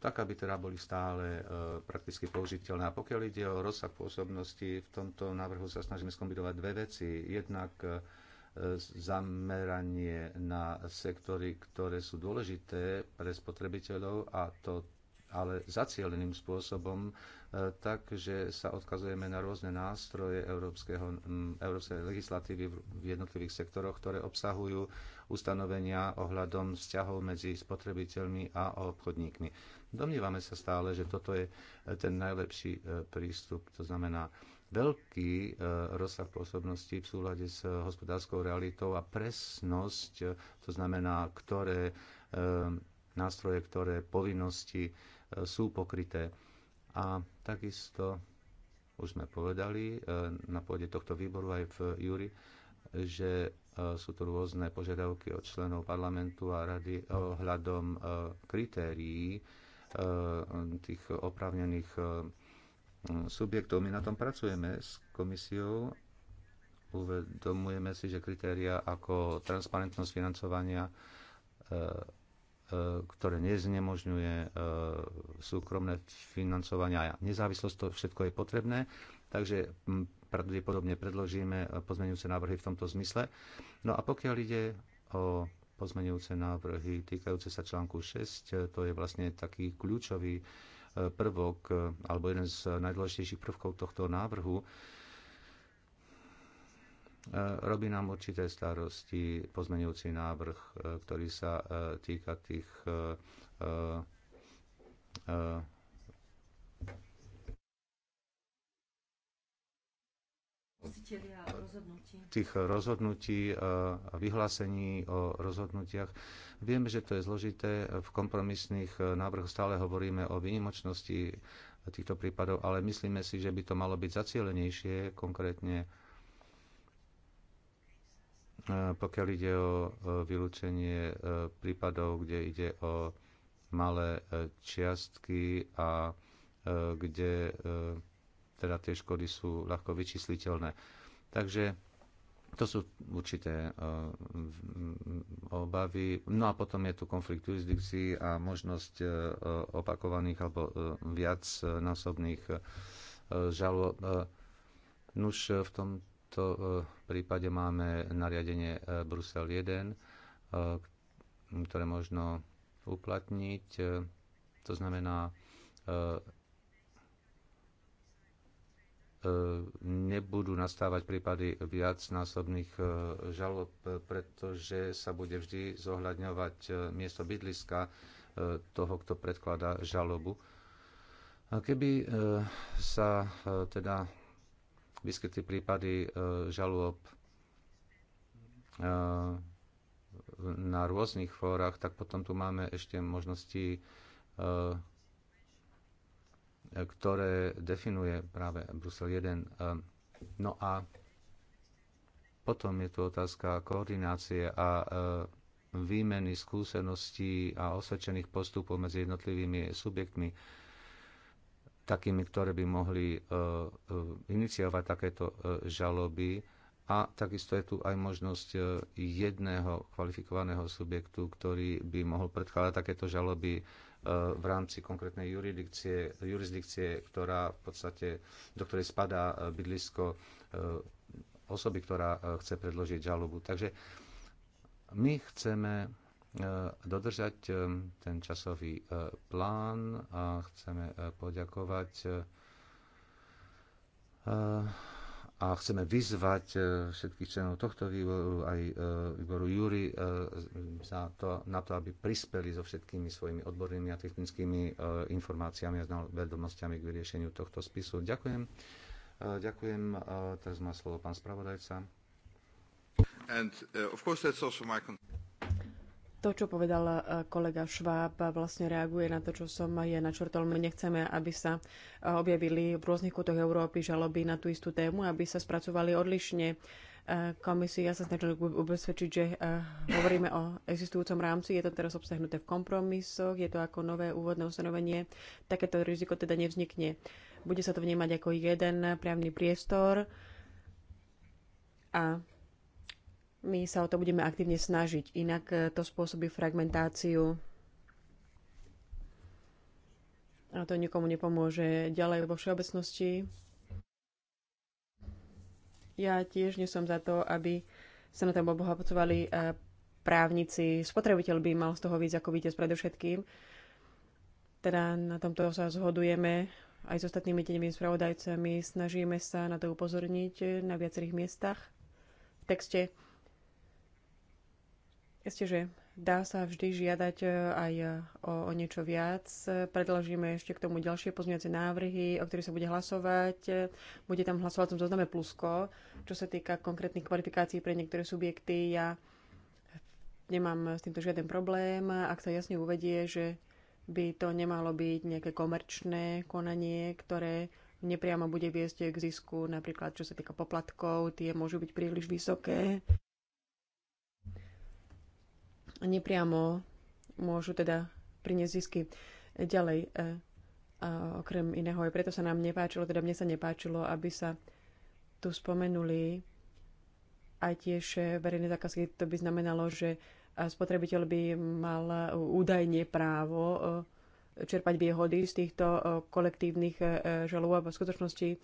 tak aby teda boli stále e, prakticky použiteľné. A pokiaľ ide o rozsah pôsobnosti, v tomto návrhu sa snažíme skombinovať dve veci. Jednak e, zameranie na sektory, ktoré sú dôležité pre spotrebiteľov a to ale zacieleným spôsobom, e, takže sa odkazujeme na rôzne nástroje európskeho, európskej legislatívy v jednotlivých sektoroch, ktoré obsahujú ustanovenia ohľadom vzťahov medzi spotrebiteľmi a obchodníkmi. Domnievame sa stále, že toto je e, ten najlepší e, prístup, to znamená veľký e, rozsah pôsobnosti v súlade s hospodárskou realitou a presnosť, to znamená, ktoré nástroje, ktoré povinnosti sú pokryté. A takisto už sme povedali na pôde tohto výboru aj v Júri, že E, sú tu rôzne požiadavky od členov parlamentu a rady ohľadom e, kritérií e, tých oprávnených subjektov. My na tom pracujeme s komisiou. Uvedomujeme si, že kritéria ako transparentnosť financovania, ktoré neznemožňuje súkromné financovania a nezávislosť, to všetko je potrebné. Takže pravdepodobne predložíme pozmenujúce návrhy v tomto zmysle. No a pokiaľ ide o pozmenujúce návrhy týkajúce sa článku 6, to je vlastne taký kľúčový e, prvok e, alebo jeden z najdôležitejších prvkov tohto návrhu. E, robí nám určité starosti pozmenujúci návrh, ktorý sa týka tých tých rozhodnutí a vyhlásení o rozhodnutiach. Vieme, že to je zložité. V kompromisných e, návrhoch stále hovoríme o výnimočnosti týchto prípadov, ale myslíme si, že by to malo byť zacielenejšie, konkrétne e, pokiaľ ide o e, vylúčenie prípadov, kde ide o malé čiastky a kde teda tie škody sú ľahko vyčísliteľné. Takže to sú určité e, obavy. No a potom je tu konflikt jurisdikcií a možnosť e, opakovaných alebo e, viac násobných žalob. Nuž v tomto prípade máme nariadenie Brusel 1, ktoré možno uplatniť. To znamená nebudú nastávať prípady viacnásobných e, žalob, pretože sa bude vždy zohľadňovať e, miesto bydliska e, toho, kto predkladá žalobu. A keby sa teda vyskytli prípady žalob na rôznych fórach, tak potom tu máme ešte možnosti ktoré definuje práve Brusel 1. Ehm, no a potom je tu otázka koordinácie a ehm, výmeny skúseností a osvedčených postupov medzi jednotlivými subjektmi, takými, ktoré by mohli ehm, iniciovať takéto žaloby. A takisto je tu aj možnosť jedného kvalifikovaného subjektu, ktorý by mohol predkladať takéto žaloby E, v rámci konkrétnej jurisdikcie, jurisdikcie ktorá v podstate, do ktorej spadá e, bydlisko e, osoby, ktorá chce predložiť žalobu. Takže my chceme dodržať ten časový plán a chceme poďakovať a chceme vyzvať e, všetkých členov tohto výboru, aj e, výboru Júry e, za to, na to, aby prispeli so všetkými svojimi odbornými a technickými informáciami a vedomostiami k vyriešeniu tohto spisu. Ďakujem. Ďakujem. Teraz má slovo pán spravodajca. And, uh, my... To, čo povedal e, kolega Šváb, vlastne reaguje na to, čo som aj načrtol. My nechceme, aby sa e, objavili v rôznych kútoch Európy žaloby na tú istú tému, aby sa spracovali odlišne. E, Komisii ja sa snažím ubezpečiť, že hovoríme o existujúcom rámci, je to teraz obsahnuté v kompromisoch, je to ako nové úvodné ustanovenie, takéto riziko teda nevznikne. Bude sa to vnímať ako jeden právny priestor a my sa o to budeme aktívne snažiť, inak e, to spôsobí fragmentáciu. A to nikomu nepomôže. Ďalej vo všeobecnosti. Ja tiež nie som za to, aby sa na tom obohacovali e, právnici. Spotrebiteľ by mal z toho víc ako víťaz predovšetkým. Teda na tomto sa zhodujeme aj s ostatnými tenými spravodajcami. Snažíme sa na to upozorniť na viacerých miestach v texte. Ešte, že dá sa vždy žiadať e, aj e, o, o niečo viac. Predložíme ešte k tomu ďalšie pozmeňovacie návrhy, o ktorých sa bude hlasovať. Bude tam hlasovať som zozname plusko, čo sa týka konkrétnych kvalifikácií pre niektoré subjekty. Ja nemám s týmto žiaden problém, ak sa jasne uvedie, že by to nemalo byť nejaké komerčné konanie, ktoré nepriamo bude viesť k zisku, napríklad čo sa týka poplatkov, tie môžu byť príliš vysoké nepriamo môžu teda priniesť zisky ďalej. E, a okrem iného, aj preto sa nám nepáčilo, teda mne sa nepáčilo, aby sa tu spomenuli aj tiež verejné zákazky. To by znamenalo, že e, spotrebiteľ by mal údajne právo e, čerpať výhody z týchto kolektívnych žalú a v skutočnosti,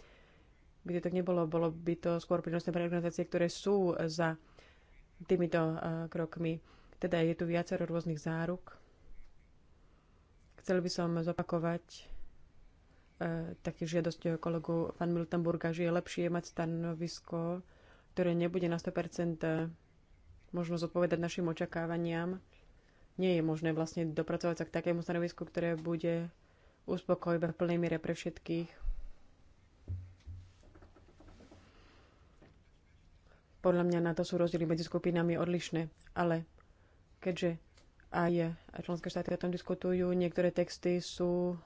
kde tak nebolo, bolo by to skôr prínosné pre organizácie, ktoré sú za týmito krokmi. Teda je tu viacero rôznych záruk. Chcel by som zopakovať e, taký žiadosť kolegu Van Miltenburga, že je lepšie mať stanovisko, ktoré nebude na 100% e, možno zodpovedať našim očakávaniam. Nie je možné vlastne dopracovať sa k takému stanovisku, ktoré bude uspokojivé v plnej miere pre všetkých. Podľa mňa na to sú rozdiely medzi skupinami odlišné, ale Keďže aj členské štáty o tom diskutujú, niektoré texty sú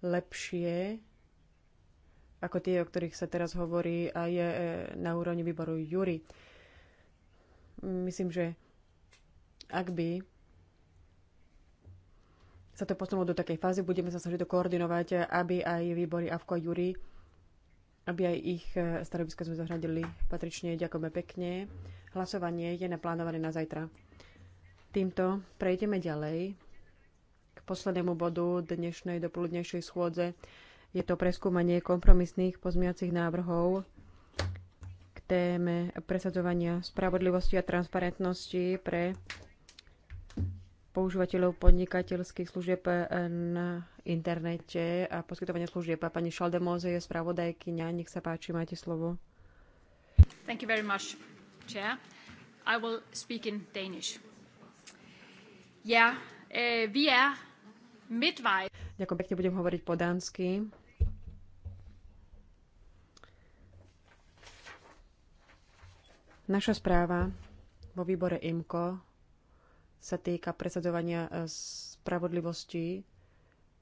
lepšie ako tie, o ktorých sa teraz hovorí aj e, na úrovni výboru Jury. Myslím, že ak by sa to posunulo do takej fázy, budeme sa snažiť to koordinovať, aby aj výbory AVKO a Jury, aby aj ich e, stanoviska sme zahradili patrične. Ďakujeme pekne. Hlasovanie je naplánované na zajtra. Týmto prejdeme ďalej k poslednému bodu dnešnej dopoludnejšej schôdze. Je to preskúmanie kompromisných pozmiacich návrhov k téme presadzovania spravodlivosti a transparentnosti pre používateľov podnikateľských služieb na internete a poskytovania služieb. A pani Šaldemóze je spravodajkyňa. Nech sa páči, máte slovo. Thank you very much, Chair. I will speak in Danish. Ja, eh, vi er midtvej. Ďakujem pekne, budem hovoriť po dánsky. Naša správa vo výbore IMKO sa týka presadzovania eh, spravodlivosti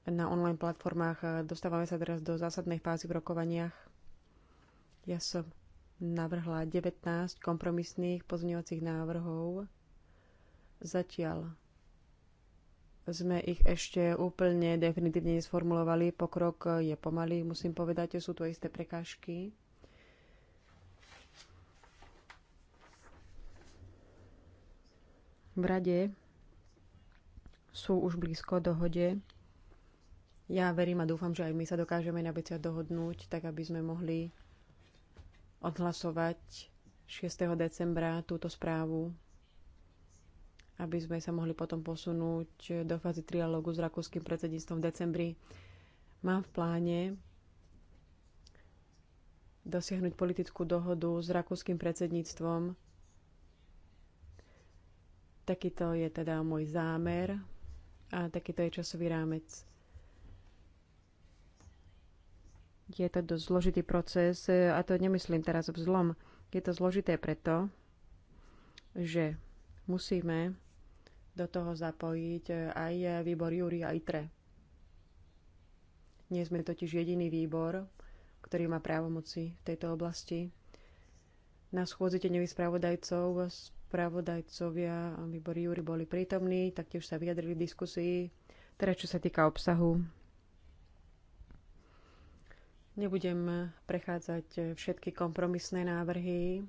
na online platformách. Dostávame sa teraz do zásadnej fázy v rokovaniach. Ja som navrhla 19 kompromisných pozňovacích návrhov. Zatiaľ sme ich ešte úplne definitívne nesformulovali. Pokrok je pomalý, musím povedať, sú to isté prekážky. V rade sú už blízko dohode. Ja verím a dúfam, že aj my sa dokážeme na veciach dohodnúť, tak aby sme mohli odhlasovať 6. decembra túto správu aby sme sa mohli potom posunúť do fázy trialógu s rakúskym predsedníctvom v decembri. Mám v pláne dosiahnuť politickú dohodu s rakúskym predsedníctvom. Takýto je teda môj zámer a takýto je časový rámec. Je to dosť zložitý proces a to nemyslím teraz vzlom. Je to zložité preto, že musíme do toho zapojiť e, aj e, výbor Júri a ITRE. Nie sme totiž jediný výbor, ktorý má právomoci v tejto oblasti. Na schôdzi tenových spravodajcov spravodajcovia a výbor Júri boli prítomní, taktiež sa vyjadrili v diskusii. teda čo sa týka obsahu, nebudem prechádzať e, všetky kompromisné návrhy,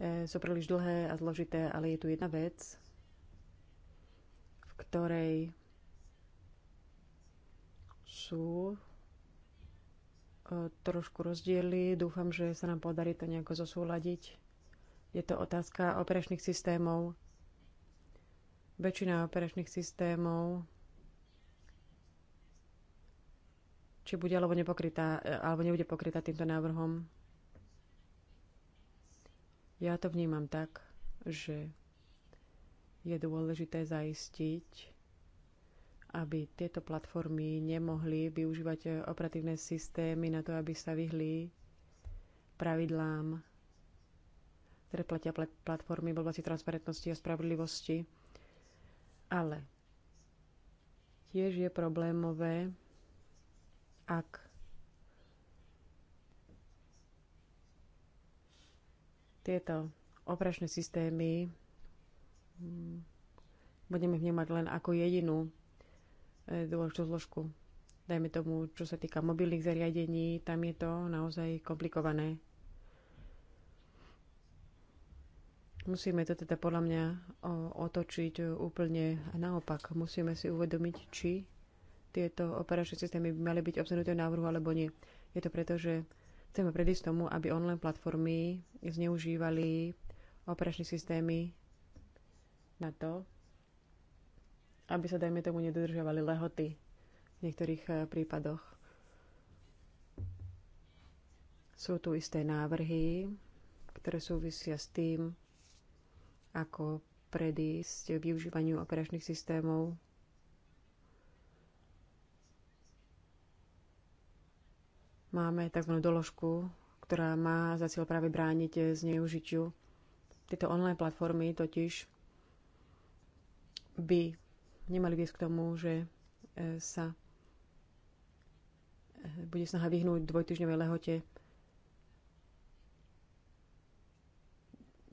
sú príliš dlhé a zložité, ale je tu jedna vec, ktorej sú e, trošku rozdiely. Dúfam, že sa nám podarí to nejako zosúľadiť. Je to otázka operačných systémov. Väčšina operačných systémov či bude alebo, nepokrytá, e, alebo nebude pokrytá týmto návrhom. Ja to vnímam tak, že je dôležité zaistiť, aby tieto platformy nemohli využívať eh, operatívne systémy na to, aby sa vyhli pravidlám, ktoré platia platformy v oblasti transparentnosti a spravodlivosti. Ale tiež je problémové, ak tieto operačné systémy budeme vnímať len ako jedinú e, dôležitú zložku. Dajme tomu, čo sa týka mobilných zariadení, tam je to naozaj komplikované. Musíme to teda podľa mňa otočiť úplne naopak. Musíme si uvedomiť, či tieto operačné systémy by mali byť obsahnuté v návrhu alebo nie. Je to preto, že chceme predísť tomu, aby online platformy zneužívali operačné systémy na to, aby sa, dajme tomu, nedodržovali lehoty v niektorých eh, prípadoch. Sú tu isté návrhy, ktoré súvisia s tým, ako predísť využívaniu operačných systémov. Máme tzv. doložku, ktorá má za cieľ práve brániť zneužitiu. Tieto online platformy totiž by nemali viesť k tomu, že e, sa e, bude snaha vyhnúť dvojtyžňovej lehote.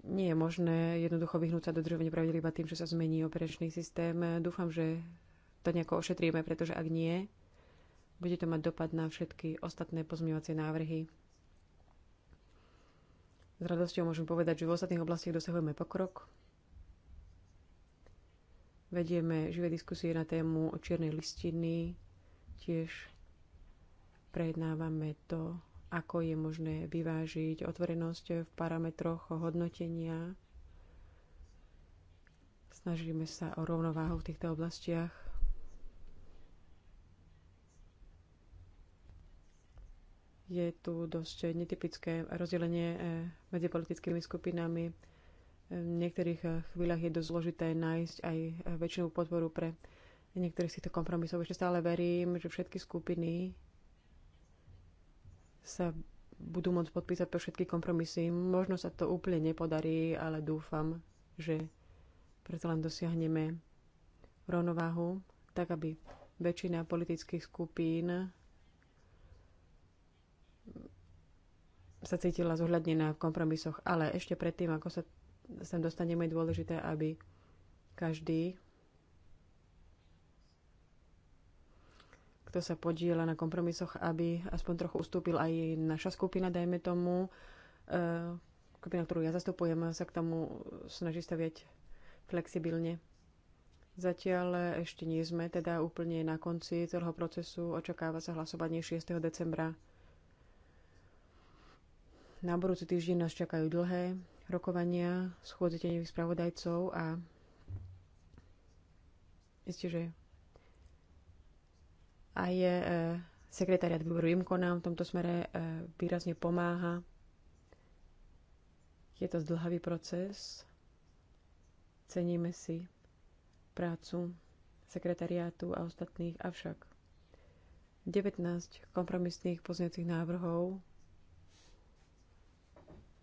Nie je možné jednoducho vyhnúť sa dodržovaniu pravidel iba tým, že sa zmení operačný systém. Dúfam, že to nejako ošetríme, pretože ak nie, bude to mať dopad na všetky ostatné pozmeňovacie návrhy. S radosťou môžem povedať, že v ostatných oblastiach dosahujeme pokrok. Vedieme živé diskusie na tému o čiernej listiny. Tiež prejednávame to, ako je možné vyvážiť otvorenosť v parametroch hodnotenia. Snažíme sa o rovnováhu v týchto oblastiach. Je tu dosť netypické rozdelenie eh, medzi politickými skupinami v niektorých eh, chvíľach je dosť zložité nájsť aj eh, väčšinu podporu pre niektorých z týchto kompromisov. Ešte stále verím, že všetky skupiny sa budú môcť podpísať pre všetky kompromisy. Možno sa to úplne nepodarí, ale dúfam, že preto len dosiahneme rovnováhu, tak aby väčšina politických skupín sa cítila zohľadnená v kompromisoch. Ale ešte predtým, ako sa sem dostaneme, je dôležité, aby každý, kto sa podiela na kompromisoch, aby aspoň trochu ustúpil aj naša skupina, dajme tomu, e, skupina, ktorú ja zastupujem, sa k tomu snaží staviať flexibilne. Zatiaľ ešte nie sme, teda úplne na konci celého procesu. Očakáva sa hlasovanie 6. decembra. Na budúci týždeň nás čakajú dlhé rokovania schôdze tenevých spravodajcov a isté, že aj je, sekretariat výboru IMKO nám v tomto smere e, výrazne pomáha. Je to zdlhavý proces. Ceníme si prácu sekretariátu a ostatných, avšak 19 kompromisných pozniacich návrhov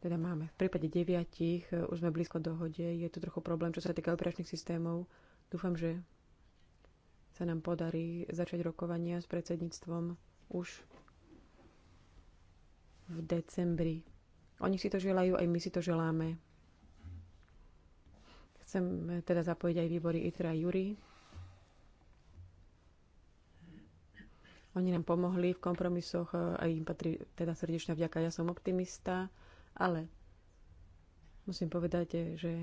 teda máme. V prípade deviatich e, už sme blízko dohode. Je to trochu problém, čo sa týka operačných systémov. Dúfam, že sa nám podarí začať rokovania s predsedníctvom už v decembri. Oni si to želajú, aj my si to želáme. Chcem teda zapojiť aj výbory ITRA a Jury. Oni nám pomohli v kompromisoch e, a im patrí teda srdečná vďaka. Ja som optimista. Ale musím povedať, že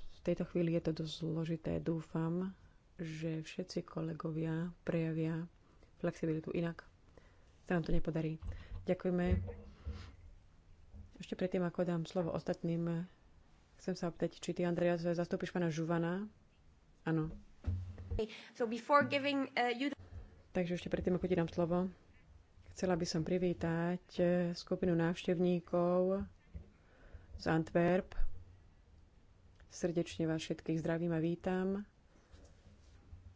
v tejto chvíli je to dosť zložité. Dúfam, že všetci kolegovia prejavia flexibilitu inak. Sa nám to nepodarí. Ďakujeme. Ešte predtým, ako dám slovo ostatným, chcem sa opýtať, či ty, Andrea, zastúpiš pána Žuvana? Áno. So giving, uh, you... Takže ešte predtým, ako ti dám slovo, chcela by som privítať eh, skupinu návštevníkov z Antwerp. Srdečne vás všetkých zdravím a vítam.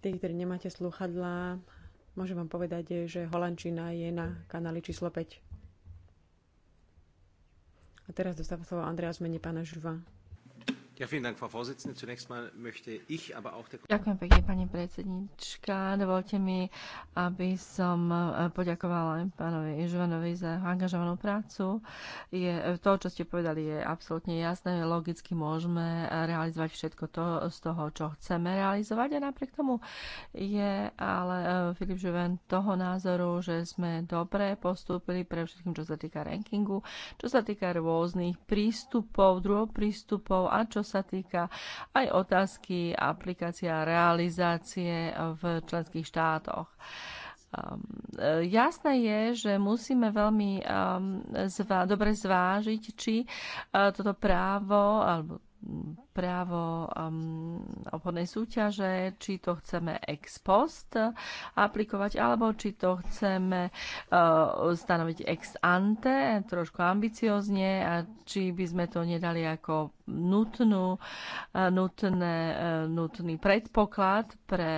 Tí, ktorí nemáte sluchadlá, môžem vám povedať, že Holandčina je na kanáli číslo 5. A teraz dostáva slovo Andreas mene pána Žuva. Ďakujem pekne, pani predsednička. Dovolte mi, aby som eh, poďakovala pánovi Žvanovi za angažovanú prácu. Je, eh, to, čo ste povedali, je absolútne jasné. Logicky môžeme eh, realizovať všetko to z toho, čo chceme realizovať. A napriek tomu je ale Filip Žuven toho názoru, že sme dobre postúpili pre všetkým, čo sa týka rankingu, čo sa týka rôznych prístupov, druhov prístupov a čo sa týka aj otázky aplikácia a realizácie v členských štátoch. Um, jasné je, že musíme veľmi um, zva- dobre zvážiť, či uh, toto právo alebo právo um, obchodnej súťaže, či to chceme ex post aplikovať, alebo či to chceme uh, stanoviť ex ante, trošku ambiciozne, a či by sme to nedali ako nutnú, uh, nutné, uh, nutný predpoklad pre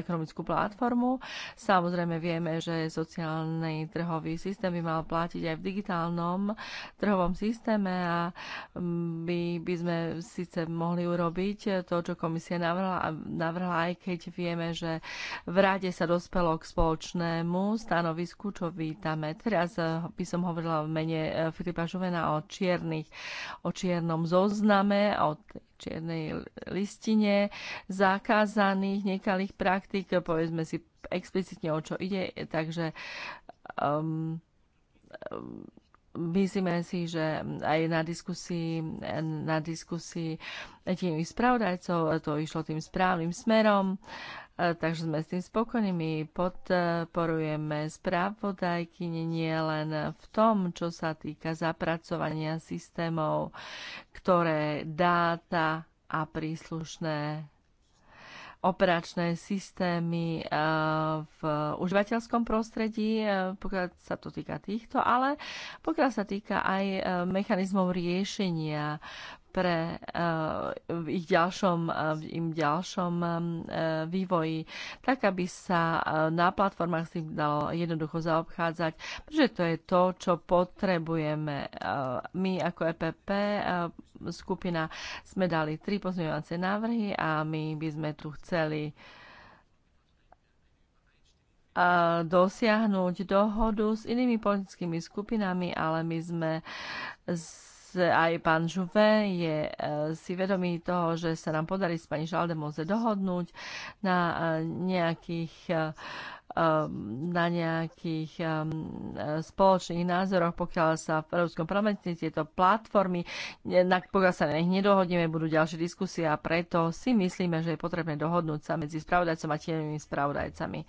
ekonomickú platformu. Samozrejme vieme, že sociálny trhový systém by mal platiť aj v digitálnom trhovom systéme a by, um, by sme síce mohli urobiť eh, to, čo komisia navrhla, navrhla, aj keď vieme, že v rade sa dospelo k spoločnému stanovisku, čo vítame. Teraz eh, by som hovorila v mene eh, Filipa Žuvena o čiernych, o čiernom zozname, o čiernej listine zakázaných nekalých praktík. Povedzme si explicitne, o čo ide. Takže um, um myslíme si, že aj na diskusii, na diskusii tým spravodajcov to išlo tým správnym smerom, e, takže sme s tým spokojní. My podporujeme správodajky nie len v tom, čo sa týka zapracovania systémov, ktoré dáta a príslušné operačné systémy eh, v užívateľskom prostredí, eh, pokiaľ sa to týka týchto, ale pokiaľ sa týka aj eh, mechanizmov riešenia pre eh, v ich ďalšom, eh, v im ďalšom eh, vývoji, tak aby sa na platformách si dalo jednoducho zaobchádzať, pretože to je to, čo potrebujeme. My ako EPP skupina sme dali tri pozmeňovacie návrhy a my by sme tu chceli dosiahnuť dohodu s inými politickými skupinami, ale my sme aj pán Žuve je eh, si vedomý toho, že sa nám podarí s pani Žaldemoze dohodnúť na eh, nejakých eh, na nejakých spoločných názoroch, pokiaľ sa v Európskom parlamente tieto platformy, na, pokiaľ sa na nich nedohodneme, budú ďalšie diskusie a preto si myslíme, že je potrebné dohodnúť sa medzi spravodajcom a tieňovými spravodajcami.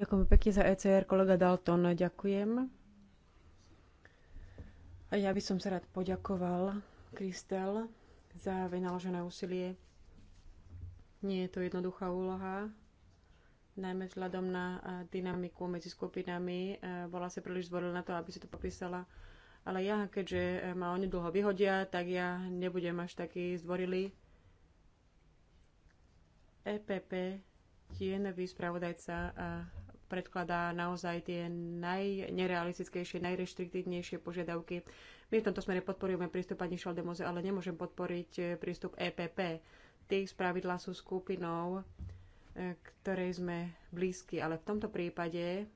Ďakujem pekne za ECR, kolega Dalton, ďakujem. A ja by som sa rád poďakoval Kristel za vynaložené úsilie. Nie je to jednoduchá úloha, najmä vzhľadom na dynamiku medzi skupinami. Bola sa príliš zvolila na to, aby si to popísala. Ale ja, keďže e, ma oni dlho vyhodia, tak ja nebudem až taký zdvorilý. EPP, tienový spravodajca a predkladá naozaj tie najnerealistickejšie, najreštriktívnejšie požiadavky. My v tomto smere podporujeme prístup pani Šaldemoze, ale nemôžem podporiť eh, prístup EPP. Tí spravidla sú skupinou, eh, ktorej sme blízki, ale v tomto prípade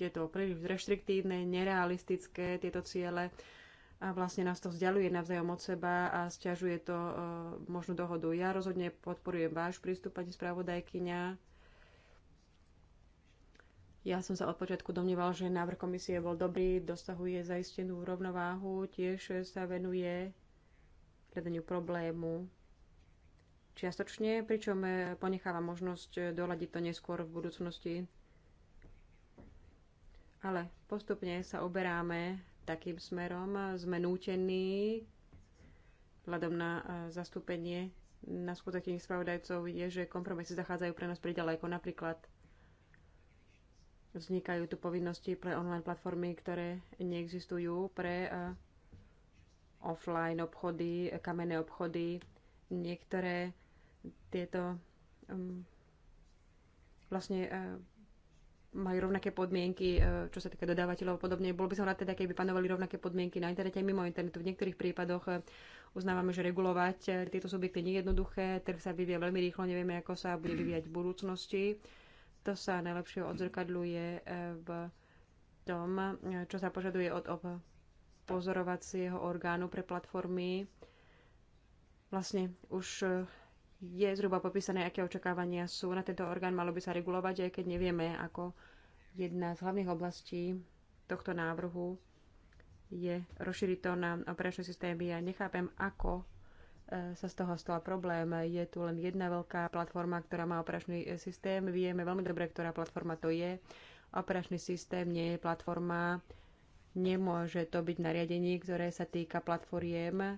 je to príliš reštriktívne, nerealistické tieto ciele a vlastne nás to vzdialuje navzájom od seba a stiažuje to e, možnú dohodu. Ja rozhodne podporujem váš prístup, pani spravodajkyňa ja som sa od počiatku domnieval, že návrh komisie bol dobrý, dosahuje zaistenú rovnováhu, tiež sa venuje hľadaniu problému čiastočne, pričom e, ponecháva možnosť e, doľadiť to neskôr v budúcnosti. Ale postupne sa oberáme takým smerom, sme nútení vzhľadom na e, zastúpenie na skutočných spravodajcov je, že kompromisy zachádzajú pre nás priďaleko. Napríklad Vznikajú tu povinnosti pre online platformy, ktoré neexistujú pre e, offline obchody, kamenné obchody. Niektoré tieto mm, vlastne e, majú rovnaké podmienky, e, čo sa týka dodávateľov a podobne. Bolo by som rád teda, keby panovali rovnaké podmienky na internete aj mimo internetu. V niektorých prípadoch uznávame, že regulovať tieto subjekty nie je jednoduché, trh sa vyvie veľmi rýchlo, nevieme, ako sa bude vyvíjať v budúcnosti. To sa najlepšie odzrkadľuje eh, v tom, eh, čo sa požaduje od pozorovacieho orgánu pre platformy. Vlastne už eh, je zhruba popísané, aké očakávania sú na tento orgán. Malo by sa regulovať, aj keď nevieme, ako jedna z hlavných oblastí tohto návrhu je rozšíriť to na operačné systémy. Ja nechápem, ako sa z toho stala problém. Je tu len jedna veľká platforma, ktorá má operačný systém. Vieme veľmi dobre, ktorá platforma to je. Operačný systém nie je platforma. Nemôže to byť nariadenie, ktoré sa týka platformiem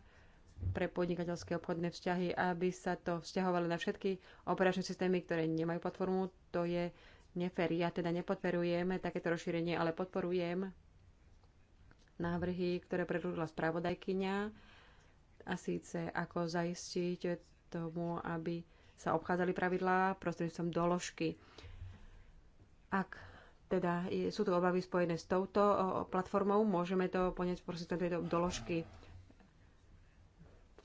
pre podnikateľské obchodné vzťahy, aby sa to vzťahovalo na všetky operačné systémy, ktoré nemajú platformu. To je nefér. Ja teda nepodporujem takéto rozšírenie, ale podporujem návrhy, ktoré predložila spravodajkyňa a síce ako zaistiť tomu, aby sa obchádzali pravidlá prostredníctvom doložky. Ak teda sú tu obavy spojené s touto platformou, môžeme to ponieť prostredníctvom tejto doložky.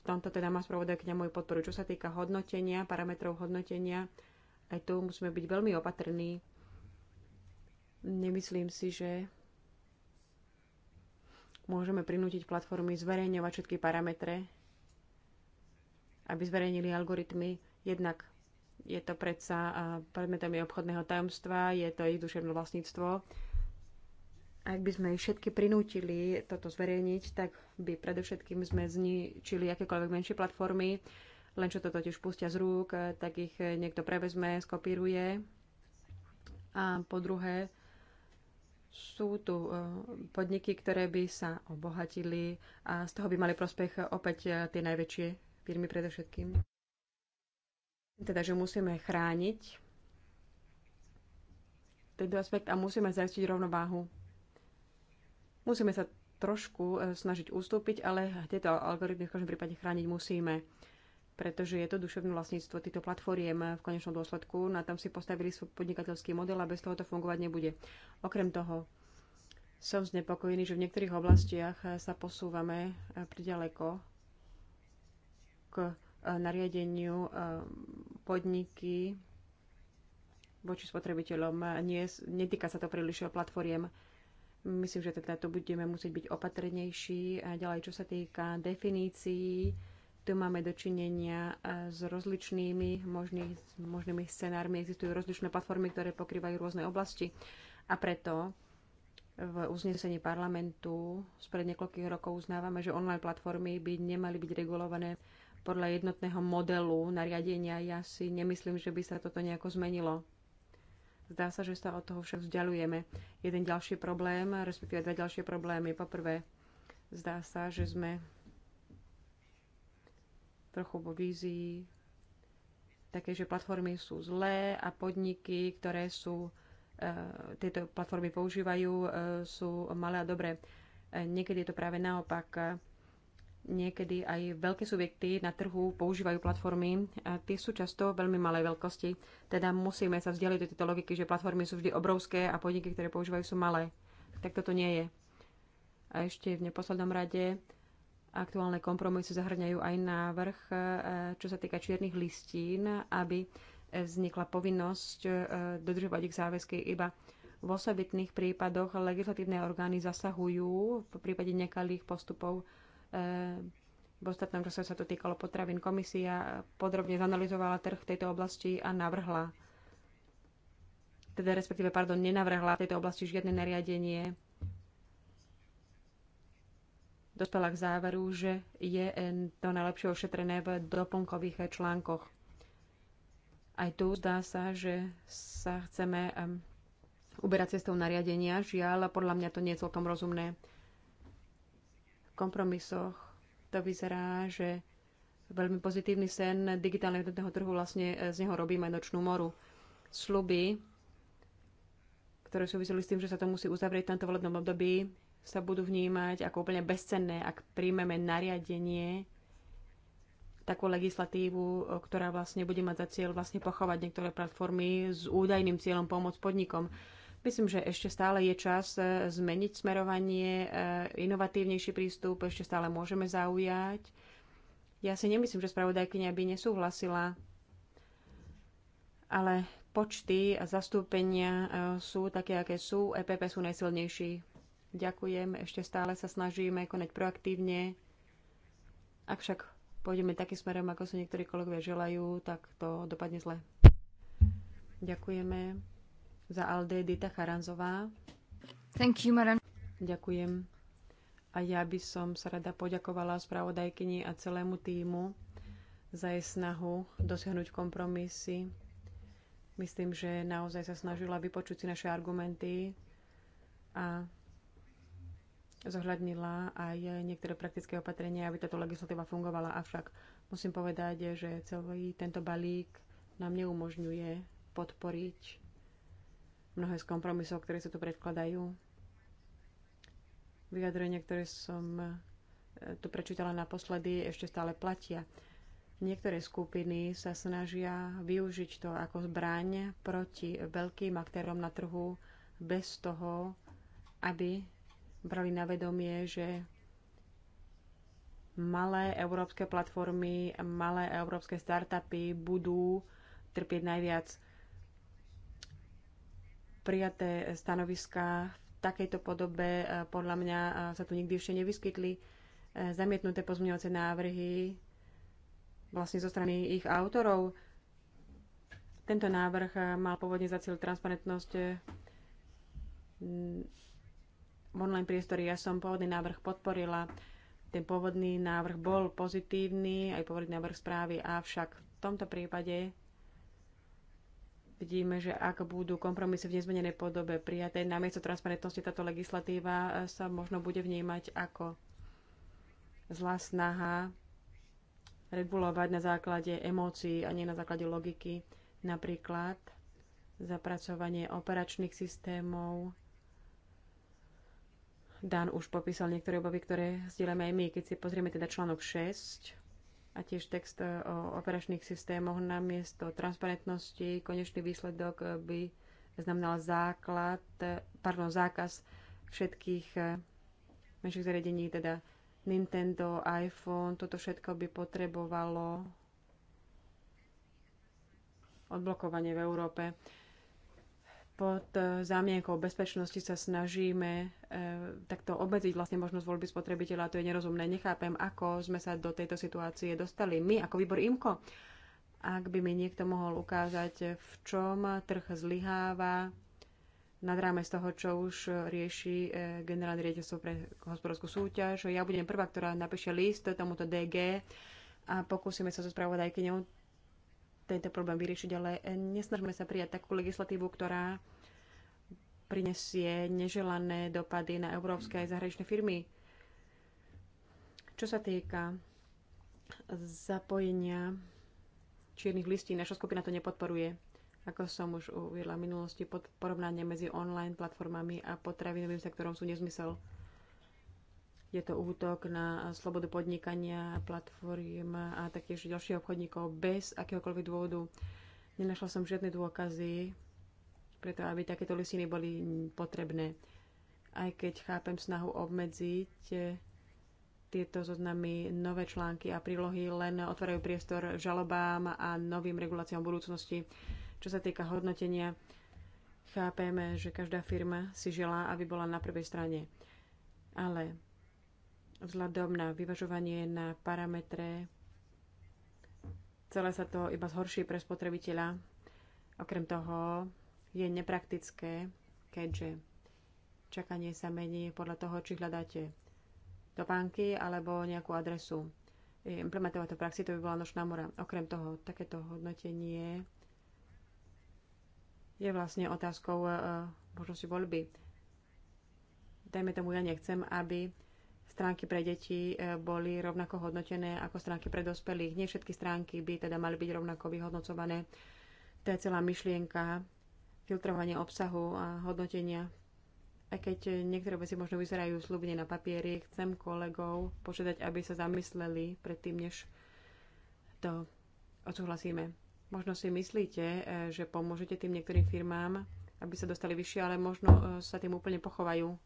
V tomto teda má spravodajkňa môj podporu. Čo sa týka hodnotenia, parametrov hodnotenia, aj tu musíme byť veľmi opatrní. Nemyslím si, že môžeme prinútiť platformy zverejňovať všetky parametre, aby zverejnili algoritmy. Jednak je to predsa predmetom obchodného tajomstva, je to ich duševné vlastníctvo. Ak by sme ich všetky prinútili toto zverejniť, tak by predovšetkým sme zničili akékoľvek menšie platformy, len čo to totiž pustia z rúk, tak ich niekto prevezme, skopíruje. A po druhé, sú tu e, podniky, ktoré by sa obohatili a z toho by mali prospech opäť e, tie najväčšie firmy predovšetkým. Teda, že musíme chrániť tento aspekt a musíme zajistiť rovnováhu. Musíme sa trošku e, snažiť ustúpiť, ale tieto algoritmy v každom prípade chrániť musíme pretože je to duševné vlastníctvo týchto platformiem v konečnom dôsledku. Na tom tam si postavili svoj podnikateľský model a bez toho to fungovať nebude. Okrem toho, som znepokojený, že v niektorých oblastiach e, sa posúvame e, priďaleko k e, nariadeniu podniky voči spotrebiteľom. Nie, netýka sa to príliš platformiem. Myslím, že teda to budeme musieť byť opatrnejší. A ďalej, čo sa týka definícií, tu máme dočinenia eh, s rozličnými možný, možnými scenármi. Existujú rozličné platformy, ktoré pokrývajú rôzne oblasti. A preto v uznesení parlamentu spred niekoľkých rokov uznávame, že online platformy by nemali byť regulované podľa jednotného modelu nariadenia. Ja si nemyslím, že by sa toto nejako zmenilo. Zdá sa, že sa od toho však vzdialujeme. Jeden ďalší problém, respektíve dva ďalšie problémy. Poprvé, zdá sa, že sme trochu vo vízii také, že platformy sú zlé a podniky, ktoré sú e, tieto platformy používajú, e, sú malé a dobré. E, niekedy je to práve naopak. Niekedy aj veľké subjekty na trhu používajú platformy a tie sú často veľmi malé veľkosti. Teda musíme sa vzdialiť do tejto logiky, že platformy sú vždy obrovské a podniky, ktoré používajú, sú malé. Tak toto nie je. A ešte v neposlednom rade Aktuálne kompromisy zahrňajú aj návrh, e, čo sa týka čiernych listín, aby vznikla povinnosť e, dodržovať ich záväzky iba v osobitných prípadoch legislatívne orgány zasahujú v prípade nekalých postupov. E, v ostatnom čase sa to týkalo potravín. Komisia podrobne zanalizovala trh v tejto oblasti a navrhla, teda respektíve, pardon, nenavrhla v tejto oblasti žiadne nariadenie dospela k záveru, že je eh, to najlepšie ošetrené v doplnkových eh, článkoch. Aj tu zdá sa, že sa chceme uberať cestou nariadenia. Žiaľ, podľa mňa to nie je celkom rozumné. V kompromisoch to vyzerá, že veľmi pozitívny sen digitálneho jednotného trhu vlastne eh, z neho robíme nočnú moru. Sluby, ktoré súviseli s tým, že sa to musí uzavrieť v tomto volebnom období, sa budú vnímať ako úplne bezcenné, ak príjmeme nariadenie, takú legislatívu, ktorá vlastne bude mať za cieľ vlastne pochovať niektoré platformy s údajným cieľom pomôcť podnikom. Myslím, že ešte stále je čas e, zmeniť smerovanie, e, inovatívnejší prístup ešte stále môžeme zaujať. Ja si nemyslím, že spravodajkynia by nesúhlasila, ale počty a zastúpenia e, sú také, aké sú. EPP sú najsilnejší Ďakujem, ešte stále sa snažíme konať proaktívne. Avšak pôjdeme takým smerom, ako sa niektorí kolegovia želajú, tak to dopadne zle. Ďakujeme za Alde Dita Charanzová. Thank you, madam. Ďakujem. A ja by som sa rada poďakovala spravodajkyni a celému týmu za jej snahu dosiahnuť kompromisy. Myslím, že naozaj sa snažila vypočuť si naše argumenty a zohľadnila aj niektoré praktické opatrenia, aby táto legislatíva fungovala. Avšak musím povedať, že celý tento balík nám neumožňuje podporiť mnohé z kompromisov, ktoré sa tu predkladajú. Vyjadrenia, ktoré som eh, tu prečítala naposledy, ešte stále platia. Niektoré skupiny sa snažia využiť to ako zbraň proti veľkým aktérom na trhu bez toho, aby brali na vedomie, že malé európske platformy, malé európske startupy budú trpieť najviac. Prijaté stanoviská v takejto podobe eh, podľa mňa eh, sa tu nikdy ešte nevyskytli. Eh, zamietnuté pozmeňovacie návrhy vlastne zo strany ich autorov. Tento návrh mal pôvodne za cieľ transparentnosť online priestore. Ja som pôvodný návrh podporila. Ten pôvodný návrh bol pozitívny, aj pôvodný návrh správy, avšak v tomto prípade vidíme, že ak budú kompromisy v nezmenenej podobe prijaté, namiesto transparentnosti táto legislatíva eh, sa možno bude vnímať ako zlá snaha regulovať na základe emócií a nie na základe logiky. Napríklad zapracovanie operačných systémov Dan už popísal niektoré obavy, ktoré zdieľame aj my. Keď si pozrieme teda článok 6 a tiež text e, o operačných systémoch, namiesto transparentnosti konečný výsledok e, by znamenal základ, e, pardon, zákaz všetkých menších zariadení, teda Nintendo, iPhone, toto všetko by potrebovalo odblokovanie v Európe pod e, zámienkou bezpečnosti sa snažíme e, takto obmedziť vlastne možnosť voľby spotrebiteľa. To je nerozumné. Nechápem, ako sme sa do tejto situácie dostali. My ako výbor IMKO, ak by mi niekto mohol ukázať, v čom trh zlyháva nad rámec toho, čo už rieši e, generálne riaditeľstvo pre hospodárskú súťaž. Ja budem prvá, ktorá napíše list tomuto DG a pokúsime sa so spravodajkyňou tento problém vyriešiť, ale eh, nesnažme sa prijať takú legislatívu, ktorá prinesie neželané dopady na európske aj zahraničné firmy. Čo sa týka zapojenia čiernych listí, naša skupina to nepodporuje. Ako som už uviedla v minulosti, porovnanie medzi online platformami a potravinovým sektorom sú nezmysel. Je to útok na slobodu podnikania, platform a taktiež ďalších obchodníkov bez akéhokoľvek dôvodu. Nenašla som žiadne dôkazy, preto aby takéto listiny boli potrebné. Aj keď chápem snahu obmedziť tieto zoznamy, nové články a prílohy len otvárajú priestor žalobám a novým reguláciám budúcnosti. Čo sa týka hodnotenia, chápeme, že každá firma si želá, aby bola na prvej strane. Ale vzhľadom na vyvažovanie na parametre. Celé sa to iba zhorší pre spotrebiteľa. Okrem toho je nepraktické, keďže čakanie sa mení podľa toho, či hľadáte topánky alebo nejakú adresu. Implementovať to v praxi to by bola nočná mora. Okrem toho, takéto hodnotenie je vlastne otázkou eh, možnosti voľby. Dajme tomu, ja nechcem, aby stránky pre deti e, boli rovnako hodnotené ako stránky pre dospelých. Nie všetky stránky by teda mali byť rovnako vyhodnocované. To je celá myšlienka filtrovanie obsahu a hodnotenia. Aj keď niektoré veci možno vyzerajú slubne na papieri, chcem kolegov požiadať, aby sa zamysleli predtým, než to odsúhlasíme. Možno si myslíte, e, že pomôžete tým niektorým firmám, aby sa dostali vyššie, ale možno e, sa tým úplne pochovajú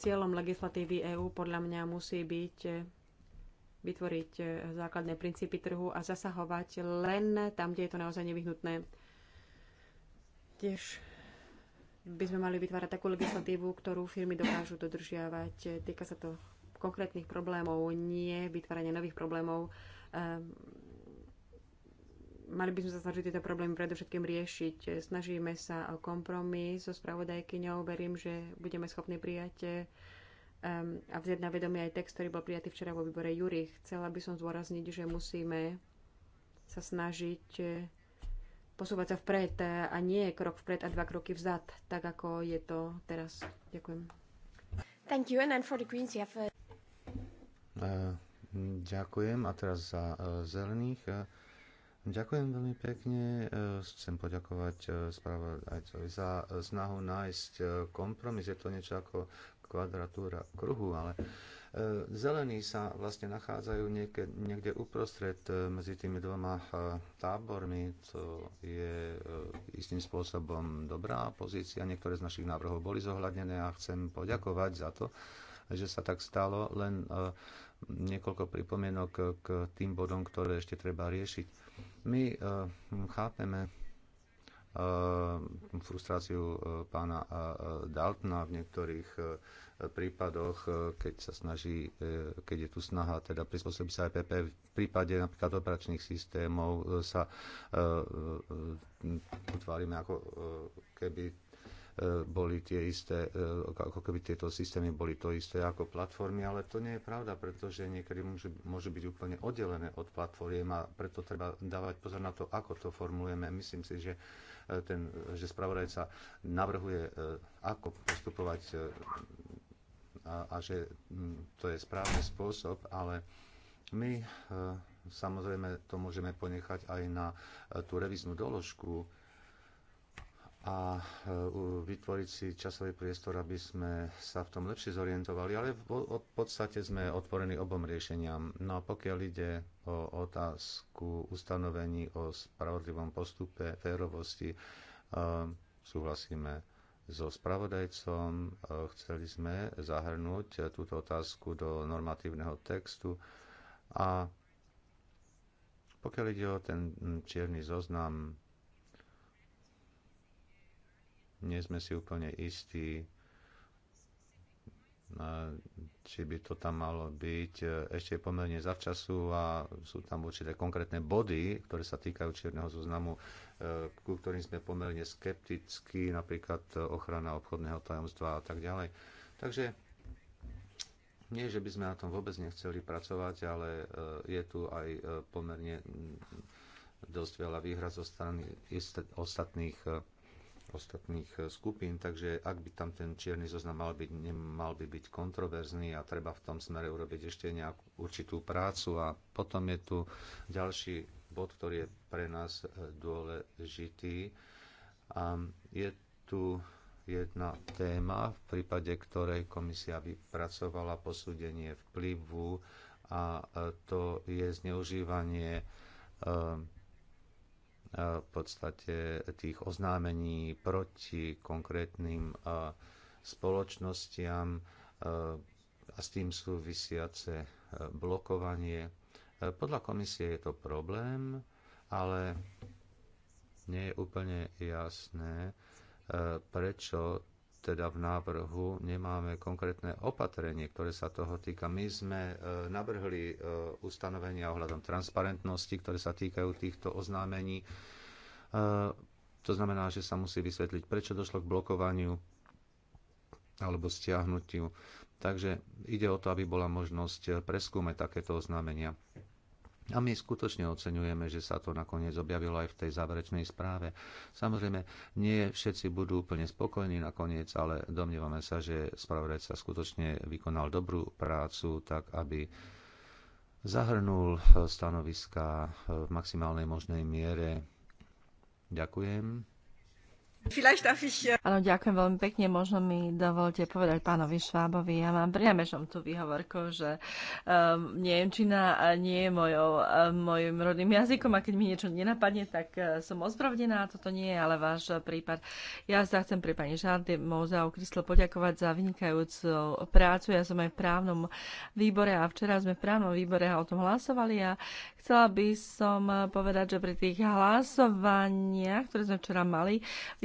Cieľom legislatívy EÚ podľa mňa musí byť e, vytvoriť e, základné princípy trhu a zasahovať len tam, kde je to naozaj nevyhnutné. Tiež by sme mali vytvárať takú legislatívu, ktorú firmy dokážu dodržiavať. E, týka sa to konkrétnych problémov, nie vytvárania nových problémov mali by sme sa snažiť tieto problémy predovšetkým riešiť. Snažíme sa o kompromis so spravodajkyňou. Verím, že budeme schopní prijať um, a vziať na vedomie aj text, ktorý bol prijatý včera vo výbore Jury. Chcela by som zdôrazniť, že musíme sa snažiť eh, posúvať sa vpred a nie krok vpred a dva kroky vzad, tak ako je to teraz. Ďakujem. Thank you. And then for the Greens you have a... uh, eh, ďakujem. A teraz za uh, zelených. Uh, Ďakujem veľmi pekne. E, chcem poďakovať e, spravodajcovi za snahu nájsť e, kompromis. Je to niečo ako kvadratúra kruhu, ale zelení sa vlastne nachádzajú niekde, niekde uprostred medzi tými dvoma tábormi. To je istým spôsobom dobrá pozícia. Niektoré z našich návrhov boli zohľadnené a chcem poďakovať za to, že sa tak stalo. Len niekoľko pripomienok k tým bodom, ktoré ešte treba riešiť. My eh, chápeme eh, frustráciu eh, pána Daltona v niektorých prípadoch, keď sa snaží, keď je tu snaha teda prispôsobiť sa EPP, v prípade napríklad operačných systémov sa utvárime ako keby E, boli tie isté, e, ako keby tieto systémy boli to isté ako platformy, ale to nie je pravda, pretože niekedy môžu, môžu byť úplne oddelené od platformiem a preto treba dávať pozor na to, ako to formulujeme. Myslím si, že e, ten, že spravodajca navrhuje, ako postupovať a, a že to je správny spôsob, ale my samozrejme to môžeme ponechať aj na tú reviznú doložku, a e, vytvoriť si časový priestor, aby sme sa v tom lepšie zorientovali, ale v podstate sme otvorení obom riešeniam. No a pokiaľ ide o otázku ustanovení o spravodlivom postupe, férovosti, e, súhlasíme so spravodajcom. E, chceli sme zahrnúť túto otázku do normatívneho textu a pokiaľ ide o ten čierny zoznam nie sme si úplne istí, či by to tam malo byť. Ešte je pomerne zavčasu a sú tam určité konkrétne body, ktoré sa týkajú čierneho zoznamu, e, ku ktorým sme pomerne skeptickí, napríklad ochrana obchodného tajomstva a tak ďalej. Takže nie, že by sme na tom vôbec nechceli pracovať, ale e, je tu aj e, pomerne dosť veľa výhrad zo strany ostatných ostatných eh, skupín, takže ak by tam ten čierny zoznam mal byť, nemal by byť kontroverzný a treba v tom smere urobiť ešte nejakú určitú prácu. A potom je tu ďalší bod, ktorý je pre nás eh, dôležitý. A je tu jedna téma, v prípade ktorej komisia vypracovala posúdenie vplyvu a eh, to je zneužívanie v podstate tých oznámení proti konkrétnym spoločnostiam a s tým súvisiace blokovanie. Podľa komisie je to problém, ale nie je úplne jasné, prečo teda v návrhu nemáme konkrétne opatrenie, ktoré sa toho týka. My sme e, navrhli e, ustanovenia ohľadom transparentnosti, ktoré sa týkajú týchto oznámení. E, to znamená, že sa musí vysvetliť, prečo došlo k blokovaniu alebo stiahnutiu. Takže ide o to, aby bola možnosť preskúmať takéto oznámenia. A my skutočne oceňujeme, že sa to nakoniec objavilo aj v tej záverečnej správe. Samozrejme, nie všetci budú úplne spokojní nakoniec, ale domnievame sa, že spravodajca skutočne vykonal dobrú prácu, tak aby zahrnul stanoviska v maximálnej možnej miere. Ďakujem. Äh, Áno, ďakujem veľmi pekne. Možno mi dovolte povedať pánovi Švábovi, ja mám priamešom tú výhovorku, že um, Nemčina nie je mojou, um, mojim rodným jazykom a keď mi niečo nenapadne, tak uh, som ozdravdená. toto nie je ale váš prípad. Ja sa chcem pri pani Žante Mouzau Kryslo poďakovať za vynikajúcu prácu. Ja som aj v právnom výbore a včera sme v právnom výbore o tom hlasovali a chcela by som e, povedať, že pri tých hlasovaniach, ktoré sme včera mali,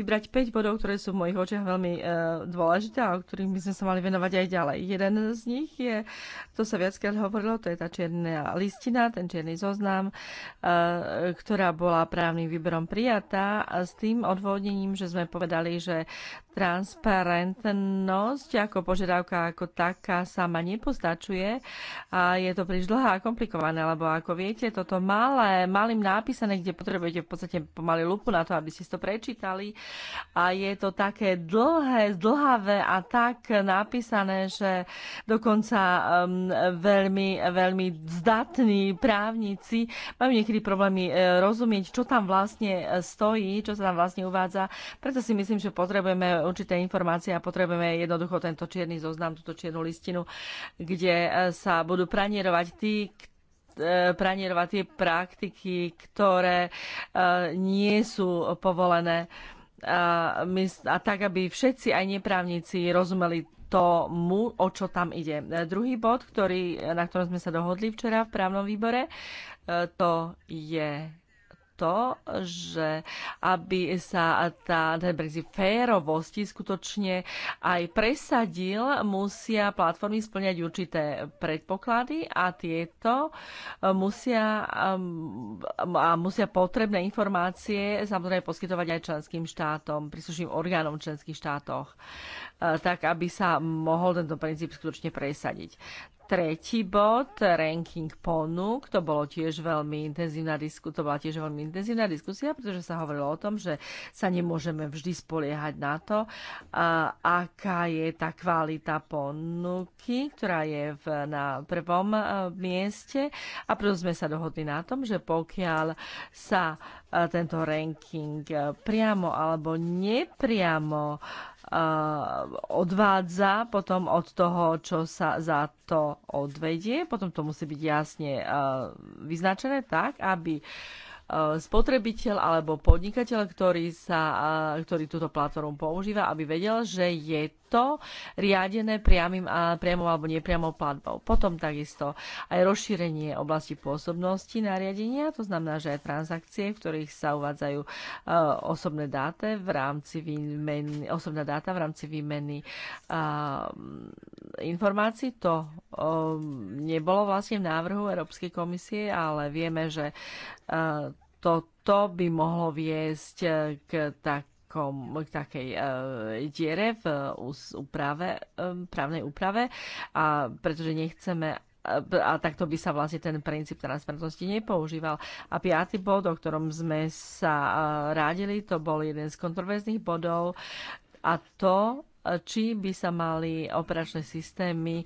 vybrať 5 bodov, ktoré sú v mojich očiach veľmi e, dôležité a o ktorých by sme sa mali venovať aj ďalej. Jeden z nich je, to sa viackrát hovorilo, to je tá čierna listina, ten čierny zoznam, e, ktorá bola právnym výberom prijatá a s tým odvodnením, že sme povedali, že transparentnosť ako požiadavka ako taká sama nepostačuje a je to príliš dlhá a komplikované, lebo ako viete, toto malé, malým nápisané, kde potrebujete v podstate pomaly lupu na to, aby ste to prečítali, a je to také dlhé, zdlhavé a tak napísané, že dokonca um, veľmi, veľmi zdatní právnici majú niekedy problémy e, rozumieť, čo tam vlastne e, stojí, čo sa tam vlastne uvádza. Preto si myslím, že potrebujeme určité informácie a potrebujeme jednoducho tento čierny zoznam, túto čiernu listinu, kde e, sa budú pranierovať tí, pranierovať tie praktiky, ktoré nie sú povolené a, my, a tak, aby všetci aj neprávnici rozumeli tomu, o čo tam ide. Druhý bod, ktorý, na ktorom sme sa dohodli včera v právnom výbore, e, to je to, že aby sa tá, ten férovosti skutočne aj presadil, musia platformy splňať určité predpoklady a tieto e, musia, e, a musia potrebné informácie samozrejme poskytovať aj členským štátom, príslušným orgánom v členských štátoch. Eh, tak aby sa mohol tento princíp skutočne presadiť. Tretí bod, ranking ponúk, to bolo tiež veľmi intenzívna disku, to bola tiež veľmi intenzívna diskusia, pretože sa hovorilo o tom, že sa nemôžeme vždy spoliehať na to, eh, aká je tá kvalita ponuky, ktorá je v, na prvom eh, mieste. A preto sme sa dohodli na tom, že pokiaľ sa tento ranking priamo alebo nepriamo Eh, odvádza potom od toho, čo sa za to odvedie. Potom to musí byť jasne eh, vyznačené tak, aby eh, spotrebiteľ alebo podnikateľ, ktorý, sa, ktorý túto platformu používa, aby vedel, že je to riadené priamým a priamou alebo nepriamou platbou. Potom takisto aj rozšírenie oblasti pôsobnosti nariadenia, to znamená, že aj transakcie, v ktorých sa uvádzajú uh, osobné dáta v rámci výmeny, osobné dáta v rámci výmeny uh, informácií, to e, nebolo vlastne v návrhu Európskej komisie, ale vieme, že uh, e, toto by mohlo viesť k tak takom, k takej uh, diere v uh, uprave, um, e, právnej úprave, a pretože nechceme e, a takto by sa vlastne ten princíp transparentnosti nepoužíval. A piatý bod, o ktorom sme sa rádili, to bol jeden z kontroverzných bodov a to či by sa mali operačné systémy e,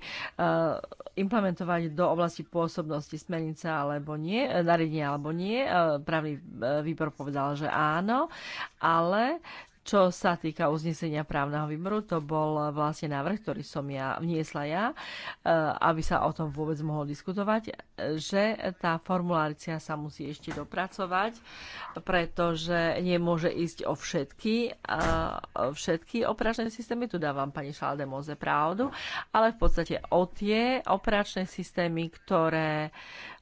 implementovať do oblasti pôsobnosti smernica alebo nie, e, nariadenia alebo nie. E, Právny výbor povedal, že áno, ale čo sa týka uznesenia právneho výboru, to bol vlastne návrh, ktorý som ja vniesla ja, e, aby sa o tom vôbec mohlo diskutovať, e, že tá formulácia sa musí ešte dopracovať, pretože nemôže ísť o všetky, e, všetky operačné systémy, tu dávam pani Šaldemoze pravdu, ale v podstate o tie operačné systémy, ktoré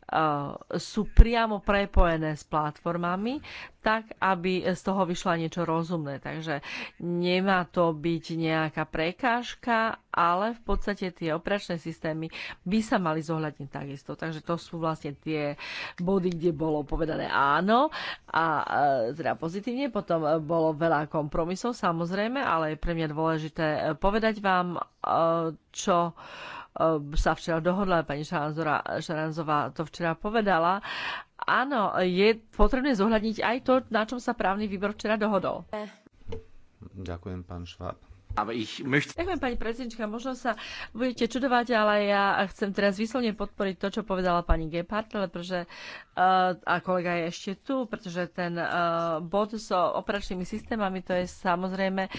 Eh, sú priamo prepojené s platformami, tak aby z toho vyšla niečo rozumné. Takže nemá to byť nejaká prekážka, ale v podstate tie operačné systémy by sa mali zohľadniť takisto. Takže to sú vlastne tie body, kde bolo povedané áno a eh, teda pozitívne. Potom eh, bolo veľa kompromisov samozrejme, ale je pre mňa dôležité povedať vám, čo Ehm, sa včera dohodla, pani Šaranzová to včera povedala. Áno, je potrebné zohľadniť aj to, na čom sa právny výbor včera dohodol. Ďakujem, pán Šváb. Ďakujem, pani predsednička. Možno sa budete čudovať, ale ja chcem teraz vyslovne podporiť to, čo povedala pani Gephardt, pretože a kolega je ešte tu, pretože ten e, bod s operačnými systémami, to je samozrejme e,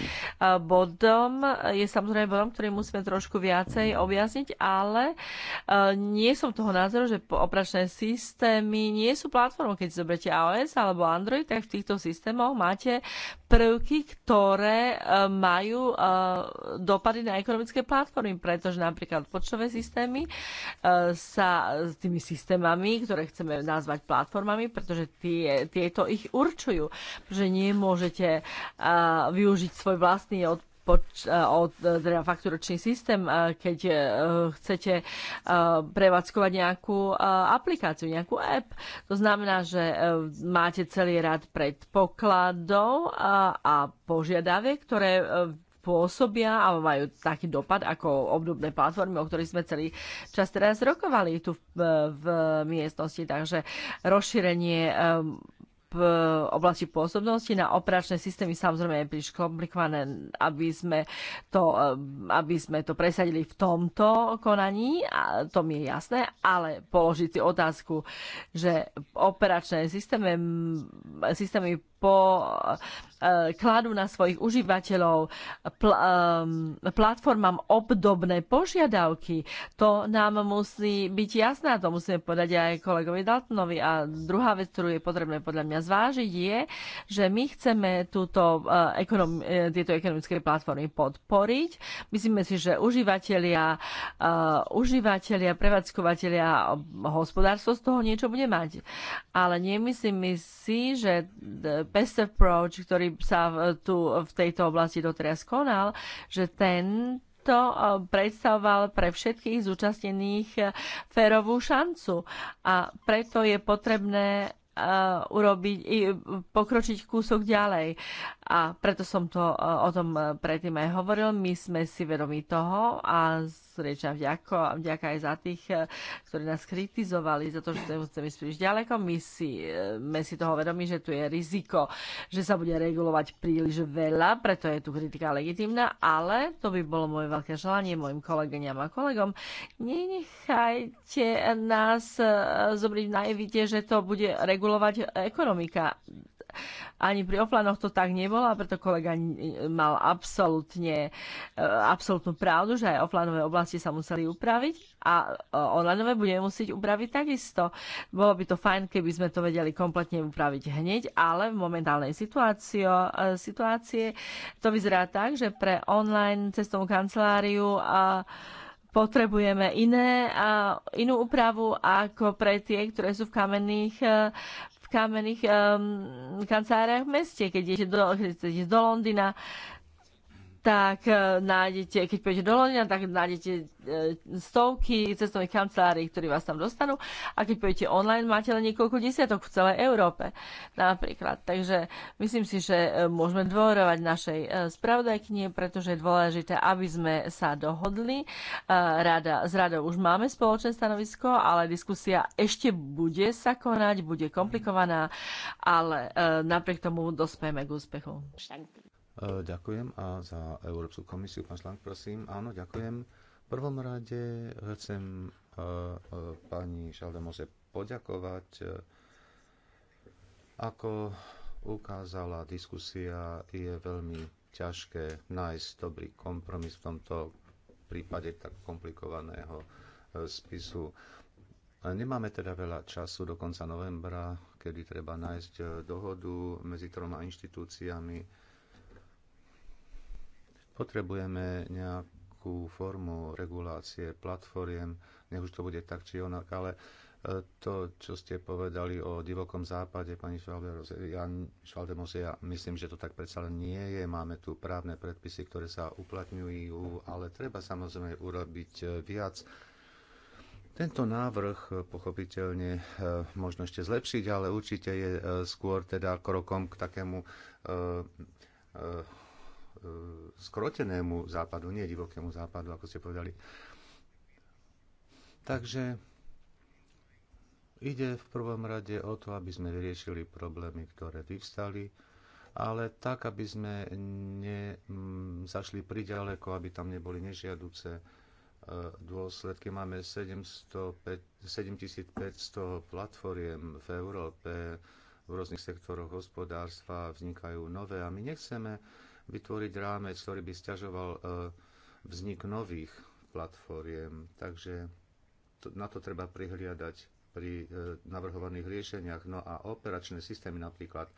bodom, je samozrejme bodom, ktorý musíme trošku viacej objasniť, ale e, nie som toho názoru, že operačné systémy nie sú platformou. Keď zoberiete iOS alebo Android, tak v týchto systémoch máte prvky, ktoré majú dopady na ekonomické platformy, pretože napríklad počtové systémy sa s tými systémami, ktoré chceme nazvať nazvať platformami, pretože tie, tieto ich určujú, že nemôžete využiť svoj vlastný od poč- od, teda fakturačný systém, keď e, chcete prevádzkovať nejakú aplikáciu, nejakú app. To znamená, že e, máte celý rad predpokladov a požiadaviek, ktoré e, pôsobia alebo majú taký dopad ako obdobné platformy, o ktorých sme celý čas teraz rokovali tu v, v miestnosti. Takže rozšírenie v eh, oblasti pôsobnosti na operačné systémy samozrejme je príliš komplikované, aby sme, to, eh, aby sme to presadili v tomto konaní, a to mi je jasné, ale položiť si otázku, že operačné systémy, systémy po eh, kladú na svojich užívateľov, pl, eh, platformám obdobné požiadavky. To nám musí byť jasné to musíme povedať aj kolegovi Daltonovi. A druhá vec, ktorú je potrebné podľa mňa zvážiť, je, že my chceme túto, eh, ekonom, tieto ekonomické platformy podporiť. Myslíme si, že užívateľia, užívateľia prevádzkovateľia a hospodárstvo z toho niečo bude mať. Ale nemyslím si, že best approach, ktorý sa tu v tejto oblasti doteraz konal, že ten to e, predstavoval pre všetkých zúčastnených e, férovú šancu. A preto je potrebné e, urobiť urobiť, pokročiť kúsok ďalej. A preto som to o tom predtým aj hovoril. My sme si vedomi toho a sústreť a vďaka, vďaka aj za tých, eh, ktorí nás kritizovali za to, že to chceme ísť príliš ďaleko. My si, eh, my si toho vedomí, že tu je riziko, že sa bude regulovať príliš veľa, preto je tu kritika legitimná, ale to by bolo moje veľké želanie mojim kolegyňam a kolegom. Nenechajte nás eh, zobriť najvite, že to bude regulovať ekonomika ani pri Oplanoch to tak nebolo a preto kolega mal absolútne, e, absolútnu pravdu, že aj Oplanové oblasti sa museli upraviť a e, onlineové budeme musieť upraviť takisto. Bolo by to fajn, keby sme to vedeli kompletne upraviť hneď, ale v momentálnej e, situácii, situácie to vyzerá tak, že pre online cestovnú kanceláriu a potrebujeme iné, a inú úpravu ako pre tie, ktoré sú v kamenných kamenných um, ehm, kancelárach v meste, keď idete do, do Londýna, tak e, nájdete, keď pôjdete do Londýna, tak nájdete e, stovky cestových kancelárií, ktorí vás tam dostanú. A keď pôjdete online, máte len niekoľko desiatok v celej Európe napríklad. Takže myslím si, že e, môžeme dôverovať našej spravodajkyne, pretože je dôležité, aby sme sa dohodli. Rada, s radou už máme spoločné stanovisko, ale diskusia ešte bude sa konať, bude komplikovaná, ale napriek tomu dospieme k úspechu. Ďakujem. E, ďakujem a za Európsku komisiu, pán Šlank, prosím. Áno, ďakujem. V prvom rade chcem e, e, pani Šaldemose poďakovať. Ako ukázala diskusia, je veľmi ťažké nájsť dobrý kompromis v tomto prípade tak komplikovaného spisu. Nemáme teda veľa času do konca novembra, kedy treba nájsť dohodu medzi troma inštitúciami Potrebujeme nejakú formu regulácie platformiem, nech už to bude tak či onak, ale e, to, čo ste povedali o divokom západe, pani Švaldemose, ja myslím, že to tak predsa len nie je. Máme tu právne predpisy, ktoré sa uplatňujú, ale treba samozrejme urobiť e, viac. Tento návrh e, pochopiteľne možno ešte zlepšiť, ale určite je skôr teda krokom k takému E, skrotenému západu, nie divokému západu, ako ste povedali. Takže ide v prvom rade o to, aby sme vyriešili problémy, ktoré vyvstali, ale tak, aby sme zašli priďaleko, aby tam neboli nežiaduce e, dôsledky. Máme 7500 platformiem v Európe, v rôznych sektoroch hospodárstva vznikajú nové a my nechceme vytvoriť rámec, ktorý by stiažoval e, vznik nových platformiem. Takže na to treba prihliadať pri e, navrhovaných riešeniach. No a operačné systémy napríklad e,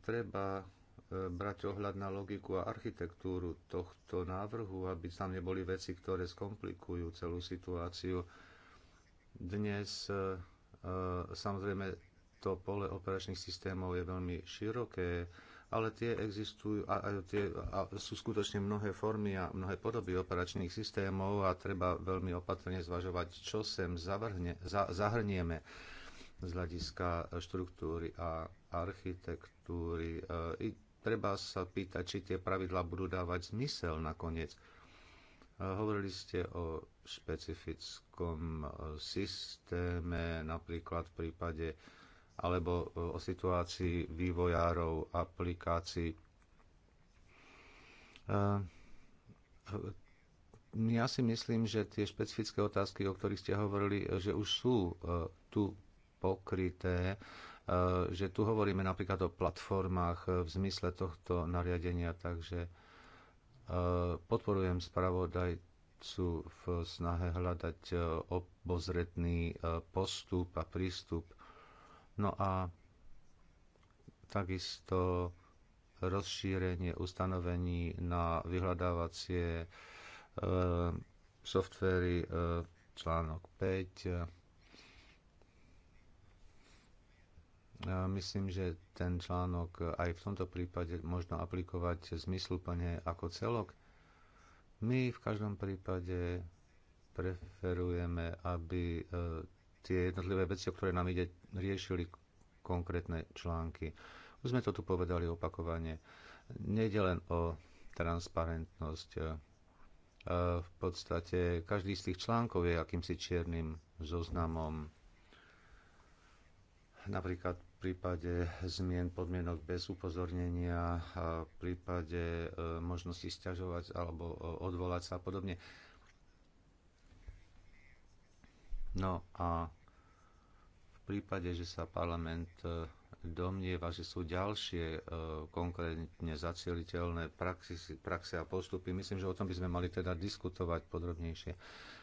treba brať ohľad na logiku a architektúru tohto návrhu, aby tam neboli veci, ktoré skomplikujú celú situáciu. Dnes samozrejme to pole operačných systémov je veľmi široké, ale tie existujú a, a, tie, a sú skutočne mnohé formy a mnohé podoby operačných systémov a treba veľmi opatrne zvažovať, čo sem zavrhne, za, zahrnieme z hľadiska štruktúry a architektúry. E, I treba sa pýtať, či tie pravidlá budú dávať zmysel nakoniec. E, hovorili ste o špecifickom e, systéme, napríklad v prípade alebo e, o situácii vývojárov aplikácií. E, e, ja si myslím, že tie špecifické otázky, o ktorých ste hovorili, že už sú tu pokryté, že tu hovoríme napríklad o platformách v zmysle tohto nariadenia, takže podporujem spravodajcu v snahe hľadať obozretný postup a prístup No a takisto rozšírenie ustanovení na vyhľadávacie e, softvery e, článok 5. Ja myslím, že ten článok aj v tomto prípade možno aplikovať zmysluplne ako celok. My v každom prípade preferujeme, aby e, tie jednotlivé veci, o ktoré nám ide, riešili konkrétne články. Už sme to tu povedali opakovane. Nejde len o transparentnosť. E, v podstate každý z tých článkov je akýmsi čiernym zoznamom. Napríklad v prípade zmien podmienok bez upozornenia, v prípade e, možnosti stiažovať alebo e, odvolať sa a podobne. No a v prípade, že sa parlament e, domnieva, že sú ďalšie e, konkrétne zacieliteľné praxe a postupy. Myslím, že o tom by sme mali teda diskutovať podrobnejšie.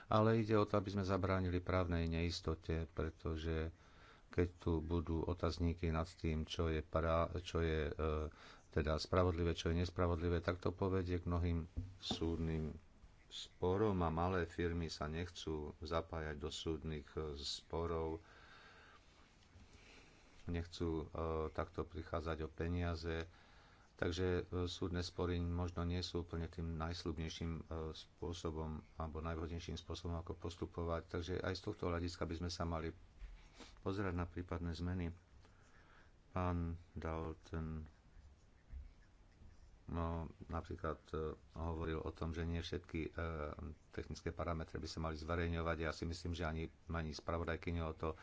Ale ide o to, aby sme zabránili právnej neistote, pretože keď tu budú otazníky nad tým, čo je, pra, čo je e, teda spravodlivé, čo je nespravodlivé, tak to povedie k mnohým súdnym sporom a malé firmy sa nechcú zapájať do súdnych e, sporov, nechcú e, takto prichádzať o peniaze. Takže e, súdne spory možno nie sú úplne tým najslubnejším spôsobom alebo najvhodnejším spôsobom, ako postupovať. Takže aj z tohto hľadiska by sme sa mali pozerať na prípadné zmeny. Pán ten No, napríklad e, hovoril o tom, že nie všetky e, technické parametre by sa mali zverejňovať. Ja si myslím, že ani, ani spravodajkyne o to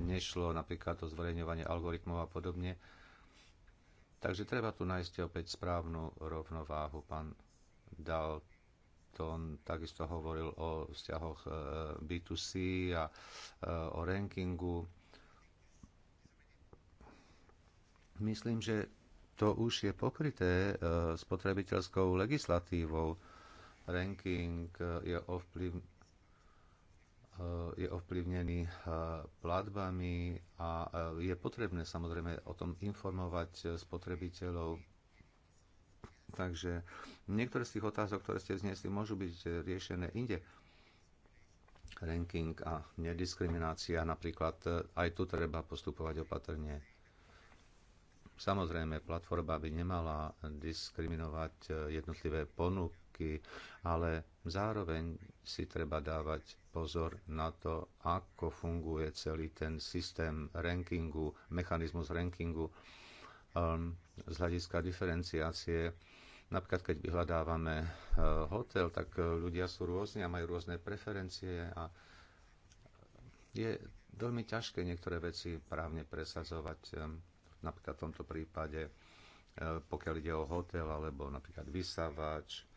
nešlo, napríklad o zverejňovanie algoritmov a podobne. Takže treba tu nájsť opäť správnu rovnováhu. Pán Dalton takisto hovoril o vzťahoch e, B2C a o rankingu. Myslím, že to už je pokryté e, spotrebiteľskou legislatívou. Ranking e, je, ovplyv, e, je ovplyvnený platbami a je potrebné samozrejme o tom informovať spotrebiteľov. Takže niektoré z tých otázok, ktoré ste vznesli, môžu byť riešené inde ranking a nediskriminácia. Napríklad aj tu treba postupovať opatrne. Samozrejme, platforma by nemala diskriminovať e, jednotlivé ponuky, ale zároveň si treba dávať pozor na to, ako funguje celý ten systém rankingu, mechanizmus rankingu um, z hľadiska diferenciácie. Napríklad, keď vyhľadávame e, hotel, tak e, ľudia sú rôzni a majú rôzne preferencie a je veľmi ťažké niektoré veci právne presazovať. Ehm, napríklad v tomto prípade, e, pokiaľ ide o hotel alebo napríklad vysavač.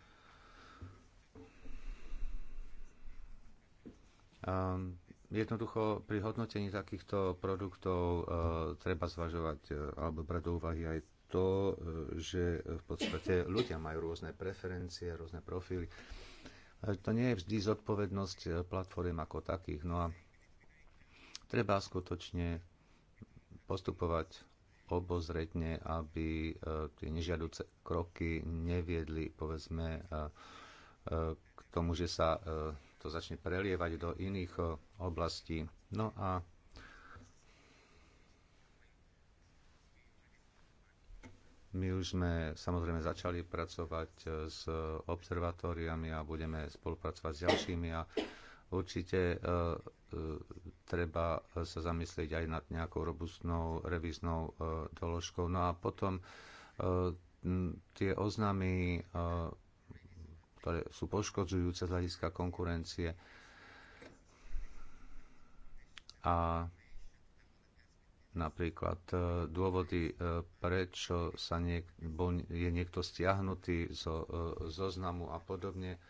Jednoducho pri hodnotení takýchto produktov e, treba zvažovať e, alebo brať do úvahy aj to, že v podstate ľudia majú rôzne preferencie, rôzne profily. To nie je vždy zodpovednosť platform ako takých. No a treba skutočne postupovať obozretne, aby e, tie nežiaduce kroky neviedli, povedzme, e, e, k tomu, že sa to začne prelievať do iných oblastí. No a My už sme samozrejme začali pracovať s observatóriami a budeme spolupracovať s ďalšími a určite treba sa zamyslieť aj nad nejakou robustnou revíznou e, doložkou. No a potom e, tie oznámy, e, ktoré sú poškodzujúce z hľadiska konkurencie a napríklad dôvody, prečo sa niek- je niekto stiahnutý zo zoznamu a podobne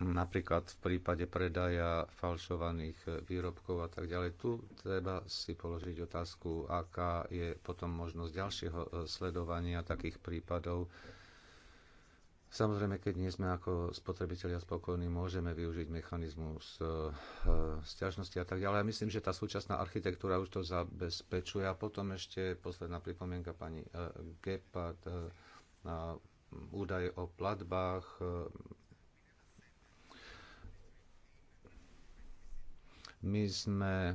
napríklad v prípade predaja falšovaných výrobkov a tak ďalej. Tu treba si položiť otázku, aká je potom možnosť ďalšieho e, sledovania takých prípadov. Samozrejme, keď nie sme ako spotrebitelia spokojní, môžeme využiť mechanizmus e, e, sťažnosti a tak ďalej. myslím, že tá súčasná architektúra už to zabezpečuje. A potom ešte posledná pripomienka pani Gepard na údaje o platbách. My sme e,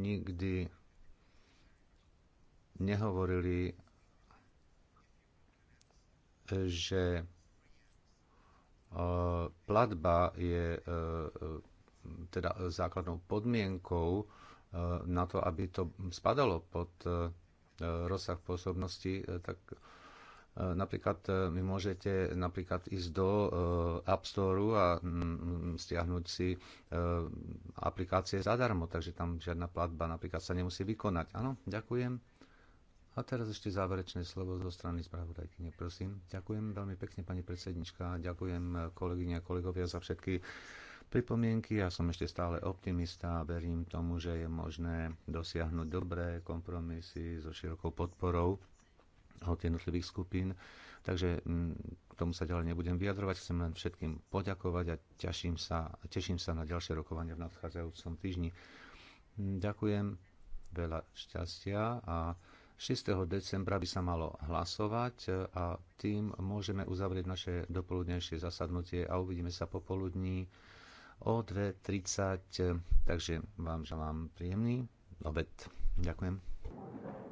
nikdy nehovorili, e, že e, platba je teda základnou podmienkou na to, aby to spadalo pod rozsah pôsobnosti, tak Eh, napríklad eh, vy môžete napríklad ísť do eh, App Store a mm, mm, stiahnuť si aplikácie zadarmo, takže tam žiadna platba napríklad sa nemusí vykonať. Áno, ďakujem. A teraz ešte záverečné slovo zo strany spravodajky. prosím. Ďakujem veľmi pekne, pani predsednička. Ďakujem kolegyne a kolegovia za všetky pripomienky. Ja som ešte stále optimista a verím tomu, že je možné dosiahnuť dobré kompromisy so širokou podporou od jednotlivých skupín. Takže mm, k tomu sa ďalej nebudem vyjadrovať. Chcem len všetkým poďakovať a teším sa, teším sa na ďalšie rokovanie v nadchádzajúcom týždni. Mm, ďakujem, veľa šťastia a 6. decembra by sa malo hlasovať a tým môžeme uzavrieť naše dopoludnejšie zasadnutie a uvidíme sa popoludní o 2.30. Takže vám želám príjemný obed. Ďakujem.